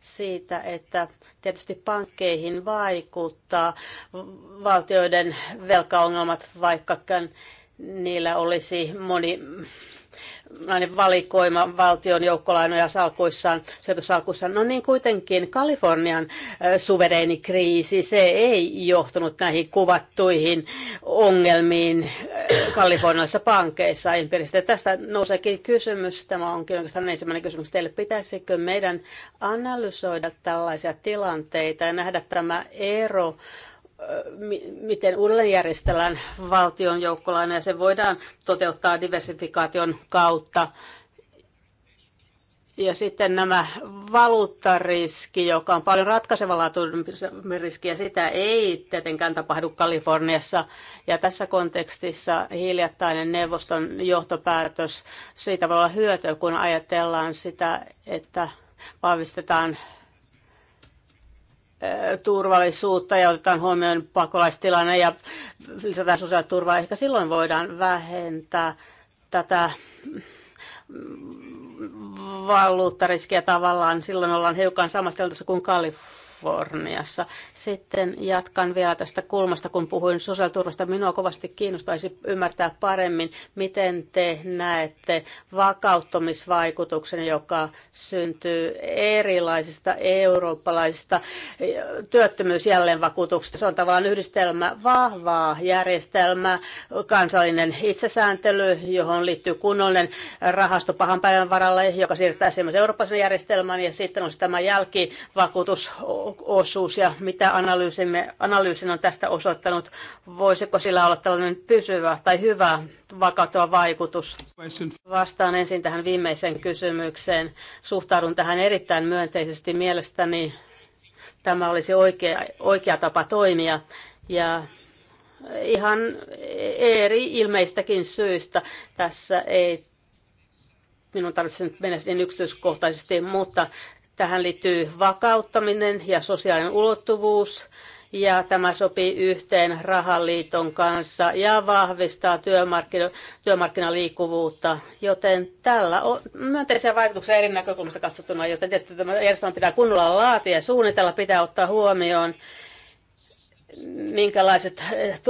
siitä, että tietysti pankkeihin vaikuttaa valtioiden velkaongelmat, vaikkakin niillä olisi moni nainen valikoima valtion joukkolainoja salkuissaan, sijoitussalkuissaan. No niin kuitenkin Kalifornian suvereeni kriisi, se ei johtunut näihin kuvattuihin ongelmiin kalifornialaisissa pankeissa empiirisesti. Tästä nouseekin kysymys, tämä onkin oikeastaan ensimmäinen kysymys teille. Pitäisikö meidän analysoida tällaisia tilanteita ja nähdä tämä ero miten uudelleen järjestellään valtion joukkolaina ja se voidaan toteuttaa diversifikaation kautta. Ja sitten nämä valuuttariski, joka on paljon ratkaisevalaatuisempi riski, ja sitä ei tietenkään tapahdu Kaliforniassa. Ja tässä kontekstissa hiljattainen neuvoston johtopäätös, siitä voi olla hyötyä, kun ajatellaan sitä, että vahvistetaan turvallisuutta ja otetaan huomioon pakolaistilanne ja lisätään sosiaaliturvaa, ehkä silloin voidaan vähentää tätä mm, valuuttariskiä tavallaan. Silloin ollaan hiukan samassa tilanteessa kuin Kalifornia Kaliforniassa. Sitten jatkan vielä tästä kulmasta, kun puhuin sosiaaliturvasta. Minua kovasti kiinnostaisi ymmärtää paremmin, miten te näette vakauttamisvaikutuksen, joka syntyy erilaisista eurooppalaisista eh, työttömyysjälleenvakuutuksista. Se on tavallaan yhdistelmä vahvaa järjestelmää, kansallinen itsesääntely, johon liittyy kunnollinen rahasto pahan päivän varalle, joka siirtää semmoisen eurooppalaisen järjestelmän, ja sitten on tämä jälkivakuutus osuus ja mitä analyysimme, analyysin on tästä osoittanut? Voisiko sillä olla tällainen pysyvä tai hyvä vakautua vaikutus? Vastaan ensin tähän viimeiseen kysymykseen. Suhtaudun tähän erittäin myönteisesti. Mielestäni tämä olisi oikea, oikea tapa toimia. Ja ihan eri ilmeistäkin syistä tässä ei minun tarvitse mennä niin yksityiskohtaisesti, mutta Tähän liittyy vakauttaminen ja sosiaalinen ulottuvuus, ja tämä sopii yhteen rahaliiton kanssa ja vahvistaa työmarkkino- työmarkkinaliikkuvuutta, joten tällä on myönteisiä vaikutuksia eri näkökulmista katsottuna, joten tietysti tämä järjestelmä pitää kunnolla laatia ja suunnitella, pitää ottaa huomioon minkälaiset eh,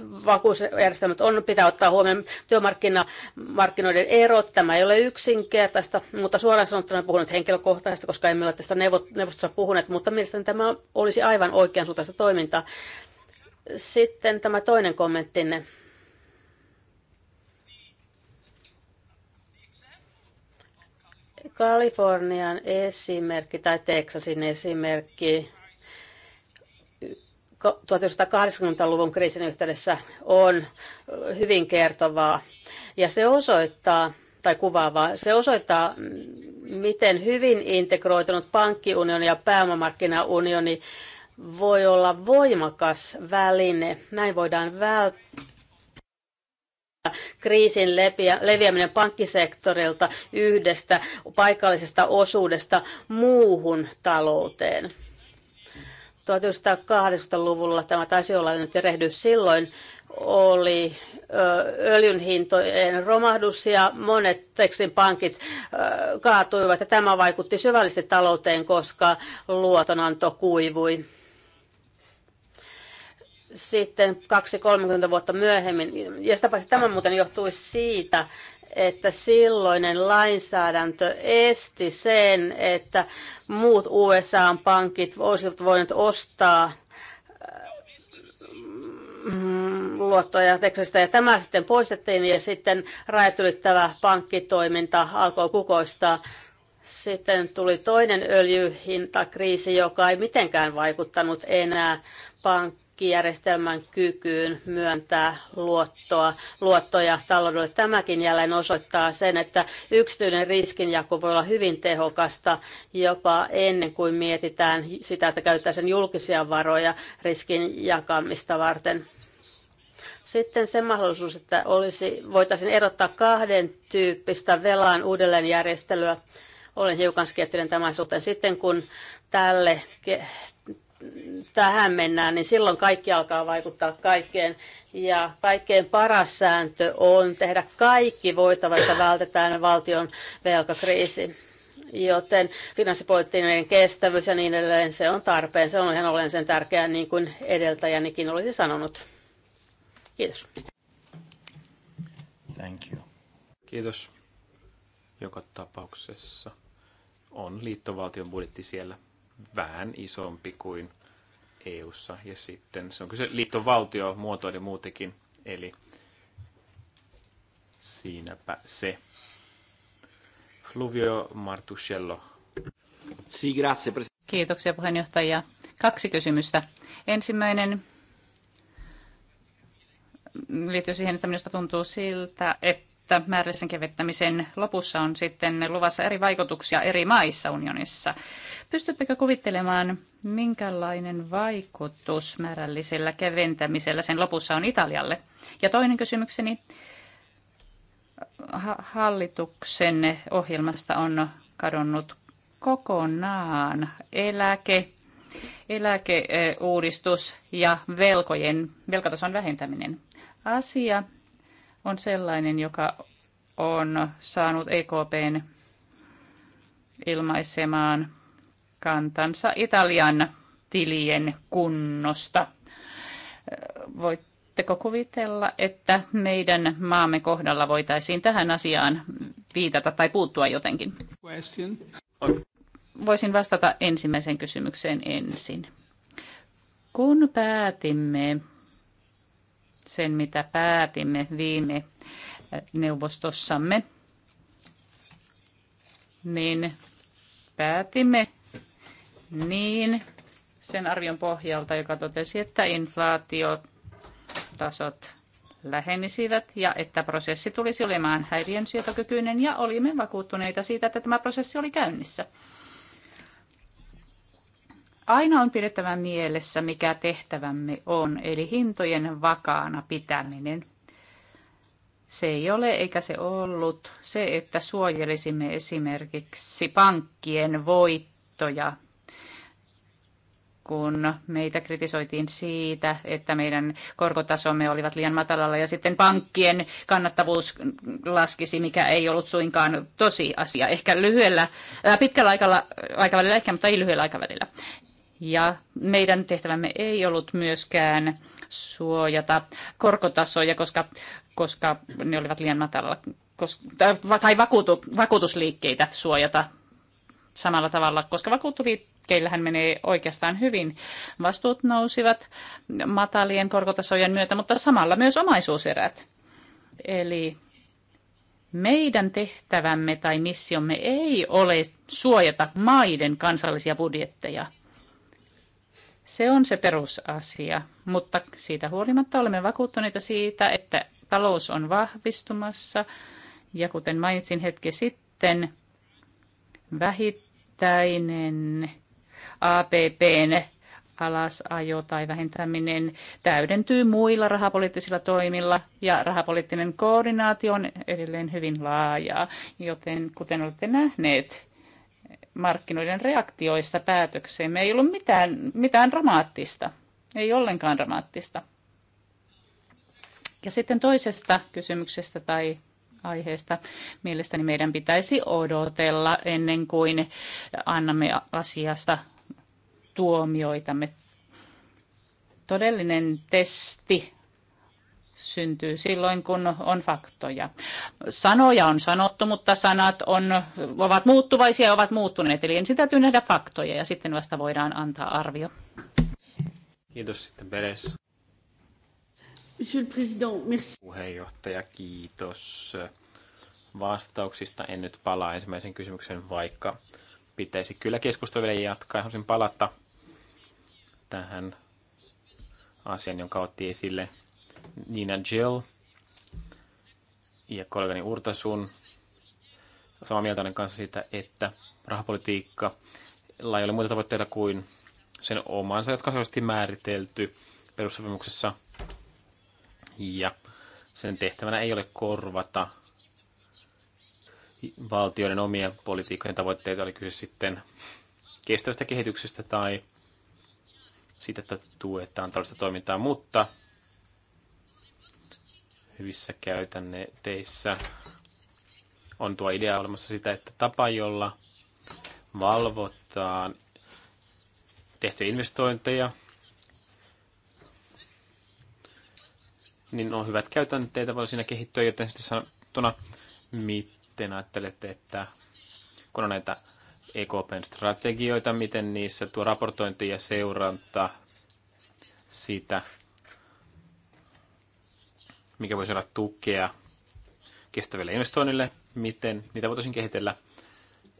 vakuusjärjestelmät on, pitää ottaa huomioon työmarkkinoiden erot. Tämä ei ole yksinkertaista, mutta suoraan sanottuna puhun nyt henkilökohtaisesti, koska emme ole tästä neuvostossa puhuneet, mutta mielestäni tämä olisi aivan oikeansuuntaista toimintaa. Sitten tämä toinen kommenttinne. Kalifornian esimerkki tai Texasin esimerkki 1980-luvun kriisin yhteydessä on hyvin kertovaa. Ja se osoittaa, tai kuvaavaa, se osoittaa, mm, miten hyvin integroitunut pankkiunioni ja pääomamarkkinaunioni voi olla voimakas väline. Näin voidaan välttää kriisin leviäminen pankkisektorilta yhdestä paikallisesta osuudesta muuhun talouteen. 1980-luvulla, tämä taisi olla nyt erehdys silloin, oli öljyn hintojen romahdus ja monet tekstin pankit kaatuivat ja tämä vaikutti syvällisesti talouteen, koska luotonanto kuivui. Sitten 2-30 vuotta myöhemmin, ja sitä paitsi tämä muuten johtui siitä, että silloinen lainsäädäntö esti sen, että muut USA-pankit olisivat voineet ostaa mm, luottoja Texasista ja tämä sitten poistettiin ja sitten rajat ylittävä pankkitoiminta alkoi kukoistaa. Sitten tuli toinen öljyhintakriisi, joka ei mitenkään vaikuttanut enää pankkiin pankkijärjestelmän kykyyn myöntää luottoa, luottoja taloudelle. Tämäkin jälleen osoittaa sen, että yksityinen riskinjako voi olla hyvin tehokasta jopa ennen kuin mietitään sitä, että käytetään sen julkisia varoja riskin jakamista varten. Sitten se mahdollisuus, että olisi, voitaisiin erottaa kahden tyyppistä velan uudelleenjärjestelyä. Olen hiukan skeptinen tämän suhteen. Sitten kun tälle tähän mennään, niin silloin kaikki alkaa vaikuttaa kaikkeen. Ja kaikkein paras sääntö on tehdä kaikki voitava, että vältetään valtion velkakriisi. Joten finanssipoliittinen kestävyys ja niin edelleen, se on tarpeen. Se on ihan olen sen tärkeää, niin kuin edeltäjänikin olisi sanonut. Kiitos. Thank you. Kiitos. Joka tapauksessa on liittovaltion budjetti siellä vähän isompi kuin EU:ssa ja sitten se on kyse liittovaltio muotoinen muutenkin, eli siinäpä se. Fluvio Martuscello. Kiitoksia puheenjohtaja. Kaksi kysymystä. Ensimmäinen liittyy siihen, että minusta tuntuu siltä, että määrällisen kevettämisen lopussa on sitten luvassa eri vaikutuksia eri maissa unionissa. Pystyttekö kuvittelemaan, minkälainen vaikutus määrällisellä keventämisellä sen lopussa on Italialle? Ja toinen kysymykseni hallituksen ohjelmasta on kadonnut kokonaan eläke, eläkeuudistus ja velkojen, velkatason vähentäminen. Asia on sellainen, joka on saanut EKPn ilmaisemaan kantansa Italian tilien kunnosta. Voitteko kuvitella, että meidän maamme kohdalla voitaisiin tähän asiaan viitata tai puuttua jotenkin? Voisin vastata ensimmäiseen kysymykseen ensin. Kun päätimme sen, mitä päätimme viime neuvostossamme, niin päätimme niin sen arvion pohjalta, joka totesi, että inflaatiotasot lähenisivät ja että prosessi tulisi olemaan häiriönsietokykyinen ja olimme vakuuttuneita siitä, että tämä prosessi oli käynnissä. Aina on pidettävä mielessä, mikä tehtävämme on, eli hintojen vakaana pitäminen. Se ei ole eikä se ollut se, että suojelisimme esimerkiksi pankkien voittoja kun meitä kritisoitiin siitä, että meidän korkotasomme olivat liian matalalla ja sitten pankkien kannattavuus laskisi, mikä ei ollut suinkaan tosi asia. Ehkä lyhyellä, äh, pitkällä aikavälillä ehkä, mutta ei lyhyellä aikavälillä. Ja meidän tehtävämme ei ollut myöskään suojata korkotasoja, koska, koska ne olivat liian matalalla. Koska, tai vakuutu, vakuutusliikkeitä suojata samalla tavalla, koska vakuuttuliikkeillähän menee oikeastaan hyvin. Vastuut nousivat matalien korkotasojen myötä, mutta samalla myös omaisuuserät. Eli meidän tehtävämme tai missiomme ei ole suojata maiden kansallisia budjetteja. Se on se perusasia, mutta siitä huolimatta olemme vakuuttuneita siitä, että talous on vahvistumassa ja kuten mainitsin hetki sitten, vähit, Päivittäinen APPn alasajo tai vähentäminen täydentyy muilla rahapoliittisilla toimilla ja rahapoliittinen koordinaatio on edelleen hyvin laajaa, joten kuten olette nähneet, markkinoiden reaktioista Me ei ollut mitään, mitään dramaattista, ei ollenkaan dramaattista. Ja sitten toisesta kysymyksestä tai aiheesta. Mielestäni meidän pitäisi odotella ennen kuin annamme asiasta tuomioitamme. Todellinen testi syntyy silloin, kun on faktoja. Sanoja on sanottu, mutta sanat on, ovat muuttuvaisia ja ovat muuttuneet. Eli ensin täytyy nähdä faktoja ja sitten vasta voidaan antaa arvio. Kiitos sitten Peres. Puheenjohtaja, kiitos vastauksista. En nyt palaa ensimmäisen kysymyksen, vaikka pitäisi kyllä keskustelua vielä jatkaa. Haluaisin palata tähän asian, jonka otti esille Nina Jill ja kollegani Urtasun. Samaa mieltä olen kanssa siitä, että rahapolitiikka ei ole muita tavoitteita kuin sen omansa, jotka on määritelty perussopimuksessa – ja sen tehtävänä ei ole korvata valtioiden omia politiikkojen tavoitteita, oli kyse sitten kestävästä kehityksestä tai siitä, että tuetaan tällaista toimintaa, mutta hyvissä käytänteissä on tuo idea olemassa sitä, että tapa, jolla valvotaan tehtyjä investointeja – niin on hyvät käytänteitä, voi siinä kehittyä, joten sitten sanottuna, miten ajattelette, että kun on näitä EKPn strategioita, miten niissä tuo raportointi ja seuranta siitä, mikä voisi olla tukea kestäville investoinnille, miten niitä voitaisiin kehitellä.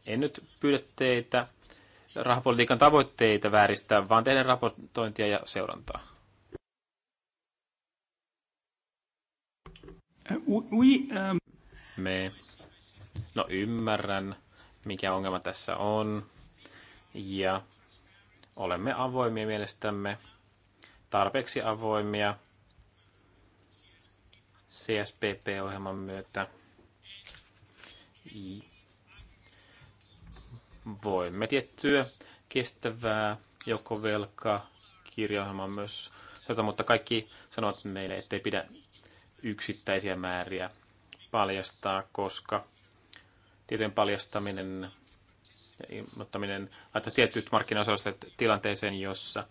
En nyt pyydä teitä rahapolitiikan tavoitteita vääristää, vaan tehdä raportointia ja seurantaa. We, um... Me, no ymmärrän, mikä ongelma tässä on, ja olemme avoimia mielestämme, tarpeeksi avoimia CSPP-ohjelman myötä. Voimme tiettyä kestävää joko velka kirjaohjelmaa myös, mutta kaikki sanovat meille, ettei pidä yksittäisiä määriä paljastaa, koska tietojen paljastaminen ja ilmoittaminen laittaa tietyt markkinaosalliset tilanteeseen, jossa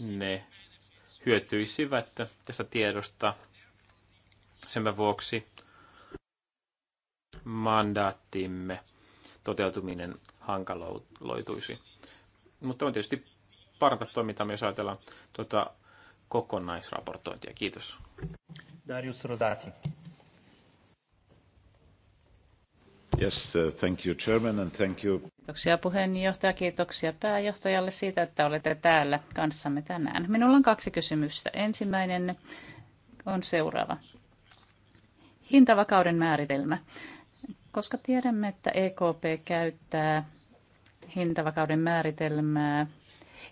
ne hyötyisivät tästä tiedosta. Sen vuoksi mandaattimme toteutuminen hankaloituisi. Mutta on tietysti parata toimintaa, jos ajatellaan tuota kokonaisraportointia. Kiitos. Darius Rosati. Yes, uh, thank you chairman and thank you. Kiitoksia puheenjohtaja, kiitoksia pääjohtajalle siitä, että olette täällä kanssamme tänään. Minulla on kaksi kysymystä. Ensimmäinen on seuraava. Hintavakauden määritelmä. Koska tiedämme, että EKP käyttää hintavakauden määritelmää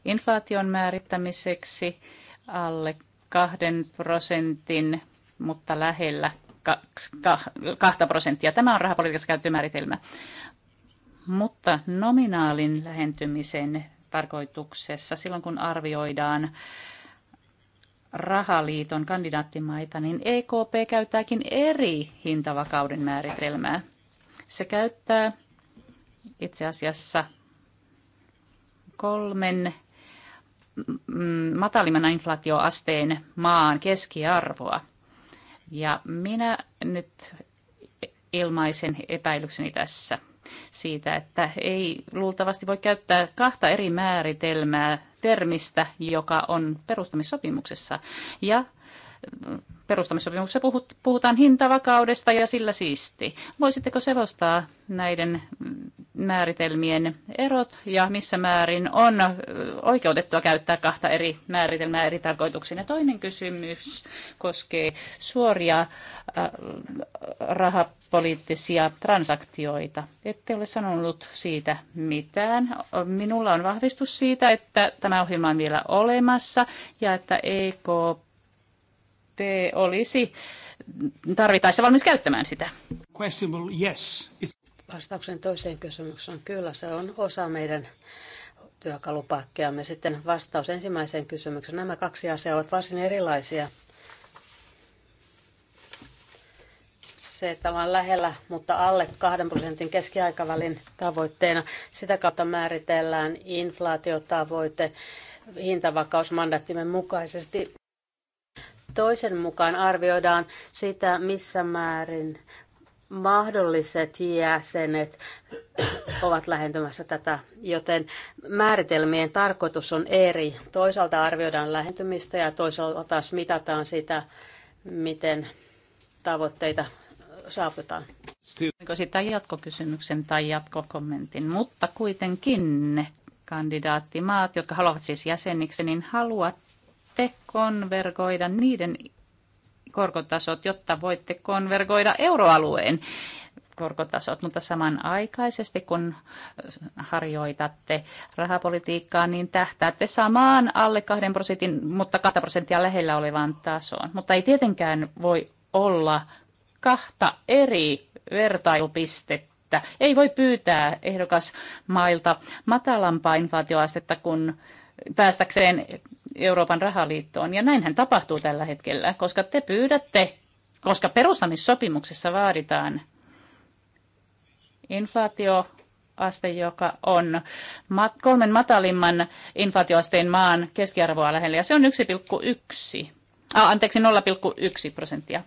inflaation määrittämiseksi alle kahden prosentin mutta lähellä 2 prosenttia. Tämä on rahapolitiikassa käytetty määritelmä. Mutta nominaalin lähentymisen tarkoituksessa, silloin kun arvioidaan rahaliiton kandidaattimaita, niin EKP käyttääkin eri hintavakauden määritelmää. Se käyttää itse asiassa kolmen matalimman inflaatioasteen maan keskiarvoa – ja minä nyt ilmaisen epäilykseni tässä siitä, että ei luultavasti voi käyttää kahta eri määritelmää termistä, joka on perustamissopimuksessa. Ja perustamissopimuksessa puhutaan hintavakaudesta ja sillä siisti. Voisitteko selostaa näiden määritelmien erot ja missä määrin on oikeutettua käyttää kahta eri määritelmää eri tarkoituksiin? Ja toinen kysymys koskee suoria äh, rahapoliittisia transaktioita. Ette ole sanonut siitä mitään. Minulla on vahvistus siitä, että tämä ohjelma on vielä olemassa ja että EKP olisi tarvittaessa valmis käyttämään sitä? Yes. Vastauksen toiseen kysymykseen on kyllä, se on osa meidän työkalupakkeamme. Sitten vastaus ensimmäiseen kysymykseen. Nämä kaksi asiaa ovat varsin erilaisia. se, että ollaan lähellä, mutta alle 2 prosentin keskiaikavälin tavoitteena. Sitä kautta määritellään inflaatiotavoite hintavakausmandattimen mukaisesti. Toisen mukaan arvioidaan sitä, missä määrin mahdolliset jäsenet ovat lähentymässä tätä, joten määritelmien tarkoitus on eri. Toisaalta arvioidaan lähentymistä ja toisaalta taas mitataan sitä, miten tavoitteita saavutetaan. Onko sitä jatkokysymyksen tai jatkokommentin, mutta kuitenkin ne kandidaattimaat, jotka haluavat siis jäseniksi, niin haluat voitte konvergoida niiden korkotasot, jotta voitte konvergoida euroalueen korkotasot, mutta samanaikaisesti kun harjoitatte rahapolitiikkaa, niin tähtäätte samaan alle 2 prosentin, mutta 2 prosenttia lähellä olevaan tasoon. Mutta ei tietenkään voi olla kahta eri vertailupistettä. Ei voi pyytää ehdokas mailta matalampaa inflaatioastetta kuin päästäkseen Euroopan rahaliittoon. Ja näinhän tapahtuu tällä hetkellä, koska te pyydätte, koska perustamissopimuksessa vaaditaan inflaatio aste, joka on kolmen matalimman inflaatioasteen maan keskiarvoa lähellä, ja se on 1,1, ah, anteeksi 0,1 prosenttia.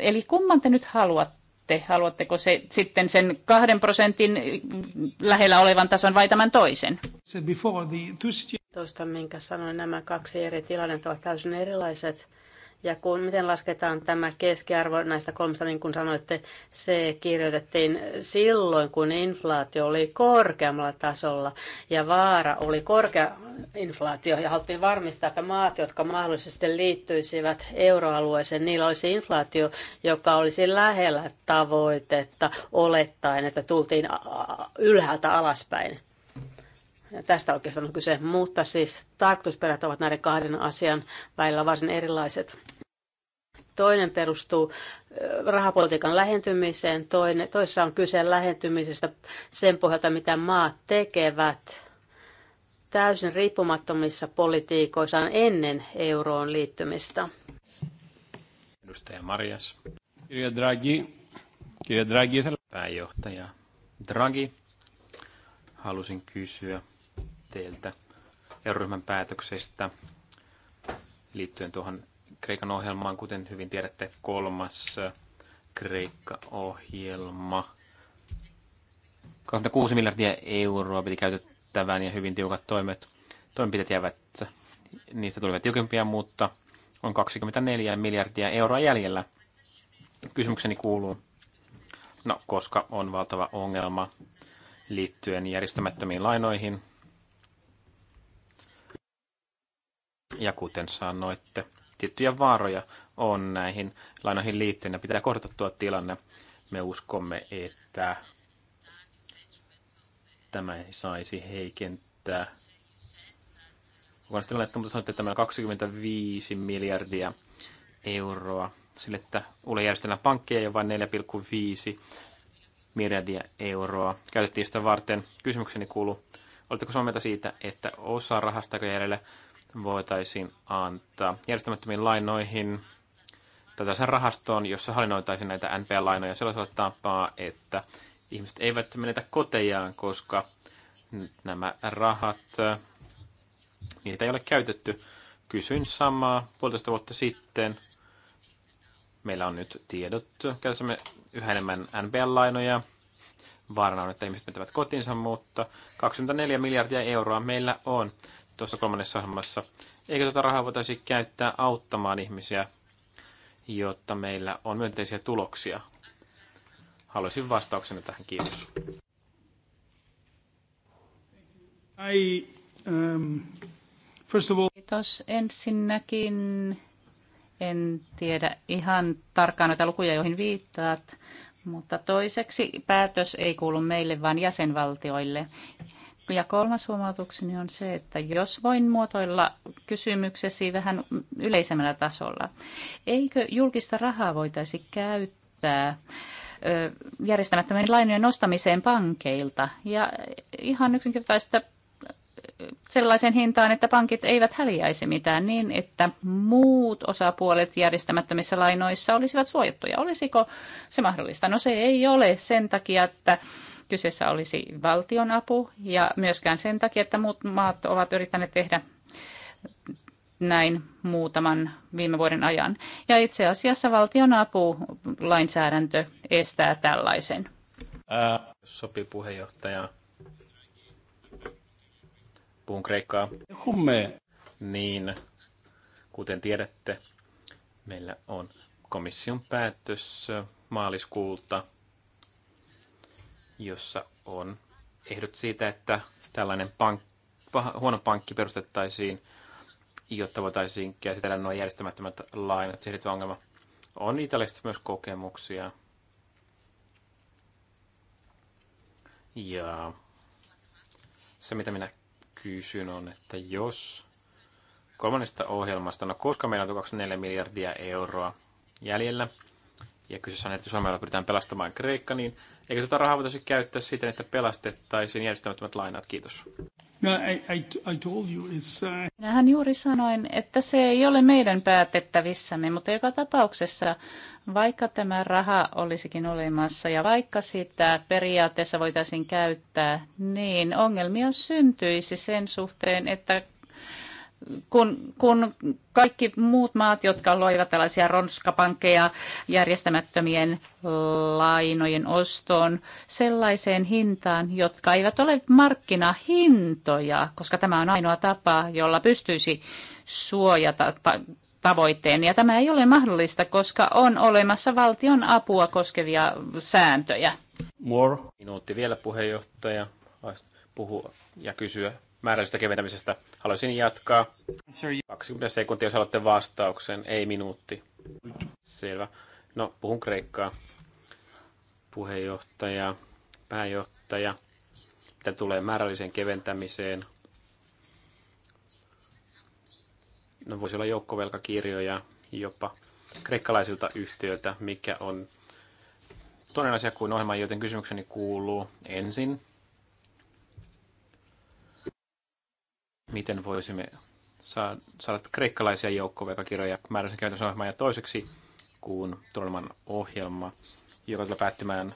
Eli kumman te nyt haluatte? Haluatteko se, sitten sen kahden prosentin lähellä olevan tason vai tämän toisen? Toista, minkä sanoin, nämä kaksi eri tilannetta ovat täysin erilaiset. Ja kun, miten lasketaan tämä keskiarvo näistä kolmesta, niin kuin sanoitte, se kirjoitettiin silloin, kun inflaatio oli korkeammalla tasolla ja vaara oli korkea inflaatio. Ja haluttiin varmistaa, että maat, jotka mahdollisesti liittyisivät euroalueeseen, niillä olisi inflaatio, joka olisi lähellä tavoitetta, olettaen, että tultiin ylhäältä alaspäin. Ja tästä oikeastaan on kyse, mutta siis tarkoitusperät ovat näiden kahden asian välillä varsin erilaiset. Toinen perustuu rahapolitiikan lähentymiseen, toinen, toisessa on kyse lähentymisestä sen pohjalta, mitä maat tekevät täysin riippumattomissa politiikoissaan ennen euroon liittymistä. Edustaja Marjas. Kirja Draghi. Kirja Draghi. Pääjohtaja Draghi. Halusin kysyä, teiltä euroryhmän päätöksestä liittyen tuohon Kreikan ohjelmaan. Kuten hyvin tiedätte, kolmas Kreikka-ohjelma. 26 miljardia euroa piti käytettävän ja hyvin tiukat toimet. Toimenpiteet jäävät, niistä tulivat tiukempia, mutta on 24 miljardia euroa jäljellä. Kysymykseni kuuluu, no koska on valtava ongelma liittyen järjestämättömiin lainoihin, Ja kuten sanoitte, tiettyjä vaaroja on näihin lainoihin liittyen ja pitää kohdata tuo tilanne. Me uskomme, että tämä ei saisi heikentää kokonaistilannetta, mutta sanoitte, että tämä on 25 miljardia euroa sille, että ulle järjestellään pankkeja jo vain 4,5 miljardia euroa käytettiin sitä varten. Kysymykseni kuuluu, oletteko samaa mieltä siitä, että osa rahasta jäljellä voitaisiin antaa järjestämättömiin lainoihin tätä rahastoon, jossa hallinnoitaisiin näitä NP-lainoja sellaisella tapaa, että ihmiset eivät menetä kotejaan, koska nämä rahat, niitä ei ole käytetty. Kysyin samaa puolitoista vuotta sitten. Meillä on nyt tiedot, käytämme yhä enemmän NBL-lainoja. Vaarana on, että ihmiset menettävät kotinsa, mutta 24 miljardia euroa meillä on tuossa kolmannessa ohjelmassa. Eikö tätä tota rahaa voitaisi käyttää auttamaan ihmisiä, jotta meillä on myönteisiä tuloksia? Haluaisin vastauksena tähän. Kiitos. I, um, first of all... Kiitos ensinnäkin. En tiedä ihan tarkkaan näitä lukuja, joihin viittaat, mutta toiseksi päätös ei kuulu meille, vaan jäsenvaltioille. Ja kolmas huomautukseni on se, että jos voin muotoilla kysymyksesi vähän yleisemmällä tasolla, eikö julkista rahaa voitaisi käyttää järjestämättömien lainojen nostamiseen pankeilta ja ihan yksinkertaista sellaisen hintaan, että pankit eivät häviäisi mitään niin, että muut osapuolet järjestämättömissä lainoissa olisivat suojattuja. Olisiko se mahdollista? No se ei ole sen takia, että kyseessä olisi valtion apu ja myöskään sen takia, että muut maat ovat yrittäneet tehdä näin muutaman viime vuoden ajan. Ja itse asiassa valtion lainsäädäntö estää tällaisen. Ää, äh. sopii puheenjohtaja. Puhun kreikkaa. Humme. Niin, kuten tiedätte, meillä on komission päätös maaliskuulta jossa on ehdot siitä, että tällainen pank, paha, huono pankki perustettaisiin, jotta voitaisiin käsitellä nuo järjestämättömät lainat. Siihen liittyvä ongelma on Italiasta myös kokemuksia. Ja se, mitä minä kysyn, on, että jos kolmannesta ohjelmasta, no koska meillä on 24 miljardia euroa jäljellä, ja kyseessä on, että Suomella pyritään pelastamaan Kreikka, niin Eikö tätä tota rahaa voitaisiin käyttää siten, että pelastettaisiin järjestämättömät lainat? Kiitos. No, I, I, I told you it's, uh... Minähän juuri sanoin, että se ei ole meidän päätettävissämme, mutta joka tapauksessa, vaikka tämä raha olisikin olemassa ja vaikka sitä periaatteessa voitaisiin käyttää, niin ongelmia syntyisi sen suhteen, että kun, kun kaikki muut maat, jotka loivat tällaisia ronskapankkeja järjestämättömien lainojen ostoon sellaiseen hintaan, jotka eivät ole markkinahintoja, koska tämä on ainoa tapa, jolla pystyisi suojata tavoitteen. Ja tämä ei ole mahdollista, koska on olemassa valtion apua koskevia sääntöjä. More. Minuutti vielä puheenjohtaja puhua ja kysyä määrällisestä keventämisestä. Haluaisin jatkaa. 20 sekuntia, jos haluatte vastauksen, ei minuutti. Selvä. No, puhun kreikkaa. Puheenjohtaja, pääjohtaja. Mitä tulee määrälliseen keventämiseen? No, voisi olla joukkovelkakirjoja jopa kreikkalaisilta yhtiöiltä, mikä on toinen asia kuin ohjelma, joten kysymykseni kuuluu ensin miten voisimme saada kreikkalaisia joukkovelkakirjoja määräisen käytössä ohjelmaan ja toiseksi kuun tuleman ohjelma, joka tulee päättymään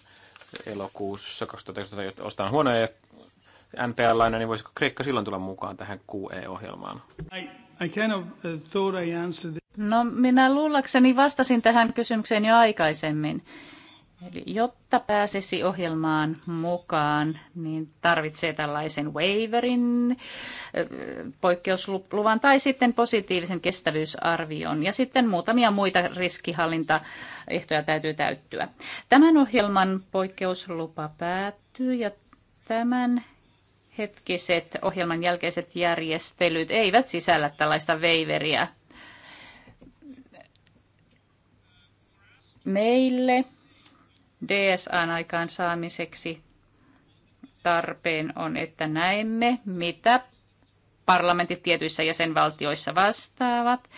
elokuussa 2019, jotta ostetaan huoneja ja npl lainoja niin voisiko Kreikka silloin tulla mukaan tähän QE-ohjelmaan? I, I kind of uh, thought I answered... No minä luullakseni vastasin tähän kysymykseen jo aikaisemmin. Eli jotta pääsisi ohjelmaan mukaan, niin tarvitsee tällaisen waiverin, poikkeusluvan tai sitten positiivisen kestävyysarvion. Ja sitten muutamia muita riskihallintaehtoja täytyy täyttyä. Tämän ohjelman poikkeuslupa päättyy ja tämän hetkiset ohjelman jälkeiset järjestelyt eivät sisällä tällaista waiveria. Meille DSAn aikaansaamiseksi tarpeen on, että näemme, mitä parlamentit tietyissä jäsenvaltioissa vastaavat.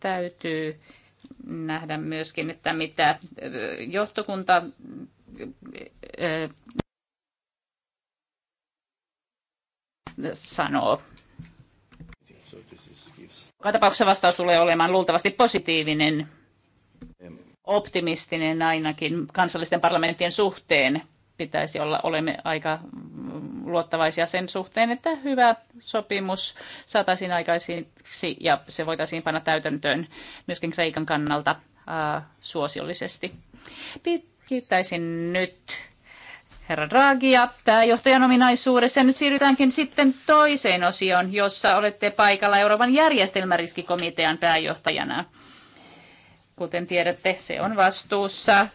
Täytyy nähdä myöskin, että mitä johtokunta sanoo. Joka tapauksessa vastaus tulee olemaan luultavasti positiivinen optimistinen ainakin kansallisten parlamenttien suhteen. Pitäisi olla, olemme aika luottavaisia sen suhteen, että hyvä sopimus saataisiin aikaisiksi ja se voitaisiin panna täytäntöön myöskin Kreikan kannalta äh, suosiollisesti. Kiittäisin nyt herra Draghia pääjohtajan ominaisuudessa. Ja nyt siirrytäänkin sitten toiseen osioon, jossa olette paikalla Euroopan järjestelmäriskikomitean pääjohtajana. Kuten tiedätte, se on vastuussa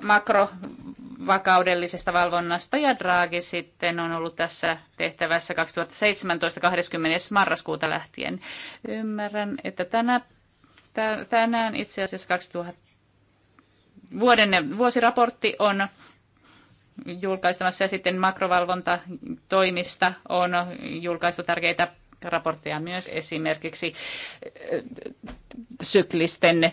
makrovakaudellisesta valvonnasta ja Draghi sitten on ollut tässä tehtävässä 2017 20. marraskuuta lähtien. Ymmärrän, että tänä, tänään itse asiassa 2000, vuoden, vuosiraportti on julkaistamassa ja sitten makrovalvontatoimista on julkaistu tärkeitä raportteja myös esimerkiksi eh, syklisten eh,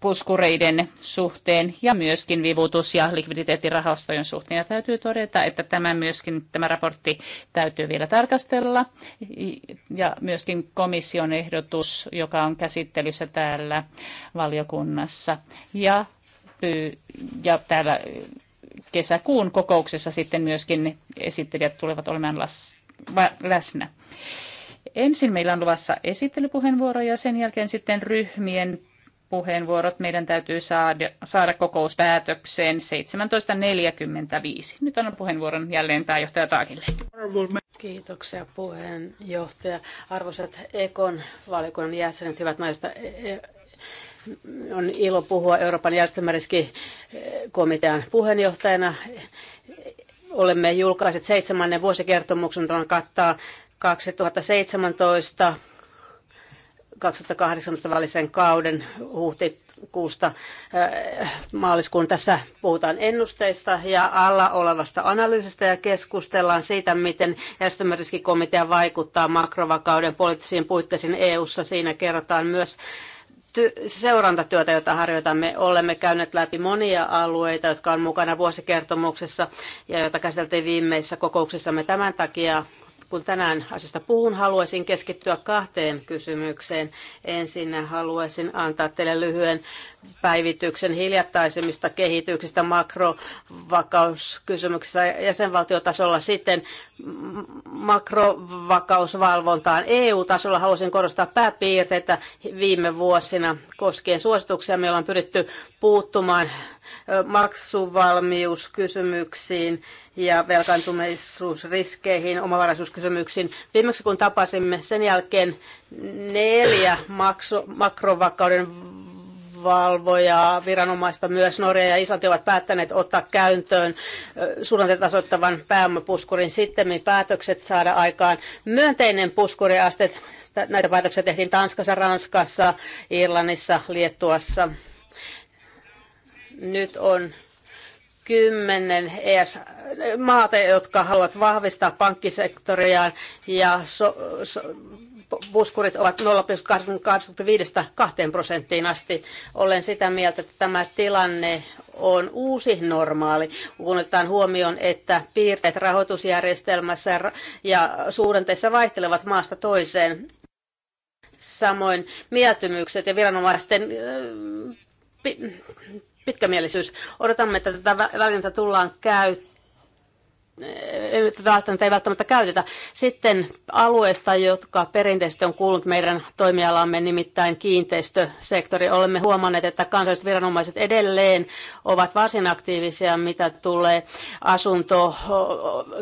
puskureiden suhteen ja myöskin vivutus- ja likviditeettirahastojen suhteen. Ja täytyy todeta, että tämä myöskin tämä raportti täytyy vielä tarkastella ja myöskin komission ehdotus, joka on käsittelyssä täällä valiokunnassa ja, ja täällä eh, kesäkuun kokouksessa sitten myöskin esittelijät tulevat olemaan las, läsnä. Ensin meillä on luvassa esittelypuheenvuoro ja sen jälkeen sitten ryhmien puheenvuorot. Meidän täytyy saada, saada kokous päätökseen 17.45. Nyt annan puheenvuoron jälleen pääjohtaja Taakille. Kiitoksia puheenjohtaja. Arvoisat Ekon valiokunnan jäsenet, hyvät naiset, e- e- on ilo puhua Euroopan järjestelmäriskikomitean puheenjohtajana olemme julkaiset seitsemännen vuosikertomuksen, joka kattaa 2017 2018 välisen kauden huhtikuusta äh, maaliskuun. Tässä puhutaan ennusteista ja alla olevasta analyysistä ja keskustellaan siitä, miten järjestelmäriskikomitea vaikuttaa makrovakauden poliittisiin puitteisiin EU-ssa. Siinä kerrotaan myös ty- seurantatyötä, jota harjoitamme. Olemme käyneet läpi monia alueita, jotka on mukana vuosikertomuksessa ja joita käsiteltiin viimeisissä kokouksissamme. Tämän takia kun tänään asiasta puhun, haluaisin keskittyä kahteen kysymykseen. Ensin haluaisin antaa teille lyhyen päivityksen hiljattaisemmista kehityksistä makrovakauskysymyksissä jäsenvaltiotasolla. Sitten makrovakausvalvontaan EU-tasolla haluaisin korostaa pääpiirteitä viime vuosina koskien suosituksia. Me ollaan pyritty puuttumaan maksuvalmiuskysymyksiin ja velkaantumisuusriskeihin, omavaraisuuskysymyksiin. Viimeksi kun tapasimme sen jälkeen neljä makso, makrovakauden valvojaa, viranomaista myös Norja ja Islanti ovat päättäneet ottaa käyntöön suhdantetasoittavan pääomapuskurin. Sitten päätökset saada aikaan myönteinen puskuriaste näitä päätöksiä tehtiin Tanskassa, Ranskassa, Irlannissa, Liettuassa nyt on kymmenen ES maata, jotka haluavat vahvistaa pankkisektoriaan ja so, so, puskurit ovat 0,85-2 prosenttiin asti. Olen sitä mieltä, että tämä tilanne on uusi normaali, kun otetaan huomioon, että piirteet rahoitusjärjestelmässä ja suhdanteissa vaihtelevat maasta toiseen. Samoin mieltymykset ja viranomaisten pitkämielisyys. Odotamme, että tätä välineitä tullaan käyttämään välttämättä, ei välttämättä käytetä. Sitten alueesta, jotka perinteisesti on kuulunut meidän toimialamme, nimittäin kiinteistösektori, olemme huomanneet, että kansalliset viranomaiset edelleen ovat varsin aktiivisia, mitä tulee asunto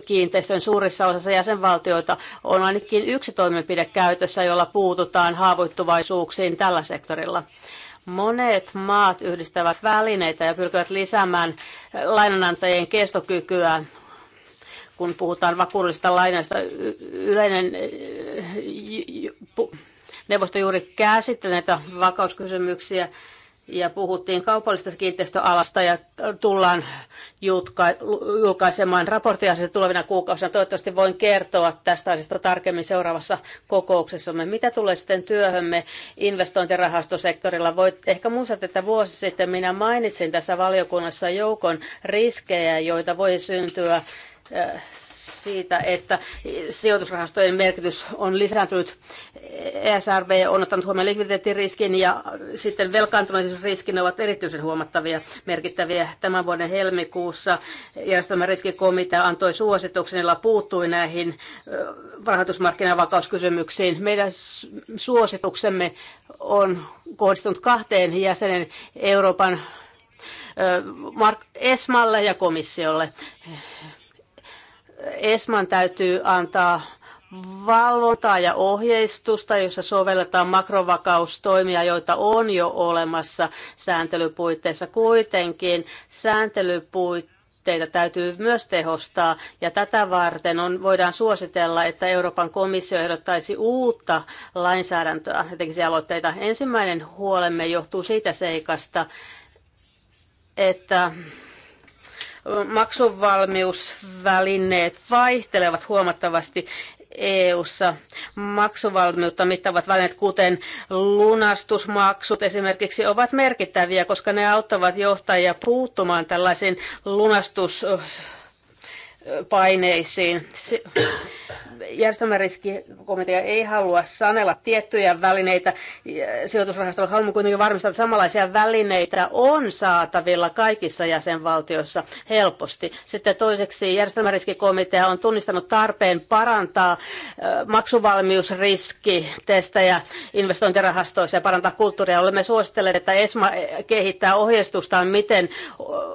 kiinteistön suurissa osassa jäsenvaltioita. On ainakin yksi toimenpide käytössä, jolla puututaan haavoittuvaisuuksiin tällä sektorilla. Monet maat yhdistävät välineitä ja pyrkivät lisäämään lainanantajien kestokykyä kun puhutaan vakuullisista lainoista, yleinen neuvosto juuri käsitteli näitä vakauskysymyksiä ja puhuttiin kaupallisesta kiinteistöalasta ja tullaan julkaisemaan raporttiasiasta tulevina kuukausina. Toivottavasti voin kertoa tästä asiasta tarkemmin seuraavassa kokouksessamme. Mitä tulee sitten työhömme investointirahastosektorilla? Voit ehkä muistat, että vuosi sitten minä mainitsin tässä valiokunnassa joukon riskejä, joita voi syntyä siitä, että sijoitusrahastojen merkitys on lisääntynyt. ESRB on ottanut huomioon likviditeettiriskin ja sitten velkaantuneisuusriskin ovat erityisen huomattavia merkittäviä. Tämän vuoden helmikuussa järjestelmän riskikomitea antoi suosituksen, jolla puuttui näihin rahoitusmarkkinavakauskysymyksiin. Meidän suosituksemme on kohdistunut kahteen jäsenen Euroopan Esmalle ja komissiolle ESMAN täytyy antaa valvontaa ja ohjeistusta, jossa sovelletaan makrovakaustoimia, joita on jo olemassa sääntelypuitteissa. Kuitenkin sääntelypuitteita täytyy myös tehostaa ja tätä varten on, voidaan suositella, että Euroopan komissio ehdottaisi uutta lainsäädäntöä ja tekisi aloitteita. Ensimmäinen huolemme johtuu siitä seikasta, että maksuvalmiusvälineet vaihtelevat huomattavasti EU-ssa. Maksuvalmiutta mittavat välineet, kuten lunastusmaksut esimerkiksi, ovat merkittäviä, koska ne auttavat johtajia puuttumaan tällaisiin lunastuspaineisiin järjestelmäriskikomitea ei halua sanella tiettyjä välineitä sijoitusrahastolla. Haluamme kuitenkin varmistaa, että samanlaisia välineitä on saatavilla kaikissa jäsenvaltioissa helposti. Sitten toiseksi järjestelmäriskikomitea on tunnistanut tarpeen parantaa testejä investointirahastoissa ja parantaa kulttuuria. Olemme suositelleet, että ESMA kehittää ohjeistustaan, miten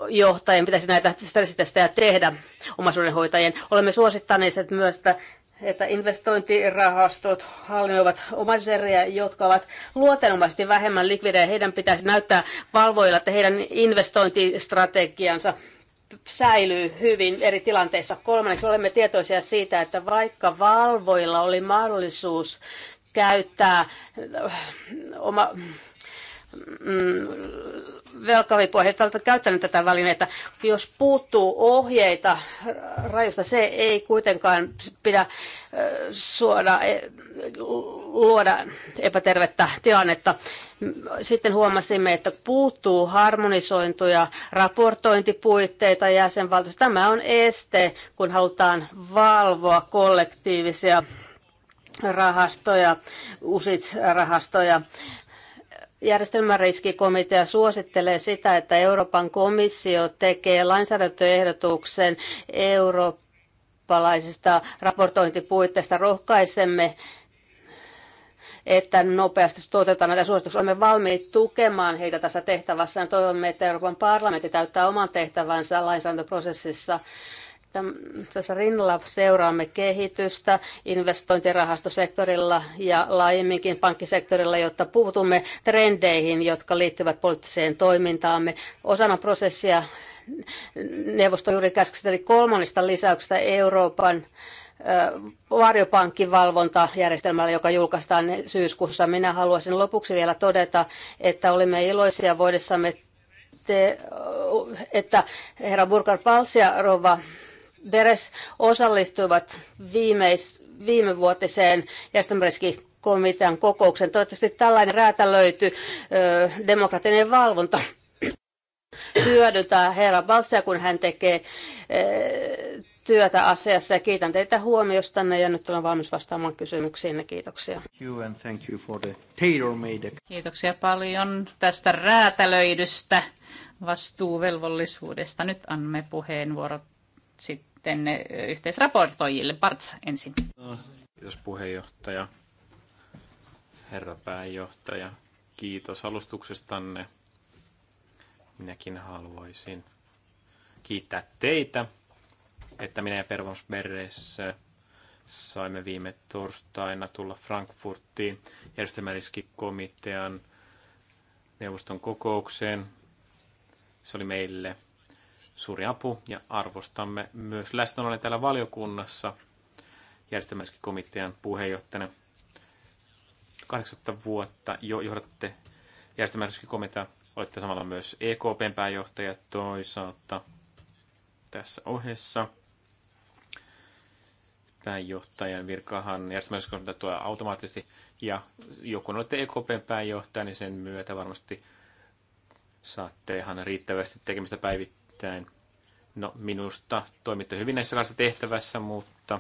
johtajien pitäisi näitä stressitestejä tehdä omaisuudenhoitajien. Olemme suosittaneet myös, että että investointirahastot hallinnoivat omaisuuseriä, jotka ovat luotenomaisesti vähemmän likvidejä. Heidän pitäisi näyttää valvoilla, että heidän investointistrategiansa säilyy hyvin eri tilanteissa. Kolmanneksi olemme tietoisia siitä, että vaikka valvoilla oli mahdollisuus käyttää äh, oma mm, velkavipua, he ovat käyttäneet tätä välineitä. Jos puuttuu ohjeita rajoista, se ei kuitenkaan pidä suoda, e, luoda epätervettä tilannetta. Sitten huomasimme, että puuttuu harmonisointuja, raportointipuitteita jäsenvaltioissa. Tämä on este, kun halutaan valvoa kollektiivisia rahastoja, usit rahastoja Järjestelmäriskikomitea suosittelee sitä, että Euroopan komissio tekee lainsäädäntöehdotuksen eurooppalaisista raportointipuitteista. Rohkaisemme että nopeasti toteutetaan näitä suosituksia. Olemme valmiit tukemaan heitä tässä tehtävässä ja toivomme, että Euroopan parlamentti täyttää oman tehtävänsä lainsäädäntöprosessissa tässä rinnalla seuraamme kehitystä investointirahastosektorilla ja laajemminkin pankkisektorilla, jotta puutumme trendeihin, jotka liittyvät poliittiseen toimintaamme. Osana prosessia neuvosto juuri käskisteli kolmannesta lisäyksestä Euroopan varjopankkivalvontajärjestelmällä, joka julkaistaan syyskuussa. Minä haluaisin lopuksi vielä todeta, että olimme iloisia voidessamme, te, että herra Burkhard Palsia, rova Beres osallistuivat viimeis, viime vuotiseen järjestelmäriski komitean kokouksen. Toivottavasti tällainen räätälöity demokratinen valvonta hyödyntää herra Baltsia, kun hän tekee ö, työtä asiassa. Ja kiitän teitä huomiostanne ja nyt olen valmis vastaamaan kysymyksiin. Kiitoksia. Kiitoksia paljon tästä räätälöidystä vastuuvelvollisuudesta. Nyt annamme puheenvuorot sit sitten eh, yhteisraportoijille. Parts ensin. Kiitos puheenjohtaja, herra pääjohtaja. Kiitos alustuksestanne. Minäkin haluaisin kiittää teitä, että minä ja Pervons Beres eh, saimme viime torstaina tulla Frankfurtiin järjestelmäriskikomitean neuvoston kokoukseen. Se oli meille suuri apu ja arvostamme myös läsnäolonne täällä valiokunnassa järjestelmäiskin komitean puheenjohtajana. Kahdeksatta vuotta jo johdatte järjestelmäiskin komitea. Olette samalla myös EKPn pääjohtaja toisaalta tässä ohessa. Pääjohtajan virkahan komitea tulee automaattisesti ja joku olette EKPn pääjohtaja, niin sen myötä varmasti saatte ihan riittävästi tekemistä päivittäin nimittäin. No, minusta toimitte hyvin näissä kanssa tehtävässä, mutta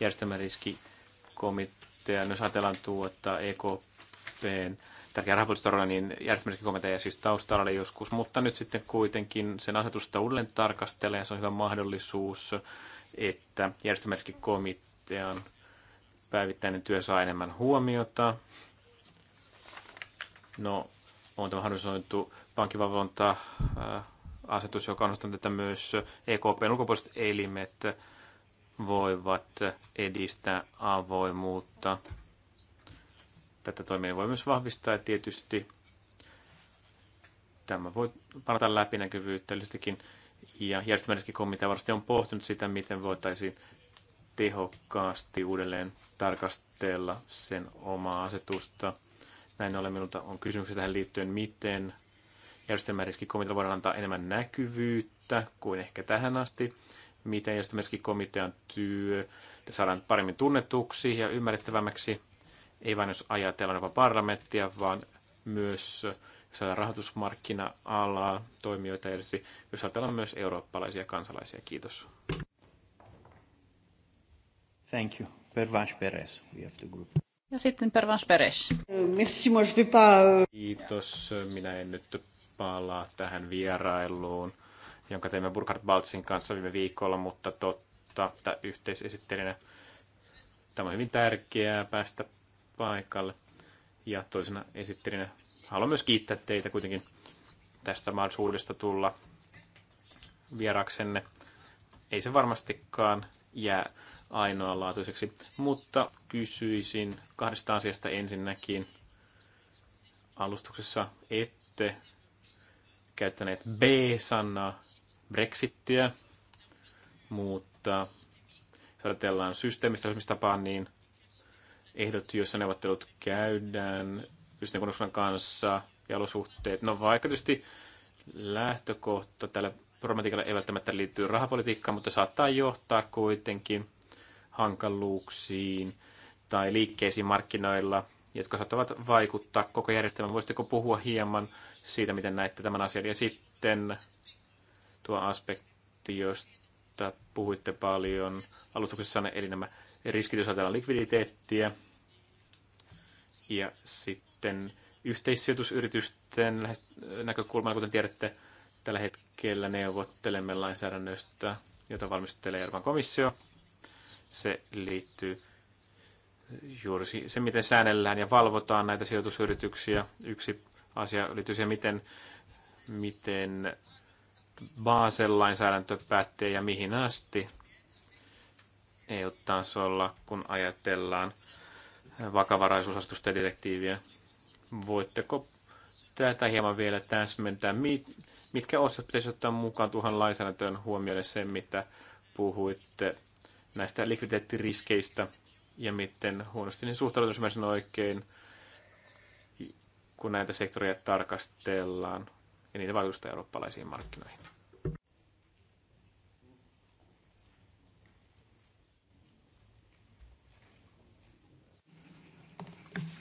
järjestelmäriskikomitea, jos ajatellaan tuota EKPn tärkeä rahoitustarolla, niin järjestelmäriskikomitea siis taustalla oli joskus, mutta nyt sitten kuitenkin sen asetusta uudelleen tarkastelee ja se on hyvä mahdollisuus, että järjestelmäriskikomitean päivittäinen työ saa enemmän huomiota. No, on tämä harmonisoitu pankkivalvonta äh, asetus, joka on että myös EKPn ulkopuoliset elimet voivat edistää avoimuutta. Tätä toimia voi myös vahvistaa tietysti tämä voi parantaa läpinäkyvyyttä yleensäkin. Ja järjestelmäriski komitea varmasti on pohtinut sitä, miten voitaisiin tehokkaasti uudelleen tarkastella sen omaa asetusta. Näin ollen minulta on kysymyksiä tähän liittyen, miten järjestelmäriskikomitea voidaan antaa enemmän näkyvyyttä kuin ehkä tähän asti, miten järjestelmäriskikomitean työ saadaan paremmin tunnetuksi ja ymmärrettävämmäksi, ei vain jos ajatellaan jopa parlamenttia, vaan myös saadaan rahoitusmarkkina-alaa, toimijoita ja jos ajatellaan myös eurooppalaisia kansalaisia. Kiitos. Thank you. Pervans Perez, we have the group. Ja sitten Pervanche Peres. Merci, moi je vais pas... Euh, Kiitos. Minä en nyt palaa tähän vierailuun, jonka teimme Burkhard Baltzin kanssa viime viikolla, mutta totta, että yhteisesittelijänä tämä on hyvin tärkeää päästä paikalle. Ja toisena esittelijänä haluan myös kiittää teitä kuitenkin tästä mahdollisuudesta tulla vieraksenne. Ei se varmastikaan jää ainoalaatuiseksi, mutta kysyisin kahdesta asiasta ensinnäkin. Alustuksessa ette käyttäneet B-sanaa, Brexittiä, mutta jos ajatellaan systeemistä tapaa, niin ehdot, joissa neuvottelut käydään ystävän kanssa ja olosuhteet. No vaikka tietysti lähtökohta tällä problematiikalla ei välttämättä liittyy rahapolitiikkaan, mutta saattaa johtaa kuitenkin hankaluuksiin tai liikkeisiin markkinoilla, jotka saattavat vaikuttaa koko järjestelmään. Voisitteko puhua hieman siitä, miten näette tämän asian. Ja sitten tuo aspekti, josta puhuitte paljon alustuksessa, eli nämä riskit, jos ajatellaan likviditeettiä, ja sitten yhteissijoitusyritysten näkökulmana, kuten tiedätte, tällä hetkellä neuvottelemme lainsäädännöstä, jota valmistelee Euroopan komissio. Se liittyy juuri se, miten säännellään ja valvotaan näitä sijoitusyrityksiä. Yksi asia liittyy siihen, miten, miten Basel-lainsäädäntö päättee ja mihin asti EU-tasolla, kun ajatellaan vakavaraisuusastusten Voitteko tätä hieman vielä täsmentää? Mitkä osat pitäisi ottaa mukaan tuohon lainsäädäntöön huomioiden sen, mitä puhuitte näistä likviditeettiriskeistä ja miten huonosti niin suhtaudutaan, oikein, kun näitä sektoreita tarkastellaan ja niitä vaikutusta eurooppalaisiin markkinoihin.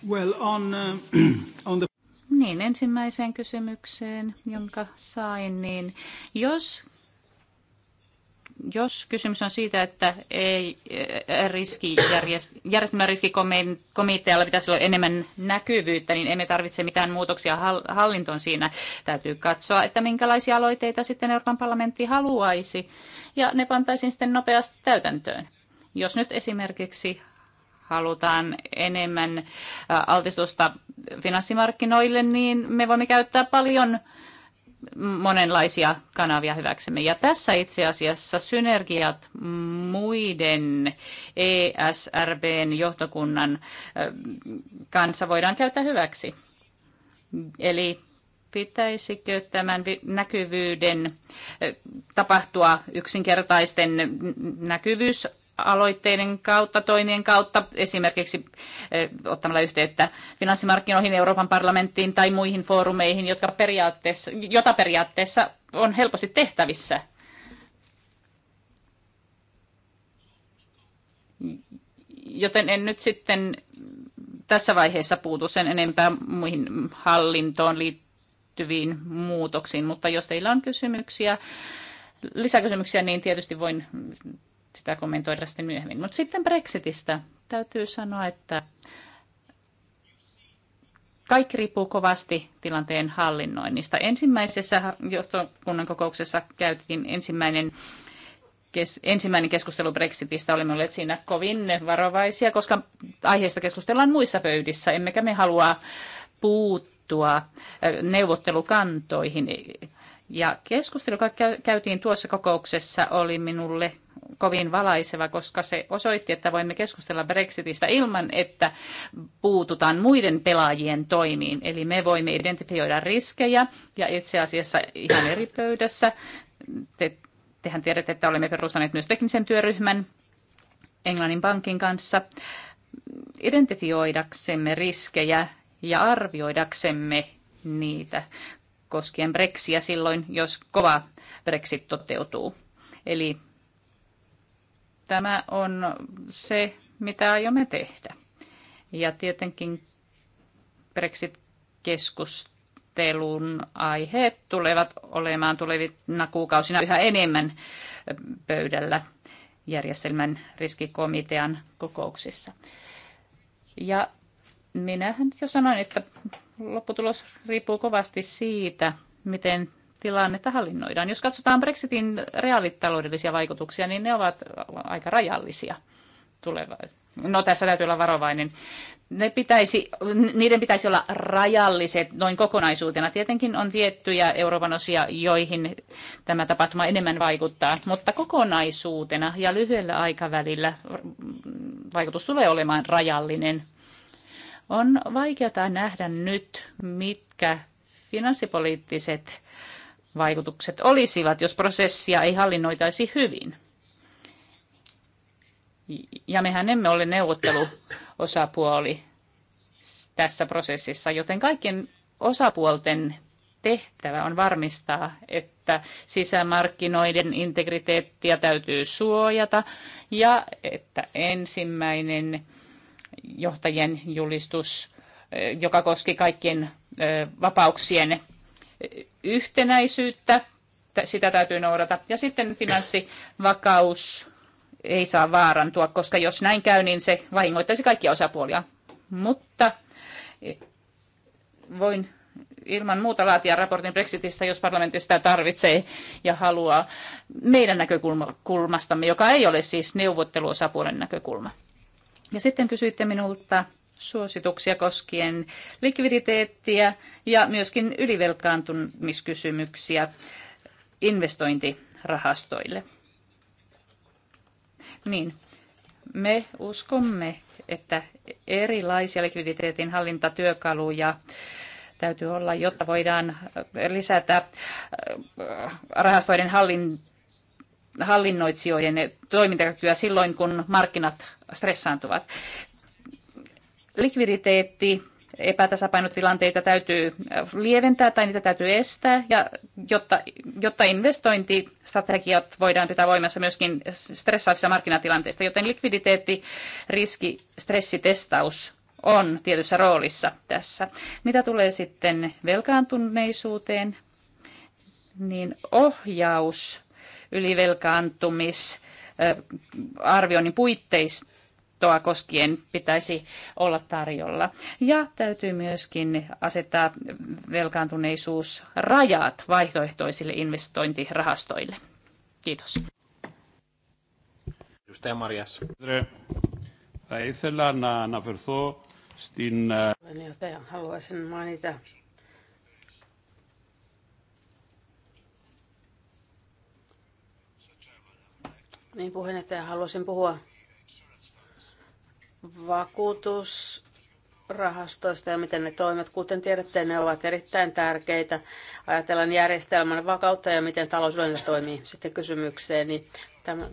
Well, on, uh, on the... Niin, ensimmäiseen kysymykseen, jonka sain, niin jos jos kysymys on siitä, että ei eh, järjestelmän riskikomitealla pitäisi olla enemmän näkyvyyttä, niin emme tarvitse mitään muutoksia hallintoon siinä. Täytyy katsoa, että minkälaisia aloitteita sitten Euroopan parlamentti haluaisi, ja ne pantaisiin sitten nopeasti täytäntöön. Jos nyt esimerkiksi halutaan enemmän altistusta finanssimarkkinoille, niin me voimme käyttää paljon monenlaisia kanavia hyväksemme. Ja tässä itse asiassa synergiat muiden ESRBn johtokunnan kanssa voidaan käyttää hyväksi. Eli pitäisikö tämän näkyvyyden tapahtua yksinkertaisten näkyvyys aloitteiden kautta, toimien kautta, esimerkiksi eh, ottamalla yhteyttä finanssimarkkinoihin, Euroopan parlamenttiin tai muihin foorumeihin, jotka periaatteessa, jota periaatteessa on helposti tehtävissä. Joten en nyt sitten tässä vaiheessa puutu sen enempää muihin hallintoon liittyviin muutoksiin, mutta jos teillä on kysymyksiä, lisäkysymyksiä, niin tietysti voin sitä kommentoida sitten myöhemmin. Mutta sitten Brexitistä täytyy sanoa, että kaikki riippuu kovasti tilanteen hallinnoinnista. Ensimmäisessä johtokunnan kokouksessa käytiin ensimmäinen kes, ensimmäinen keskustelu Brexitistä. Olemme olleet siinä kovin varovaisia, koska aiheesta keskustellaan muissa pöydissä, emmekä me halua puuttua neuvottelukantoihin. Ja keskustelu, joka käytiin tuossa kokouksessa, oli minulle kovin valaiseva, koska se osoitti, että voimme keskustella Brexitistä ilman, että puututaan muiden pelaajien toimiin. Eli me voimme identifioida riskejä ja itse asiassa ihan eri pöydässä. Te, tehän tiedätte, että olemme perustaneet myös teknisen työryhmän Englannin pankin kanssa identifioidaksemme riskejä ja arvioidaksemme niitä koskien brexia silloin, jos kova Brexit toteutuu. Eli Tämä on se, mitä aiomme tehdä. Ja tietenkin Brexit-keskustelun aiheet tulevat olemaan tulevina kuukausina yhä enemmän pöydällä järjestelmän riskikomitean kokouksissa. Ja minähän jo sanoin, että lopputulos riippuu kovasti siitä, miten tilannetta hallinnoidaan. Jos katsotaan Brexitin reaalitaloudellisia vaikutuksia, niin ne ovat aika rajallisia tuleva. No tässä täytyy olla varovainen. Ne pitäisi, niiden pitäisi olla rajalliset noin kokonaisuutena. Tietenkin on tiettyjä Euroopan osia, joihin tämä tapahtuma enemmän vaikuttaa, mutta kokonaisuutena ja lyhyellä aikavälillä vaikutus tulee olemaan rajallinen. On vaikeaa nähdä nyt, mitkä finanssipoliittiset vaikutukset olisivat, jos prosessia ei hallinnoitaisi hyvin. Ja mehän emme ole neuvotteluosapuoli tässä prosessissa, joten kaikkien osapuolten tehtävä on varmistaa, että sisämarkkinoiden integriteettiä täytyy suojata ja että ensimmäinen johtajien julistus, joka koski kaikkien vapauksien yhtenäisyyttä, sitä täytyy noudata. Ja sitten finanssivakaus ei saa vaarantua, koska jos näin käy, niin se vahingoittaisi kaikkia osapuolia. Mutta e, voin ilman muuta laatia raportin Brexitistä, jos parlamentti sitä tarvitsee ja haluaa meidän näkökulmastamme, joka ei ole siis neuvotteluosapuolen näkökulma. Ja sitten kysyitte minulta suosituksia koskien likviditeettiä ja myöskin ylivelkaantumiskysymyksiä investointirahastoille. Niin, me uskomme, että erilaisia likviditeetin hallintatyökaluja täytyy olla, jotta voidaan lisätä äh, rahastoiden hallin, hallinnoitsijoiden toimintakykyä silloin, kun markkinat stressaantuvat likviditeetti epätasapainotilanteita täytyy äh, lieventää tai niitä täytyy estää, ja jotta, jotta investointistrategiat voidaan pitää voimassa myöskin stressaavissa markkinatilanteissa, joten likviditeetti, riski, stressitestaus on tietyssä roolissa tässä. Mitä tulee sitten velkaantuneisuuteen, niin ohjaus ylivelkaantumis äh, arvioinnin tietoa koskien pitäisi olla tarjolla. Ja täytyy myöskin asettaa velkaantuneisuusrajat vaihtoehtoisille investointirahastoille. Kiitos. Edustaja Marias. Eh, haluaisin mainita Niin puheenjohtaja, haluaisin puhua vakuutusrahastoista ja miten ne toimivat. Kuten tiedätte, ne ovat erittäin tärkeitä. Ajatellaan järjestelmän vakautta ja miten talous yleensä toimii. Sitten kysymykseen, niin tämä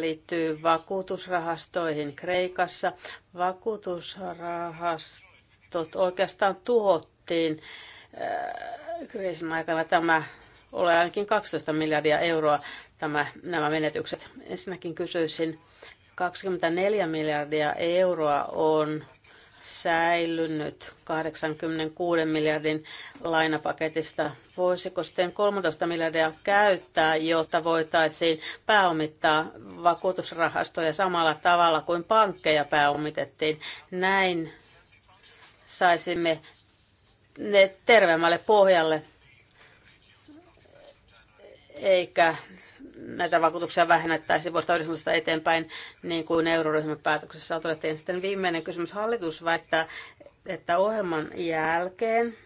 liittyy vakuutusrahastoihin Kreikassa. Vakuutusrahastot oikeastaan tuhottiin äh, kriisin aikana tämä oli ainakin 12 miljardia euroa tämä, nämä menetykset. Ensinnäkin kysyisin, 24 miljardia euroa on säilynyt 86 miljardin lainapaketista. Voisiko sitten 13 miljardia käyttää, jotta voitaisiin pääomittaa vakuutusrahastoja samalla tavalla kuin pankkeja pääomitettiin? Näin saisimme ne terveemmälle pohjalle, eikä näitä vakuutuksia vähennettäisiin vuodesta 19 eteenpäin, niin kuin euroryhmän päätöksessä todettu. Sitten viimeinen kysymys. Hallitus väittää, että ohjelman jälkeen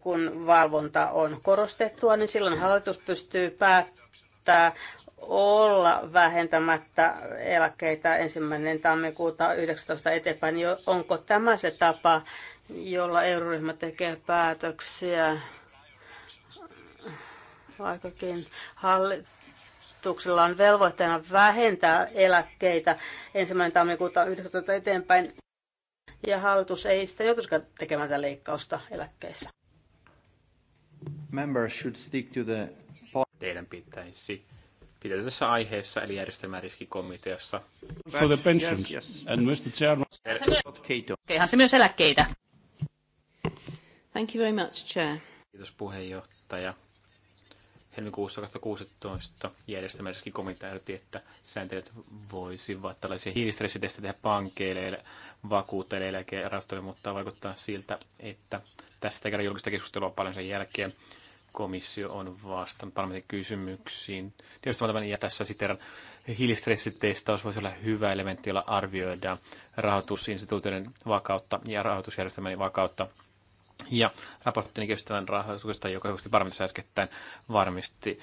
kun valvonta on korostettua, niin silloin hallitus pystyy päättää olla vähentämättä eläkkeitä ensimmäinen tammikuuta 19 eteenpäin. Onko tämä se tapa, jolla euroryhmä tekee päätöksiä? vaikkakin hallituksella on velvoitteena vähentää eläkkeitä ensimmäinen tammikuuta 19 eteenpäin, ja hallitus ei sitä joutuisikaan tekemään tätä leikkausta eläkkeissä. Members should stick to the... Teidän pitäisi pitäytyä tässä aiheessa, eli järjestelmäriskikomiteassa. For the pensions. Yes, yes. And Mr. Chairman... se myös eläkkeitä. Thank you very much, Chair. Kiitos puheenjohtaja helmikuussa 2016 järjestämässäkin komitea ehdotti, että sääntelijät voisivat tällaisia hiilistressitestejä tehdä pankeille, ja eläkerahastoille, mutta vaikuttaa siltä, että tästä käydään julkista keskustelua paljon sen jälkeen. Komissio on vastannut parlamentin kysymyksiin. Tietysti tämän, ja tässä sitten hiilistressitestaus voisi olla hyvä elementti, jolla arvioidaan rahoitusinstituutioiden vakautta ja rahoitusjärjestelmän vakautta ja raporttini kestävän rahoituksesta, joka juuri varmasti äskettäin varmisti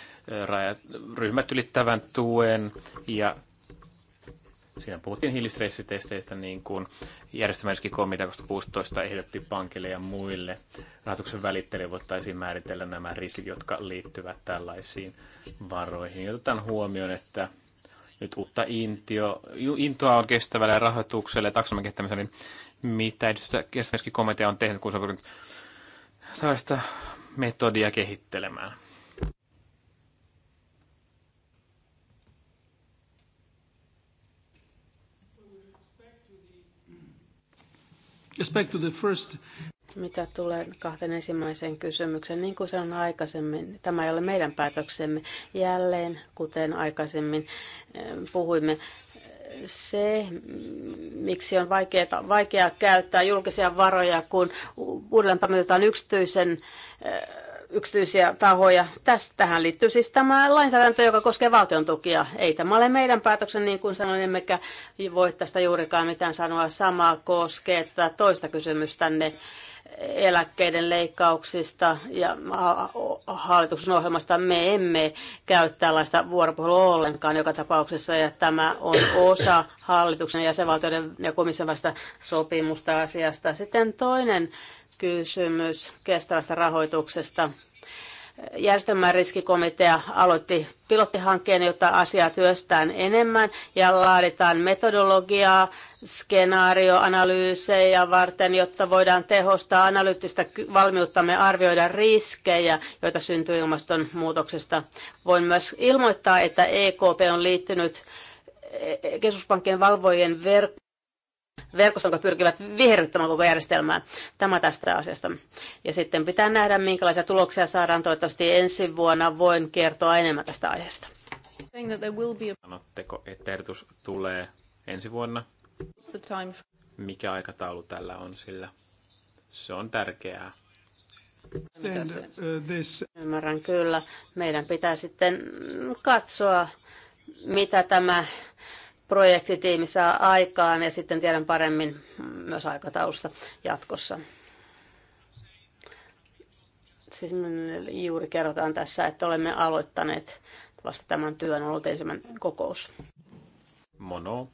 rajat, ryhmät ylittävän tuen ja siinä puhuttiin hiilistressitesteistä niin kuin komitea 2016 ehdotti pankille ja muille rahoituksen välittäjille voitaisiin määritellä nämä riskit, jotka liittyvät tällaisiin varoihin. Otetaan huomioon, että nyt uutta intio, intoa on kestävälle rahoitukselle taksonomian kehittämiselle, niin mitä keski komitea on tehnyt, kun se on pyrkinyt sellaista metodia kehittelemään. Mitä tulee kahden ensimmäiseen kysymykseen, niin kuin sanoin aikaisemmin, tämä ei ole meidän päätöksemme. Jälleen, kuten aikaisemmin eh, puhuimme, se, miksi on vaikeaa, vaikeaa käyttää julkisia varoja, kun uudelleen uudelleenpäämätetään yksityisen, äh, yksityisiä tahoja. Tähän liittyy siis tämä lainsäädäntö, joka koskee valtion tukia. Ei tämä ole meidän päätöksen, niin kuin sanoin, emmekä voi tästä juurikaan mitään sanoa. Samaa koskee tätä toista kysymystä. tänne eläkkeiden leikkauksista ja hallituksen ohjelmasta me emme käy tällaista vuoropuhelua ollenkaan joka tapauksessa ja tämä on osa hallituksen jäsenvaltioiden ja komission välistä sopimusta asiasta. Sitten toinen kysymys kestävästä rahoituksesta riskikomitea aloitti pilottihankkeen, jotta asiaa työstään enemmän ja laaditaan metodologiaa, skenaarioanalyysejä varten, jotta voidaan tehostaa analyyttistä valmiuttamme arvioida riskejä, joita syntyy ilmastonmuutoksesta. Voin myös ilmoittaa, että EKP on liittynyt e- e- keskuspankkien valvojien verkkoon verkoston, jotka pyrkivät viherryttämään koko järjestelmää. Tämä tästä asiasta. Ja sitten pitää nähdä, minkälaisia tuloksia saadaan. Toivottavasti ensi vuonna voin kertoa enemmän tästä aiheesta. Sanotteko, että ehdotus tulee ensi vuonna? Mikä aikataulu tällä on sillä? Se on tärkeää. Uh, Ymmärrän kyllä. Meidän pitää sitten katsoa, mitä tämä projektitiimi saa aikaan ja sitten tiedän paremmin myös aikataulusta jatkossa. Siis juuri kerrotaan tässä, että olemme aloittaneet vasta tämän työn ollut ensimmäinen kokous. Mono.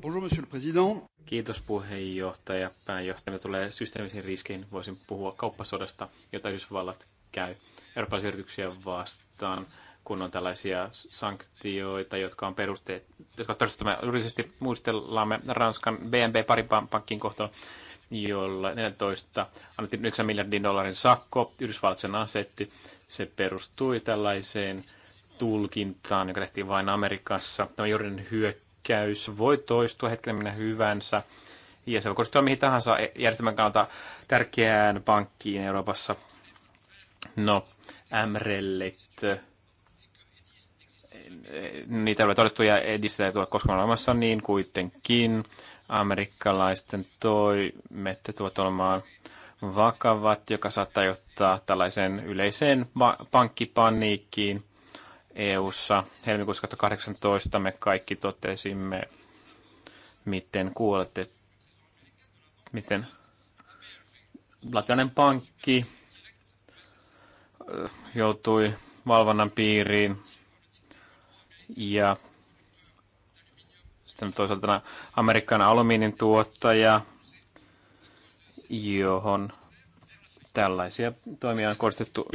Bonjour, monsieur le président. Kiitos puheenjohtaja. Pääjohtaja tulee systeemisiin riskiin. Voisin puhua kauppasodasta, jota Yhdysvallat käy Euroopan yrityksiä vastaan kun on tällaisia sanktioita, jotka on perusteet, jotka perusteettomia. Yleisesti me Ranskan BNB paripankin kohtalon, jolla 14 annettiin 9 miljardin dollarin sakko, Yhdysvallat asetti. Se perustui tällaiseen tulkintaan, joka tehtiin vain Amerikassa. Tämä juridinen hyökkäys voi toistua hetkellä minä hyvänsä. Ja se voi kohdistua mihin tahansa järjestelmän kannalta tärkeään pankkiin Euroopassa. No, MRLit niitä ei ole todettu ja edistä ei tule koskaan olemassa, niin kuitenkin amerikkalaisten toimet tuot olemaan vakavat, joka saattaa johtaa tällaiseen yleiseen pankkipaniikkiin EU-ssa. Helmikuussa 2018 me kaikki totesimme, miten kuulette, miten latinalainen pankki joutui valvonnan piiriin ja sitten toisaalta tämä Amerikan alumiinin tuottaja, johon tällaisia toimia on kohdistettu.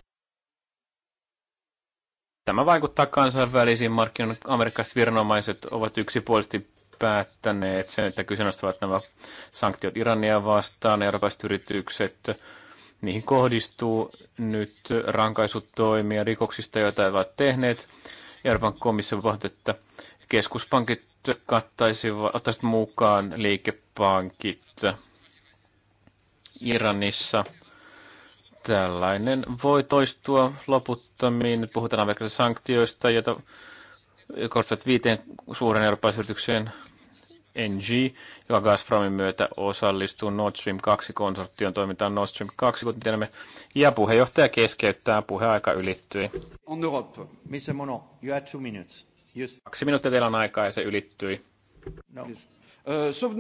Tämä vaikuttaa kansainvälisiin markkinoihin. Amerikkalaiset viranomaiset ovat yksipuolisesti päättäneet sen, että kyseenalaistavat nämä sanktiot Irania vastaan. Eurooppalaiset yritykset, niihin kohdistuu nyt rankaisutoimia rikoksista, joita he ovat tehneet. Euroopan komissio pohti, että keskuspankit kattaisivat, ottaisivat mukaan liikepankit Iranissa. Tällainen voi toistua loputtomiin. Puhutaan amerikkalaisista sanktioista, joita korostavat viiteen suuren eurooppalaisyritykseen NG, joka Gazpromin myötä osallistuu Nord Stream 2-konsorttion toimintaan Nord Stream 2, kuten tiedämme, ja puheenjohtaja keskeyttää, puheaika ylittyi. On Europe, Mr. Monon, you had two minutes. Just... Kaksi minuuttia teillä on aikaa ja se ylittyi. No. Yes. Euh,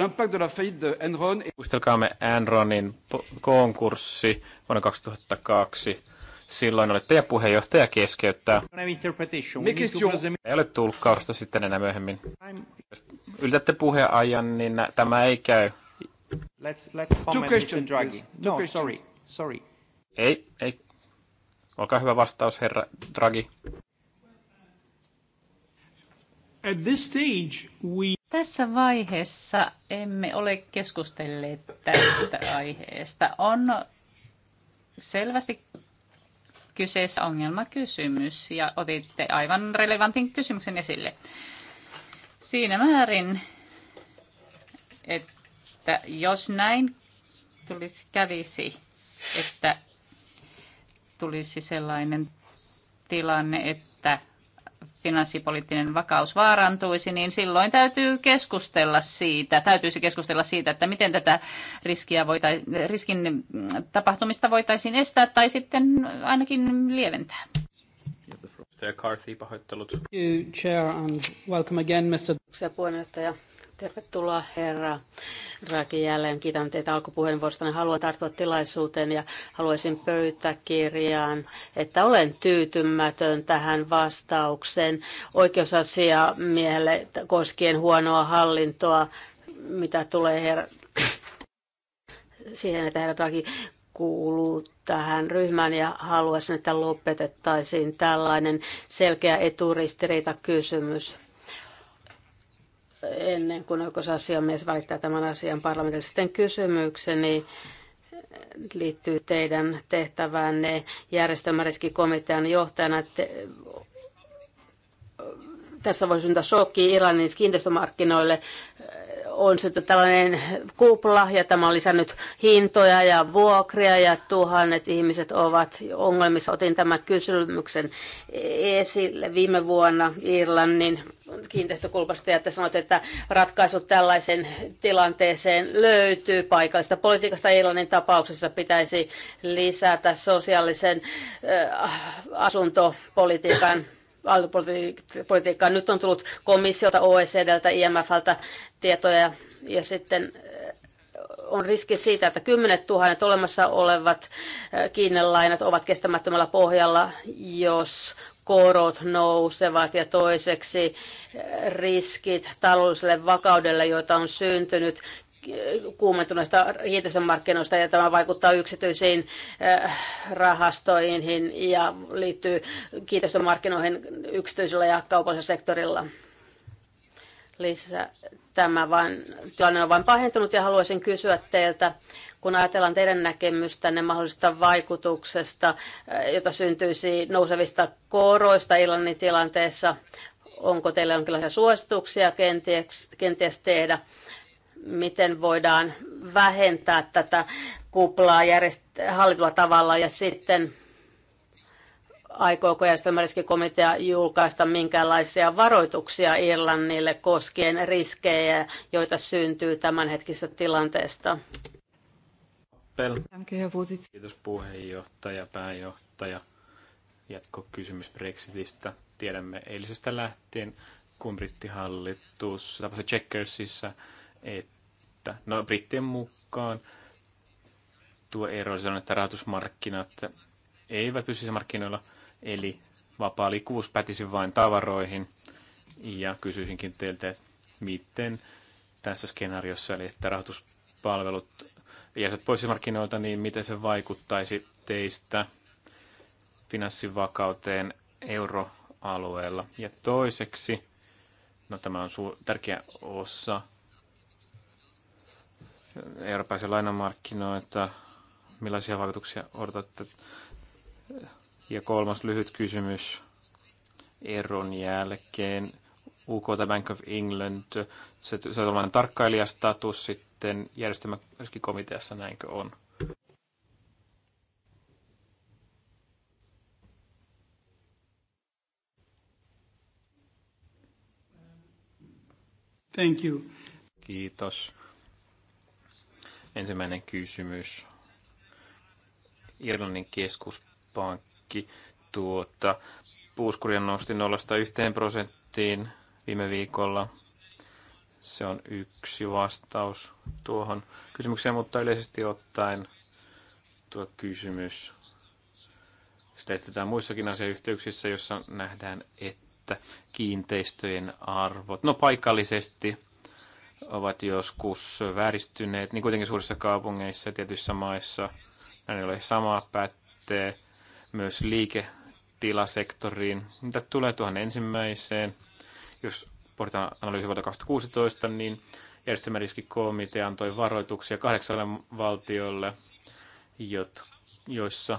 euh, Muistelkaamme Enronin konkurssi vuonna 2002 silloin olette ja puheenjohtaja keskeyttää. Ei ole tulkkausta sitten enää myöhemmin. Jos ylitätte puheajan, niin tämä ei käy. Let's, let's Two questions, Draghi. No, sorry, sorry. Ei, ei. Olkaa hyvä vastaus, herra Draghi. At this stage we... Tässä vaiheessa emme ole keskustelleet tästä aiheesta. On selvästi kyseessä ongelmakysymys ja otitte aivan relevantin kysymyksen esille. Siinä määrin, että jos näin tulisi, kävisi, että tulisi sellainen tilanne, että finanssipoliittinen vakaus vaarantuisi, niin silloin täytyy keskustella siitä, täytyisi keskustella siitä, että miten tätä riskiä voita, riskin tapahtumista voitaisiin estää tai sitten ainakin lieventää. Edustaja Carthy, pahoittelut. Chair, and welcome again, Mr. Puheenjohtaja, Tervetuloa herra Raki jälleen. Kiitän teitä alkupuheenvuorosta. Haluan tarttua tilaisuuteen ja haluaisin pöytäkirjaan, että olen tyytymätön tähän vastaukseen oikeusasiamiehelle koskien huonoa hallintoa, mitä tulee herra, siihen, että herra Raki kuuluu tähän ryhmään ja haluaisin, että lopetettaisiin tällainen selkeä eturistiriita kysymys ennen kuin oikeusasiamies välittää tämän asian parlamentille. Sitten kysymykseni liittyy teidän tehtäväänne järjestelmäriskikomitean johtajana. Te, tässä voi syntyä shokki Irlannin kiinteistömarkkinoille on sitten tällainen kupla ja tämä on lisännyt hintoja ja vuokria ja tuhannet ihmiset ovat ongelmissa. Otin tämän kysymyksen esille viime vuonna Irlannin kiinteistökulpasta ja te että ratkaisut tällaisen tilanteeseen löytyy paikallista politiikasta. Irlannin tapauksessa pitäisi lisätä sosiaalisen äh, asuntopolitiikan aluepolitiikkaan. Nyt on tullut komissiolta, OECDltä, IMFltä tietoja ja sitten eh, on riski siitä, että kymmenet tuhannet olemassa olevat eh, kiinnelainat ovat kestämättömällä pohjalla, jos korot nousevat ja toiseksi eh, riskit taloudelliselle vakaudelle, joita on syntynyt kuumentuneista kiinteistömarkkinoista ja tämä vaikuttaa yksityisiin äh, rahastoihin ja liittyy kiinteistömarkkinoihin yksityisellä ja kaupallisella sektorilla. Lisä, tämä vain, tilanne on vain pahentunut ja haluaisin kysyä teiltä, kun ajatellaan teidän näkemystänne mahdollisesta vaikutuksesta, äh, jota syntyisi nousevista koroista Irlannin tilanteessa, onko teillä jonkinlaisia suosituksia kenties, kenties tehdä miten voidaan vähentää tätä kuplaa järjest- hallitulla tavalla ja sitten aikooko järjestelmäriskikomitea julkaista minkälaisia varoituksia Irlannille koskien riskejä, joita syntyy tämänhetkisestä tilanteesta? Pel. Kiitos puheenjohtaja, pääjohtaja. Jatko kysymys Brexitistä. Tiedämme eilisestä lähtien, kun brittihallitus tapasi Checkersissa että no brittien mukaan tuo ero on, että rahoitusmarkkinat eivät pysy markkinoilla, eli vapaa liikkuvuus pätisi vain tavaroihin. Ja kysyisinkin teiltä, miten tässä skenaariossa, eli että rahoituspalvelut jäisivät pois markkinoilta, niin miten se vaikuttaisi teistä finanssivakauteen euroalueella. Ja toiseksi, no tämä on tärkeä osa eurooppalaisia lainamarkkinoita, millaisia vaikutuksia odotatte? Ja kolmas lyhyt kysymys eron jälkeen. UK tai Bank of England, se, se on tällainen tarkkailijastatus sitten järjestelmäriskikomiteassa, näinkö on? Thank you. Kiitos. Ensimmäinen kysymys. Irlannin keskuspankki tuota, puuskuria nosti 0-1 prosenttiin viime viikolla. Se on yksi vastaus tuohon kysymykseen, mutta yleisesti ottaen tuo kysymys. Sitä esitetään muissakin asiayhteyksissä, jossa nähdään, että kiinteistöjen arvot, no paikallisesti ovat joskus vääristyneet, niin kuitenkin suurissa kaupungeissa ja tietyissä maissa näin ole sama pätee myös liiketilasektoriin. Mitä tulee tuohon ensimmäiseen, jos pohditaan analyysi vuotta 2016, niin järjestelmäriskikomitea antoi varoituksia kahdeksalle valtiolle, joissa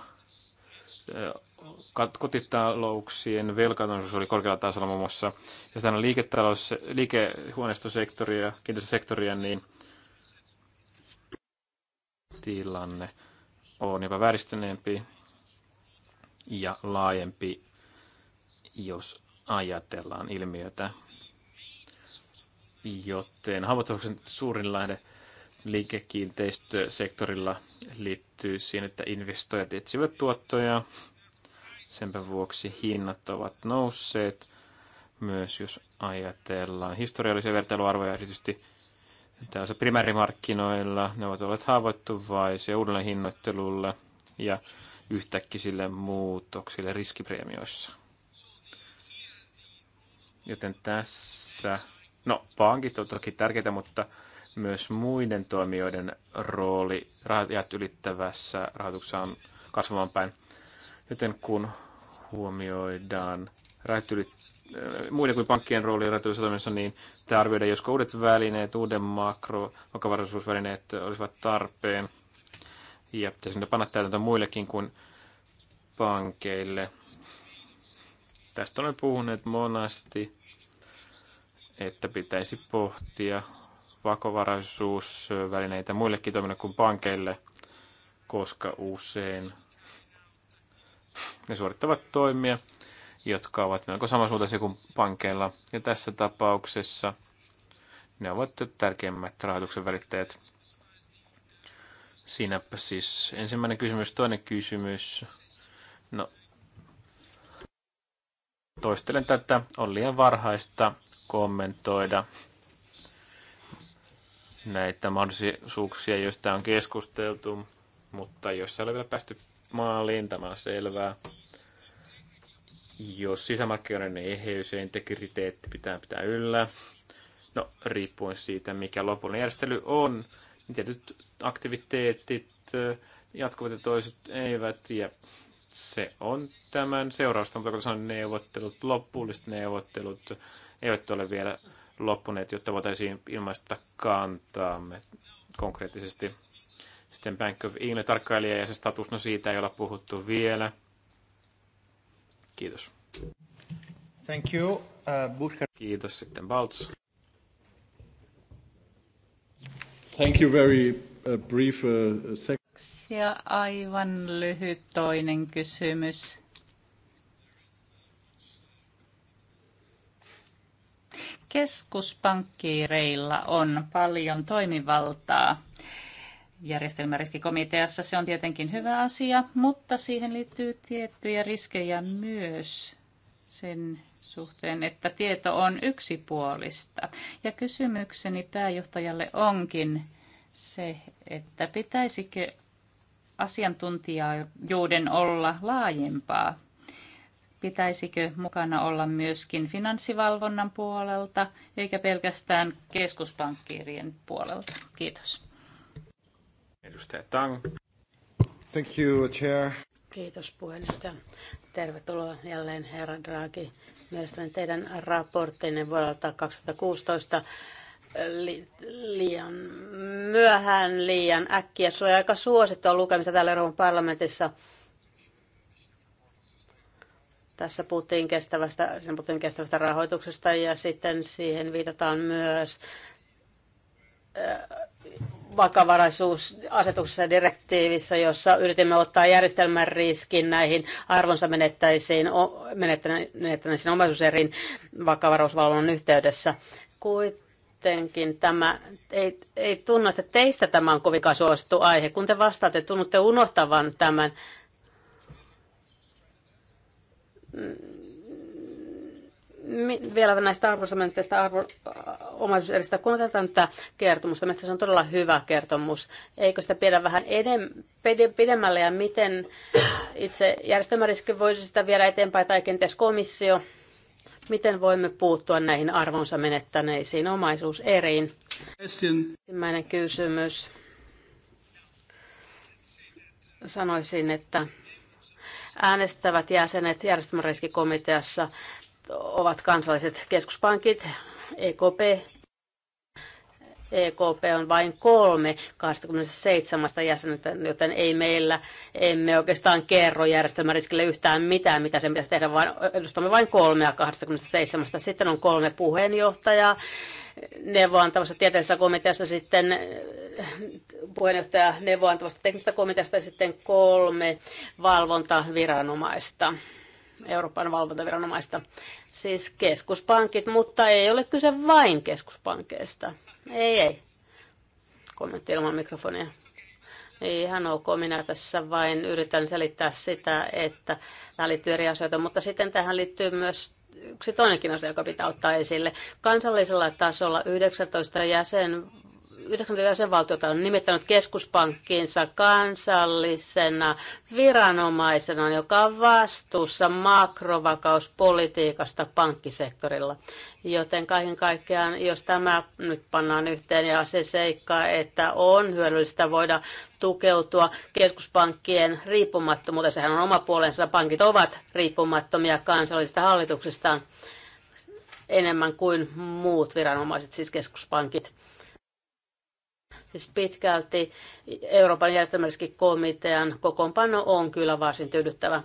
kotitalouksien velkaantumisuus oli korkealla tasolla muun muassa. Ja sitten on liiketalous, ja kiinteistösektoria, niin tilanne on jopa vääristyneempi ja laajempi, jos ajatellaan ilmiötä. Joten haavoittuvuuden suurin lähde liikekiinteistösektorilla liittyy siihen, että investoijat etsivät tuottoja Senpä vuoksi hinnat ovat nousseet, myös jos ajatellaan historiallisia vertailuarvoja, erityisesti tällaisilla primärimarkkinoilla. Ne ovat olleet haavoittuvaisia uudelleen hinnoittelulle ja yhtäkkisille muutoksille riskipreemioissa. Joten tässä, no pankit on toki tärkeitä, mutta myös muiden toimijoiden rooli rahat ylittävässä rahoituksessa on kasvamaan päin. Joten kun huomioidaan rajatyyli, äh, muiden kuin pankkien rooli rajoittamisessa niin tämä arvioida, josko uudet välineet, uuden makro, vakavaraisuusvälineet olisivat tarpeen. Ja pitäisi ne panna täytäntö muillekin kuin pankeille. Tästä olemme puhuneet monasti, että pitäisi pohtia vakavaraisuusvälineitä muillekin toiminnan kuin pankeille, koska usein ne suorittavat toimia, jotka ovat melko samansuuntaisia kuin pankeilla. Ja tässä tapauksessa ne ovat tärkeimmät rahoituksen välittäjät. Siinäpä siis ensimmäinen kysymys. Toinen kysymys. No, toistelen tätä. On liian varhaista kommentoida näitä mahdollisuuksia, joista on keskusteltu, mutta joissa ei ole vielä päästy maaliin, tämä on selvää. Jos sisämarkkinoiden eheys ja integriteetti pitää pitää yllä, no riippuen siitä, mikä lopullinen järjestely on, niin tietyt aktiviteetit jatkuvat ja toiset eivät, ja se on tämän seurausta, mutta kun sanon neuvottelut, lopulliset neuvottelut eivät ole vielä loppuneet, jotta voitaisiin ilmaista kantaamme konkreettisesti sitten Bank of England tarkkailija ja se status, no siitä ei olla puhuttu vielä. Kiitos. Thank you. Uh, Burkhard. Kiitos sitten Balts. Thank you very uh, brief uh, second. Ja aivan lyhyt toinen kysymys. Keskuspankkiireilla on paljon toimivaltaa järjestelmäriskikomiteassa. Se on tietenkin hyvä asia, mutta siihen liittyy tiettyjä riskejä myös sen suhteen, että tieto on yksipuolista. Ja kysymykseni pääjohtajalle onkin se, että pitäisikö asiantuntijuuden olla laajempaa? Pitäisikö mukana olla myöskin finanssivalvonnan puolelta, eikä pelkästään keskuspankkiirien puolelta? Kiitos. Edustaja Tang. Thank you, Chair. Kiitos puheenjohtaja. Tervetuloa jälleen herra Draghi. Mielestäni teidän raporttinne vuodelta 2016 äh, li- liian myöhään, liian äkkiä. Se oli aika suosittua lukemista täällä Euroopan parlamentissa. Tässä puhuttiin kestävästä, sen puhuttiin kestävästä rahoituksesta ja sitten siihen viitataan myös äh, vakavaraisuusasetuksessa ja direktiivissä, jossa yritimme ottaa järjestelmän riskin näihin arvonsa menettäisiin, menettäisiin omaisuuserin vakavaraisuusvalvonnan yhteydessä. Kuitenkin tämä ei, ei tunnu, että teistä tämä on kovinkaan suosittu aihe. Kun te vastaatte, tunnutte unohtavan tämän vielä näistä arvoisamentteista arvo, omaisuuseristä. Kun otetaan tätä kertomusta, mielestäni se on todella hyvä kertomus. Eikö sitä pidä vähän edem, pidemmälle ja miten itse järjestelmäriski voisi sitä viedä eteenpäin tai kenties komissio? Miten voimme puuttua näihin arvonsa menettäneisiin omaisuuseriin? Ensimmäinen kysymys. Sanoisin, että äänestävät jäsenet järjestelmäriskikomiteassa ovat kansalliset keskuspankit, EKP. EKP on vain kolme 27 jäseneltä, joten ei meillä, emme oikeastaan kerro järjestelmäriskille yhtään mitään, mitä sen pitäisi tehdä, vaan edustamme vain kolmea 27. Sitten on kolme puheenjohtajaa neuvoantavassa tieteellisessä komiteassa, sitten puheenjohtaja neuvoantavasta teknisestä komiteasta ja sitten kolme valvontaviranomaista. Euroopan valvontaviranomaista, siis keskuspankit, mutta ei ole kyse vain keskuspankeista. Ei, ei. Kommentti ilman mikrofonia. Ihan ok, minä tässä vain yritän selittää sitä, että tähän liittyy eri asioita, mutta sitten tähän liittyy myös yksi toinenkin asia, joka pitää ottaa esille. Kansallisella tasolla 19 jäsen 90 jäsenvaltiota on nimittänyt keskuspankkiinsa kansallisena viranomaisena, joka on vastuussa makrovakauspolitiikasta pankkisektorilla. Joten kaiken kaikkiaan, jos tämä nyt pannaan yhteen ja se seikka, että on hyödyllistä voida tukeutua keskuspankkien riippumattomuuteen, sehän on oma puolensa, pankit ovat riippumattomia kansallisista hallituksistaan enemmän kuin muut viranomaiset, siis keskuspankit. Siis pitkälti Euroopan järjestelmällisesti komitean kokoonpano on kyllä varsin tyydyttävä.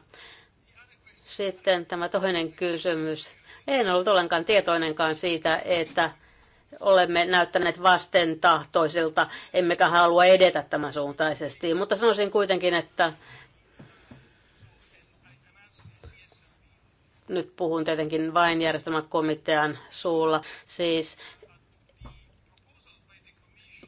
Sitten tämä toinen kysymys. En ollut ollenkaan tietoinenkaan siitä, että olemme näyttäneet vasten tahtoisilta, emmekä halua edetä tämän suuntaisesti. Mutta sanoisin kuitenkin, että nyt puhun tietenkin vain järjestelmäkomitean suulla, siis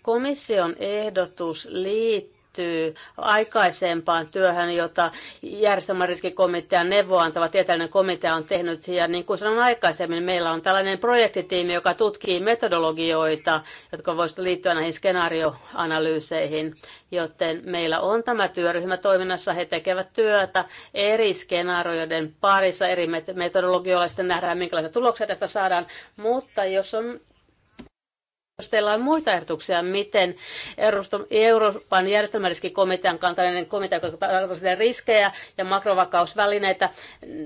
Komission ehdotus liittyy aikaisempaan työhön, jota järjestelmäriskikomitean neuvoantava tieteellinen komitea on tehnyt. Ja niin kuin sanoin aikaisemmin, meillä on tällainen projektitiimi, joka tutkii metodologioita, jotka voisivat liittyä näihin skenaarioanalyyseihin. Joten meillä on tämä työryhmä toiminnassa. He tekevät työtä eri skenaarioiden parissa, eri metodologioilla. Sitten nähdään, minkälaisia tuloksia tästä saadaan. Mutta jos on jos teillä on muita ehdotuksia, miten Euroopan järjestelmäriskikomitean kantainen komitea, joka tarkoittaa riskejä ja makrovakausvälineitä,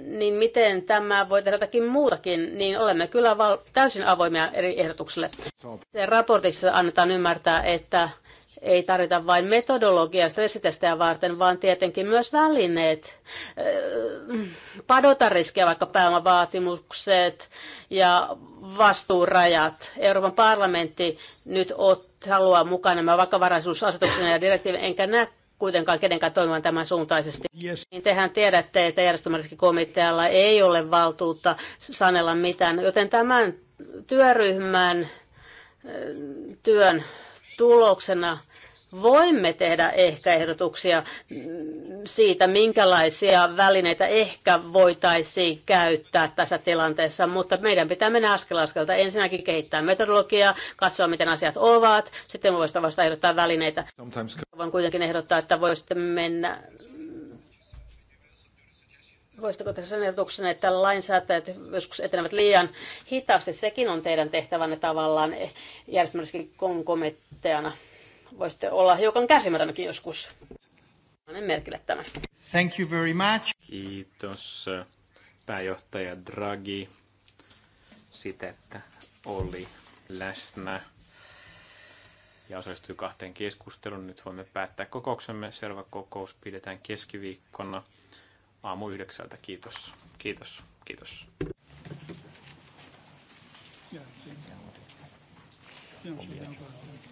niin miten tämä voi tehdä jotakin muutakin, niin olemme kyllä täysin avoimia eri ehdotuksille. Raportissa annetaan ymmärtää, että ei tarvita vain metodologiaa stressitestejä varten, vaan tietenkin myös välineet. Padota riskejä, vaikka pääomavaatimukset ja vastuurajat. Euroopan parlamentti nyt ot, haluaa mukaan nämä vakavaraisuusasetuksen ja direktiivin, enkä näe kuitenkaan kenenkään toimimaan tämän suuntaisesti. Yes. Niin tehän tiedätte, että järjestelmäriskikomitealla ei ole valtuutta sanella mitään, joten tämän työryhmän työn tuloksena voimme tehdä ehkä ehdotuksia siitä, minkälaisia välineitä ehkä voitaisiin käyttää tässä tilanteessa, mutta meidän pitää mennä askel askelta. Ensinnäkin kehittää metodologiaa, katsoa miten asiat ovat, sitten voisi vasta ehdottaa välineitä. Voin kuitenkin ehdottaa, että voisitte mennä Voisitteko tehdä sen ehdotuksen, että lainsäätäjät joskus etenevät liian hitaasti? Sekin on teidän tehtävänne tavallaan eh, järjestelmällisesti komiteana voisitte olla hiukan kärsimätönkin joskus. Annan merkille tämä. Thank you very much. Kiitos pääjohtaja Draghi siitä, että oli läsnä ja osallistui kahteen keskusteluun. Nyt voimme päättää kokouksemme. Seuraava kokous pidetään keskiviikkona aamu yhdeksältä. Kiitos. Kiitos. Kiitos. Grazie.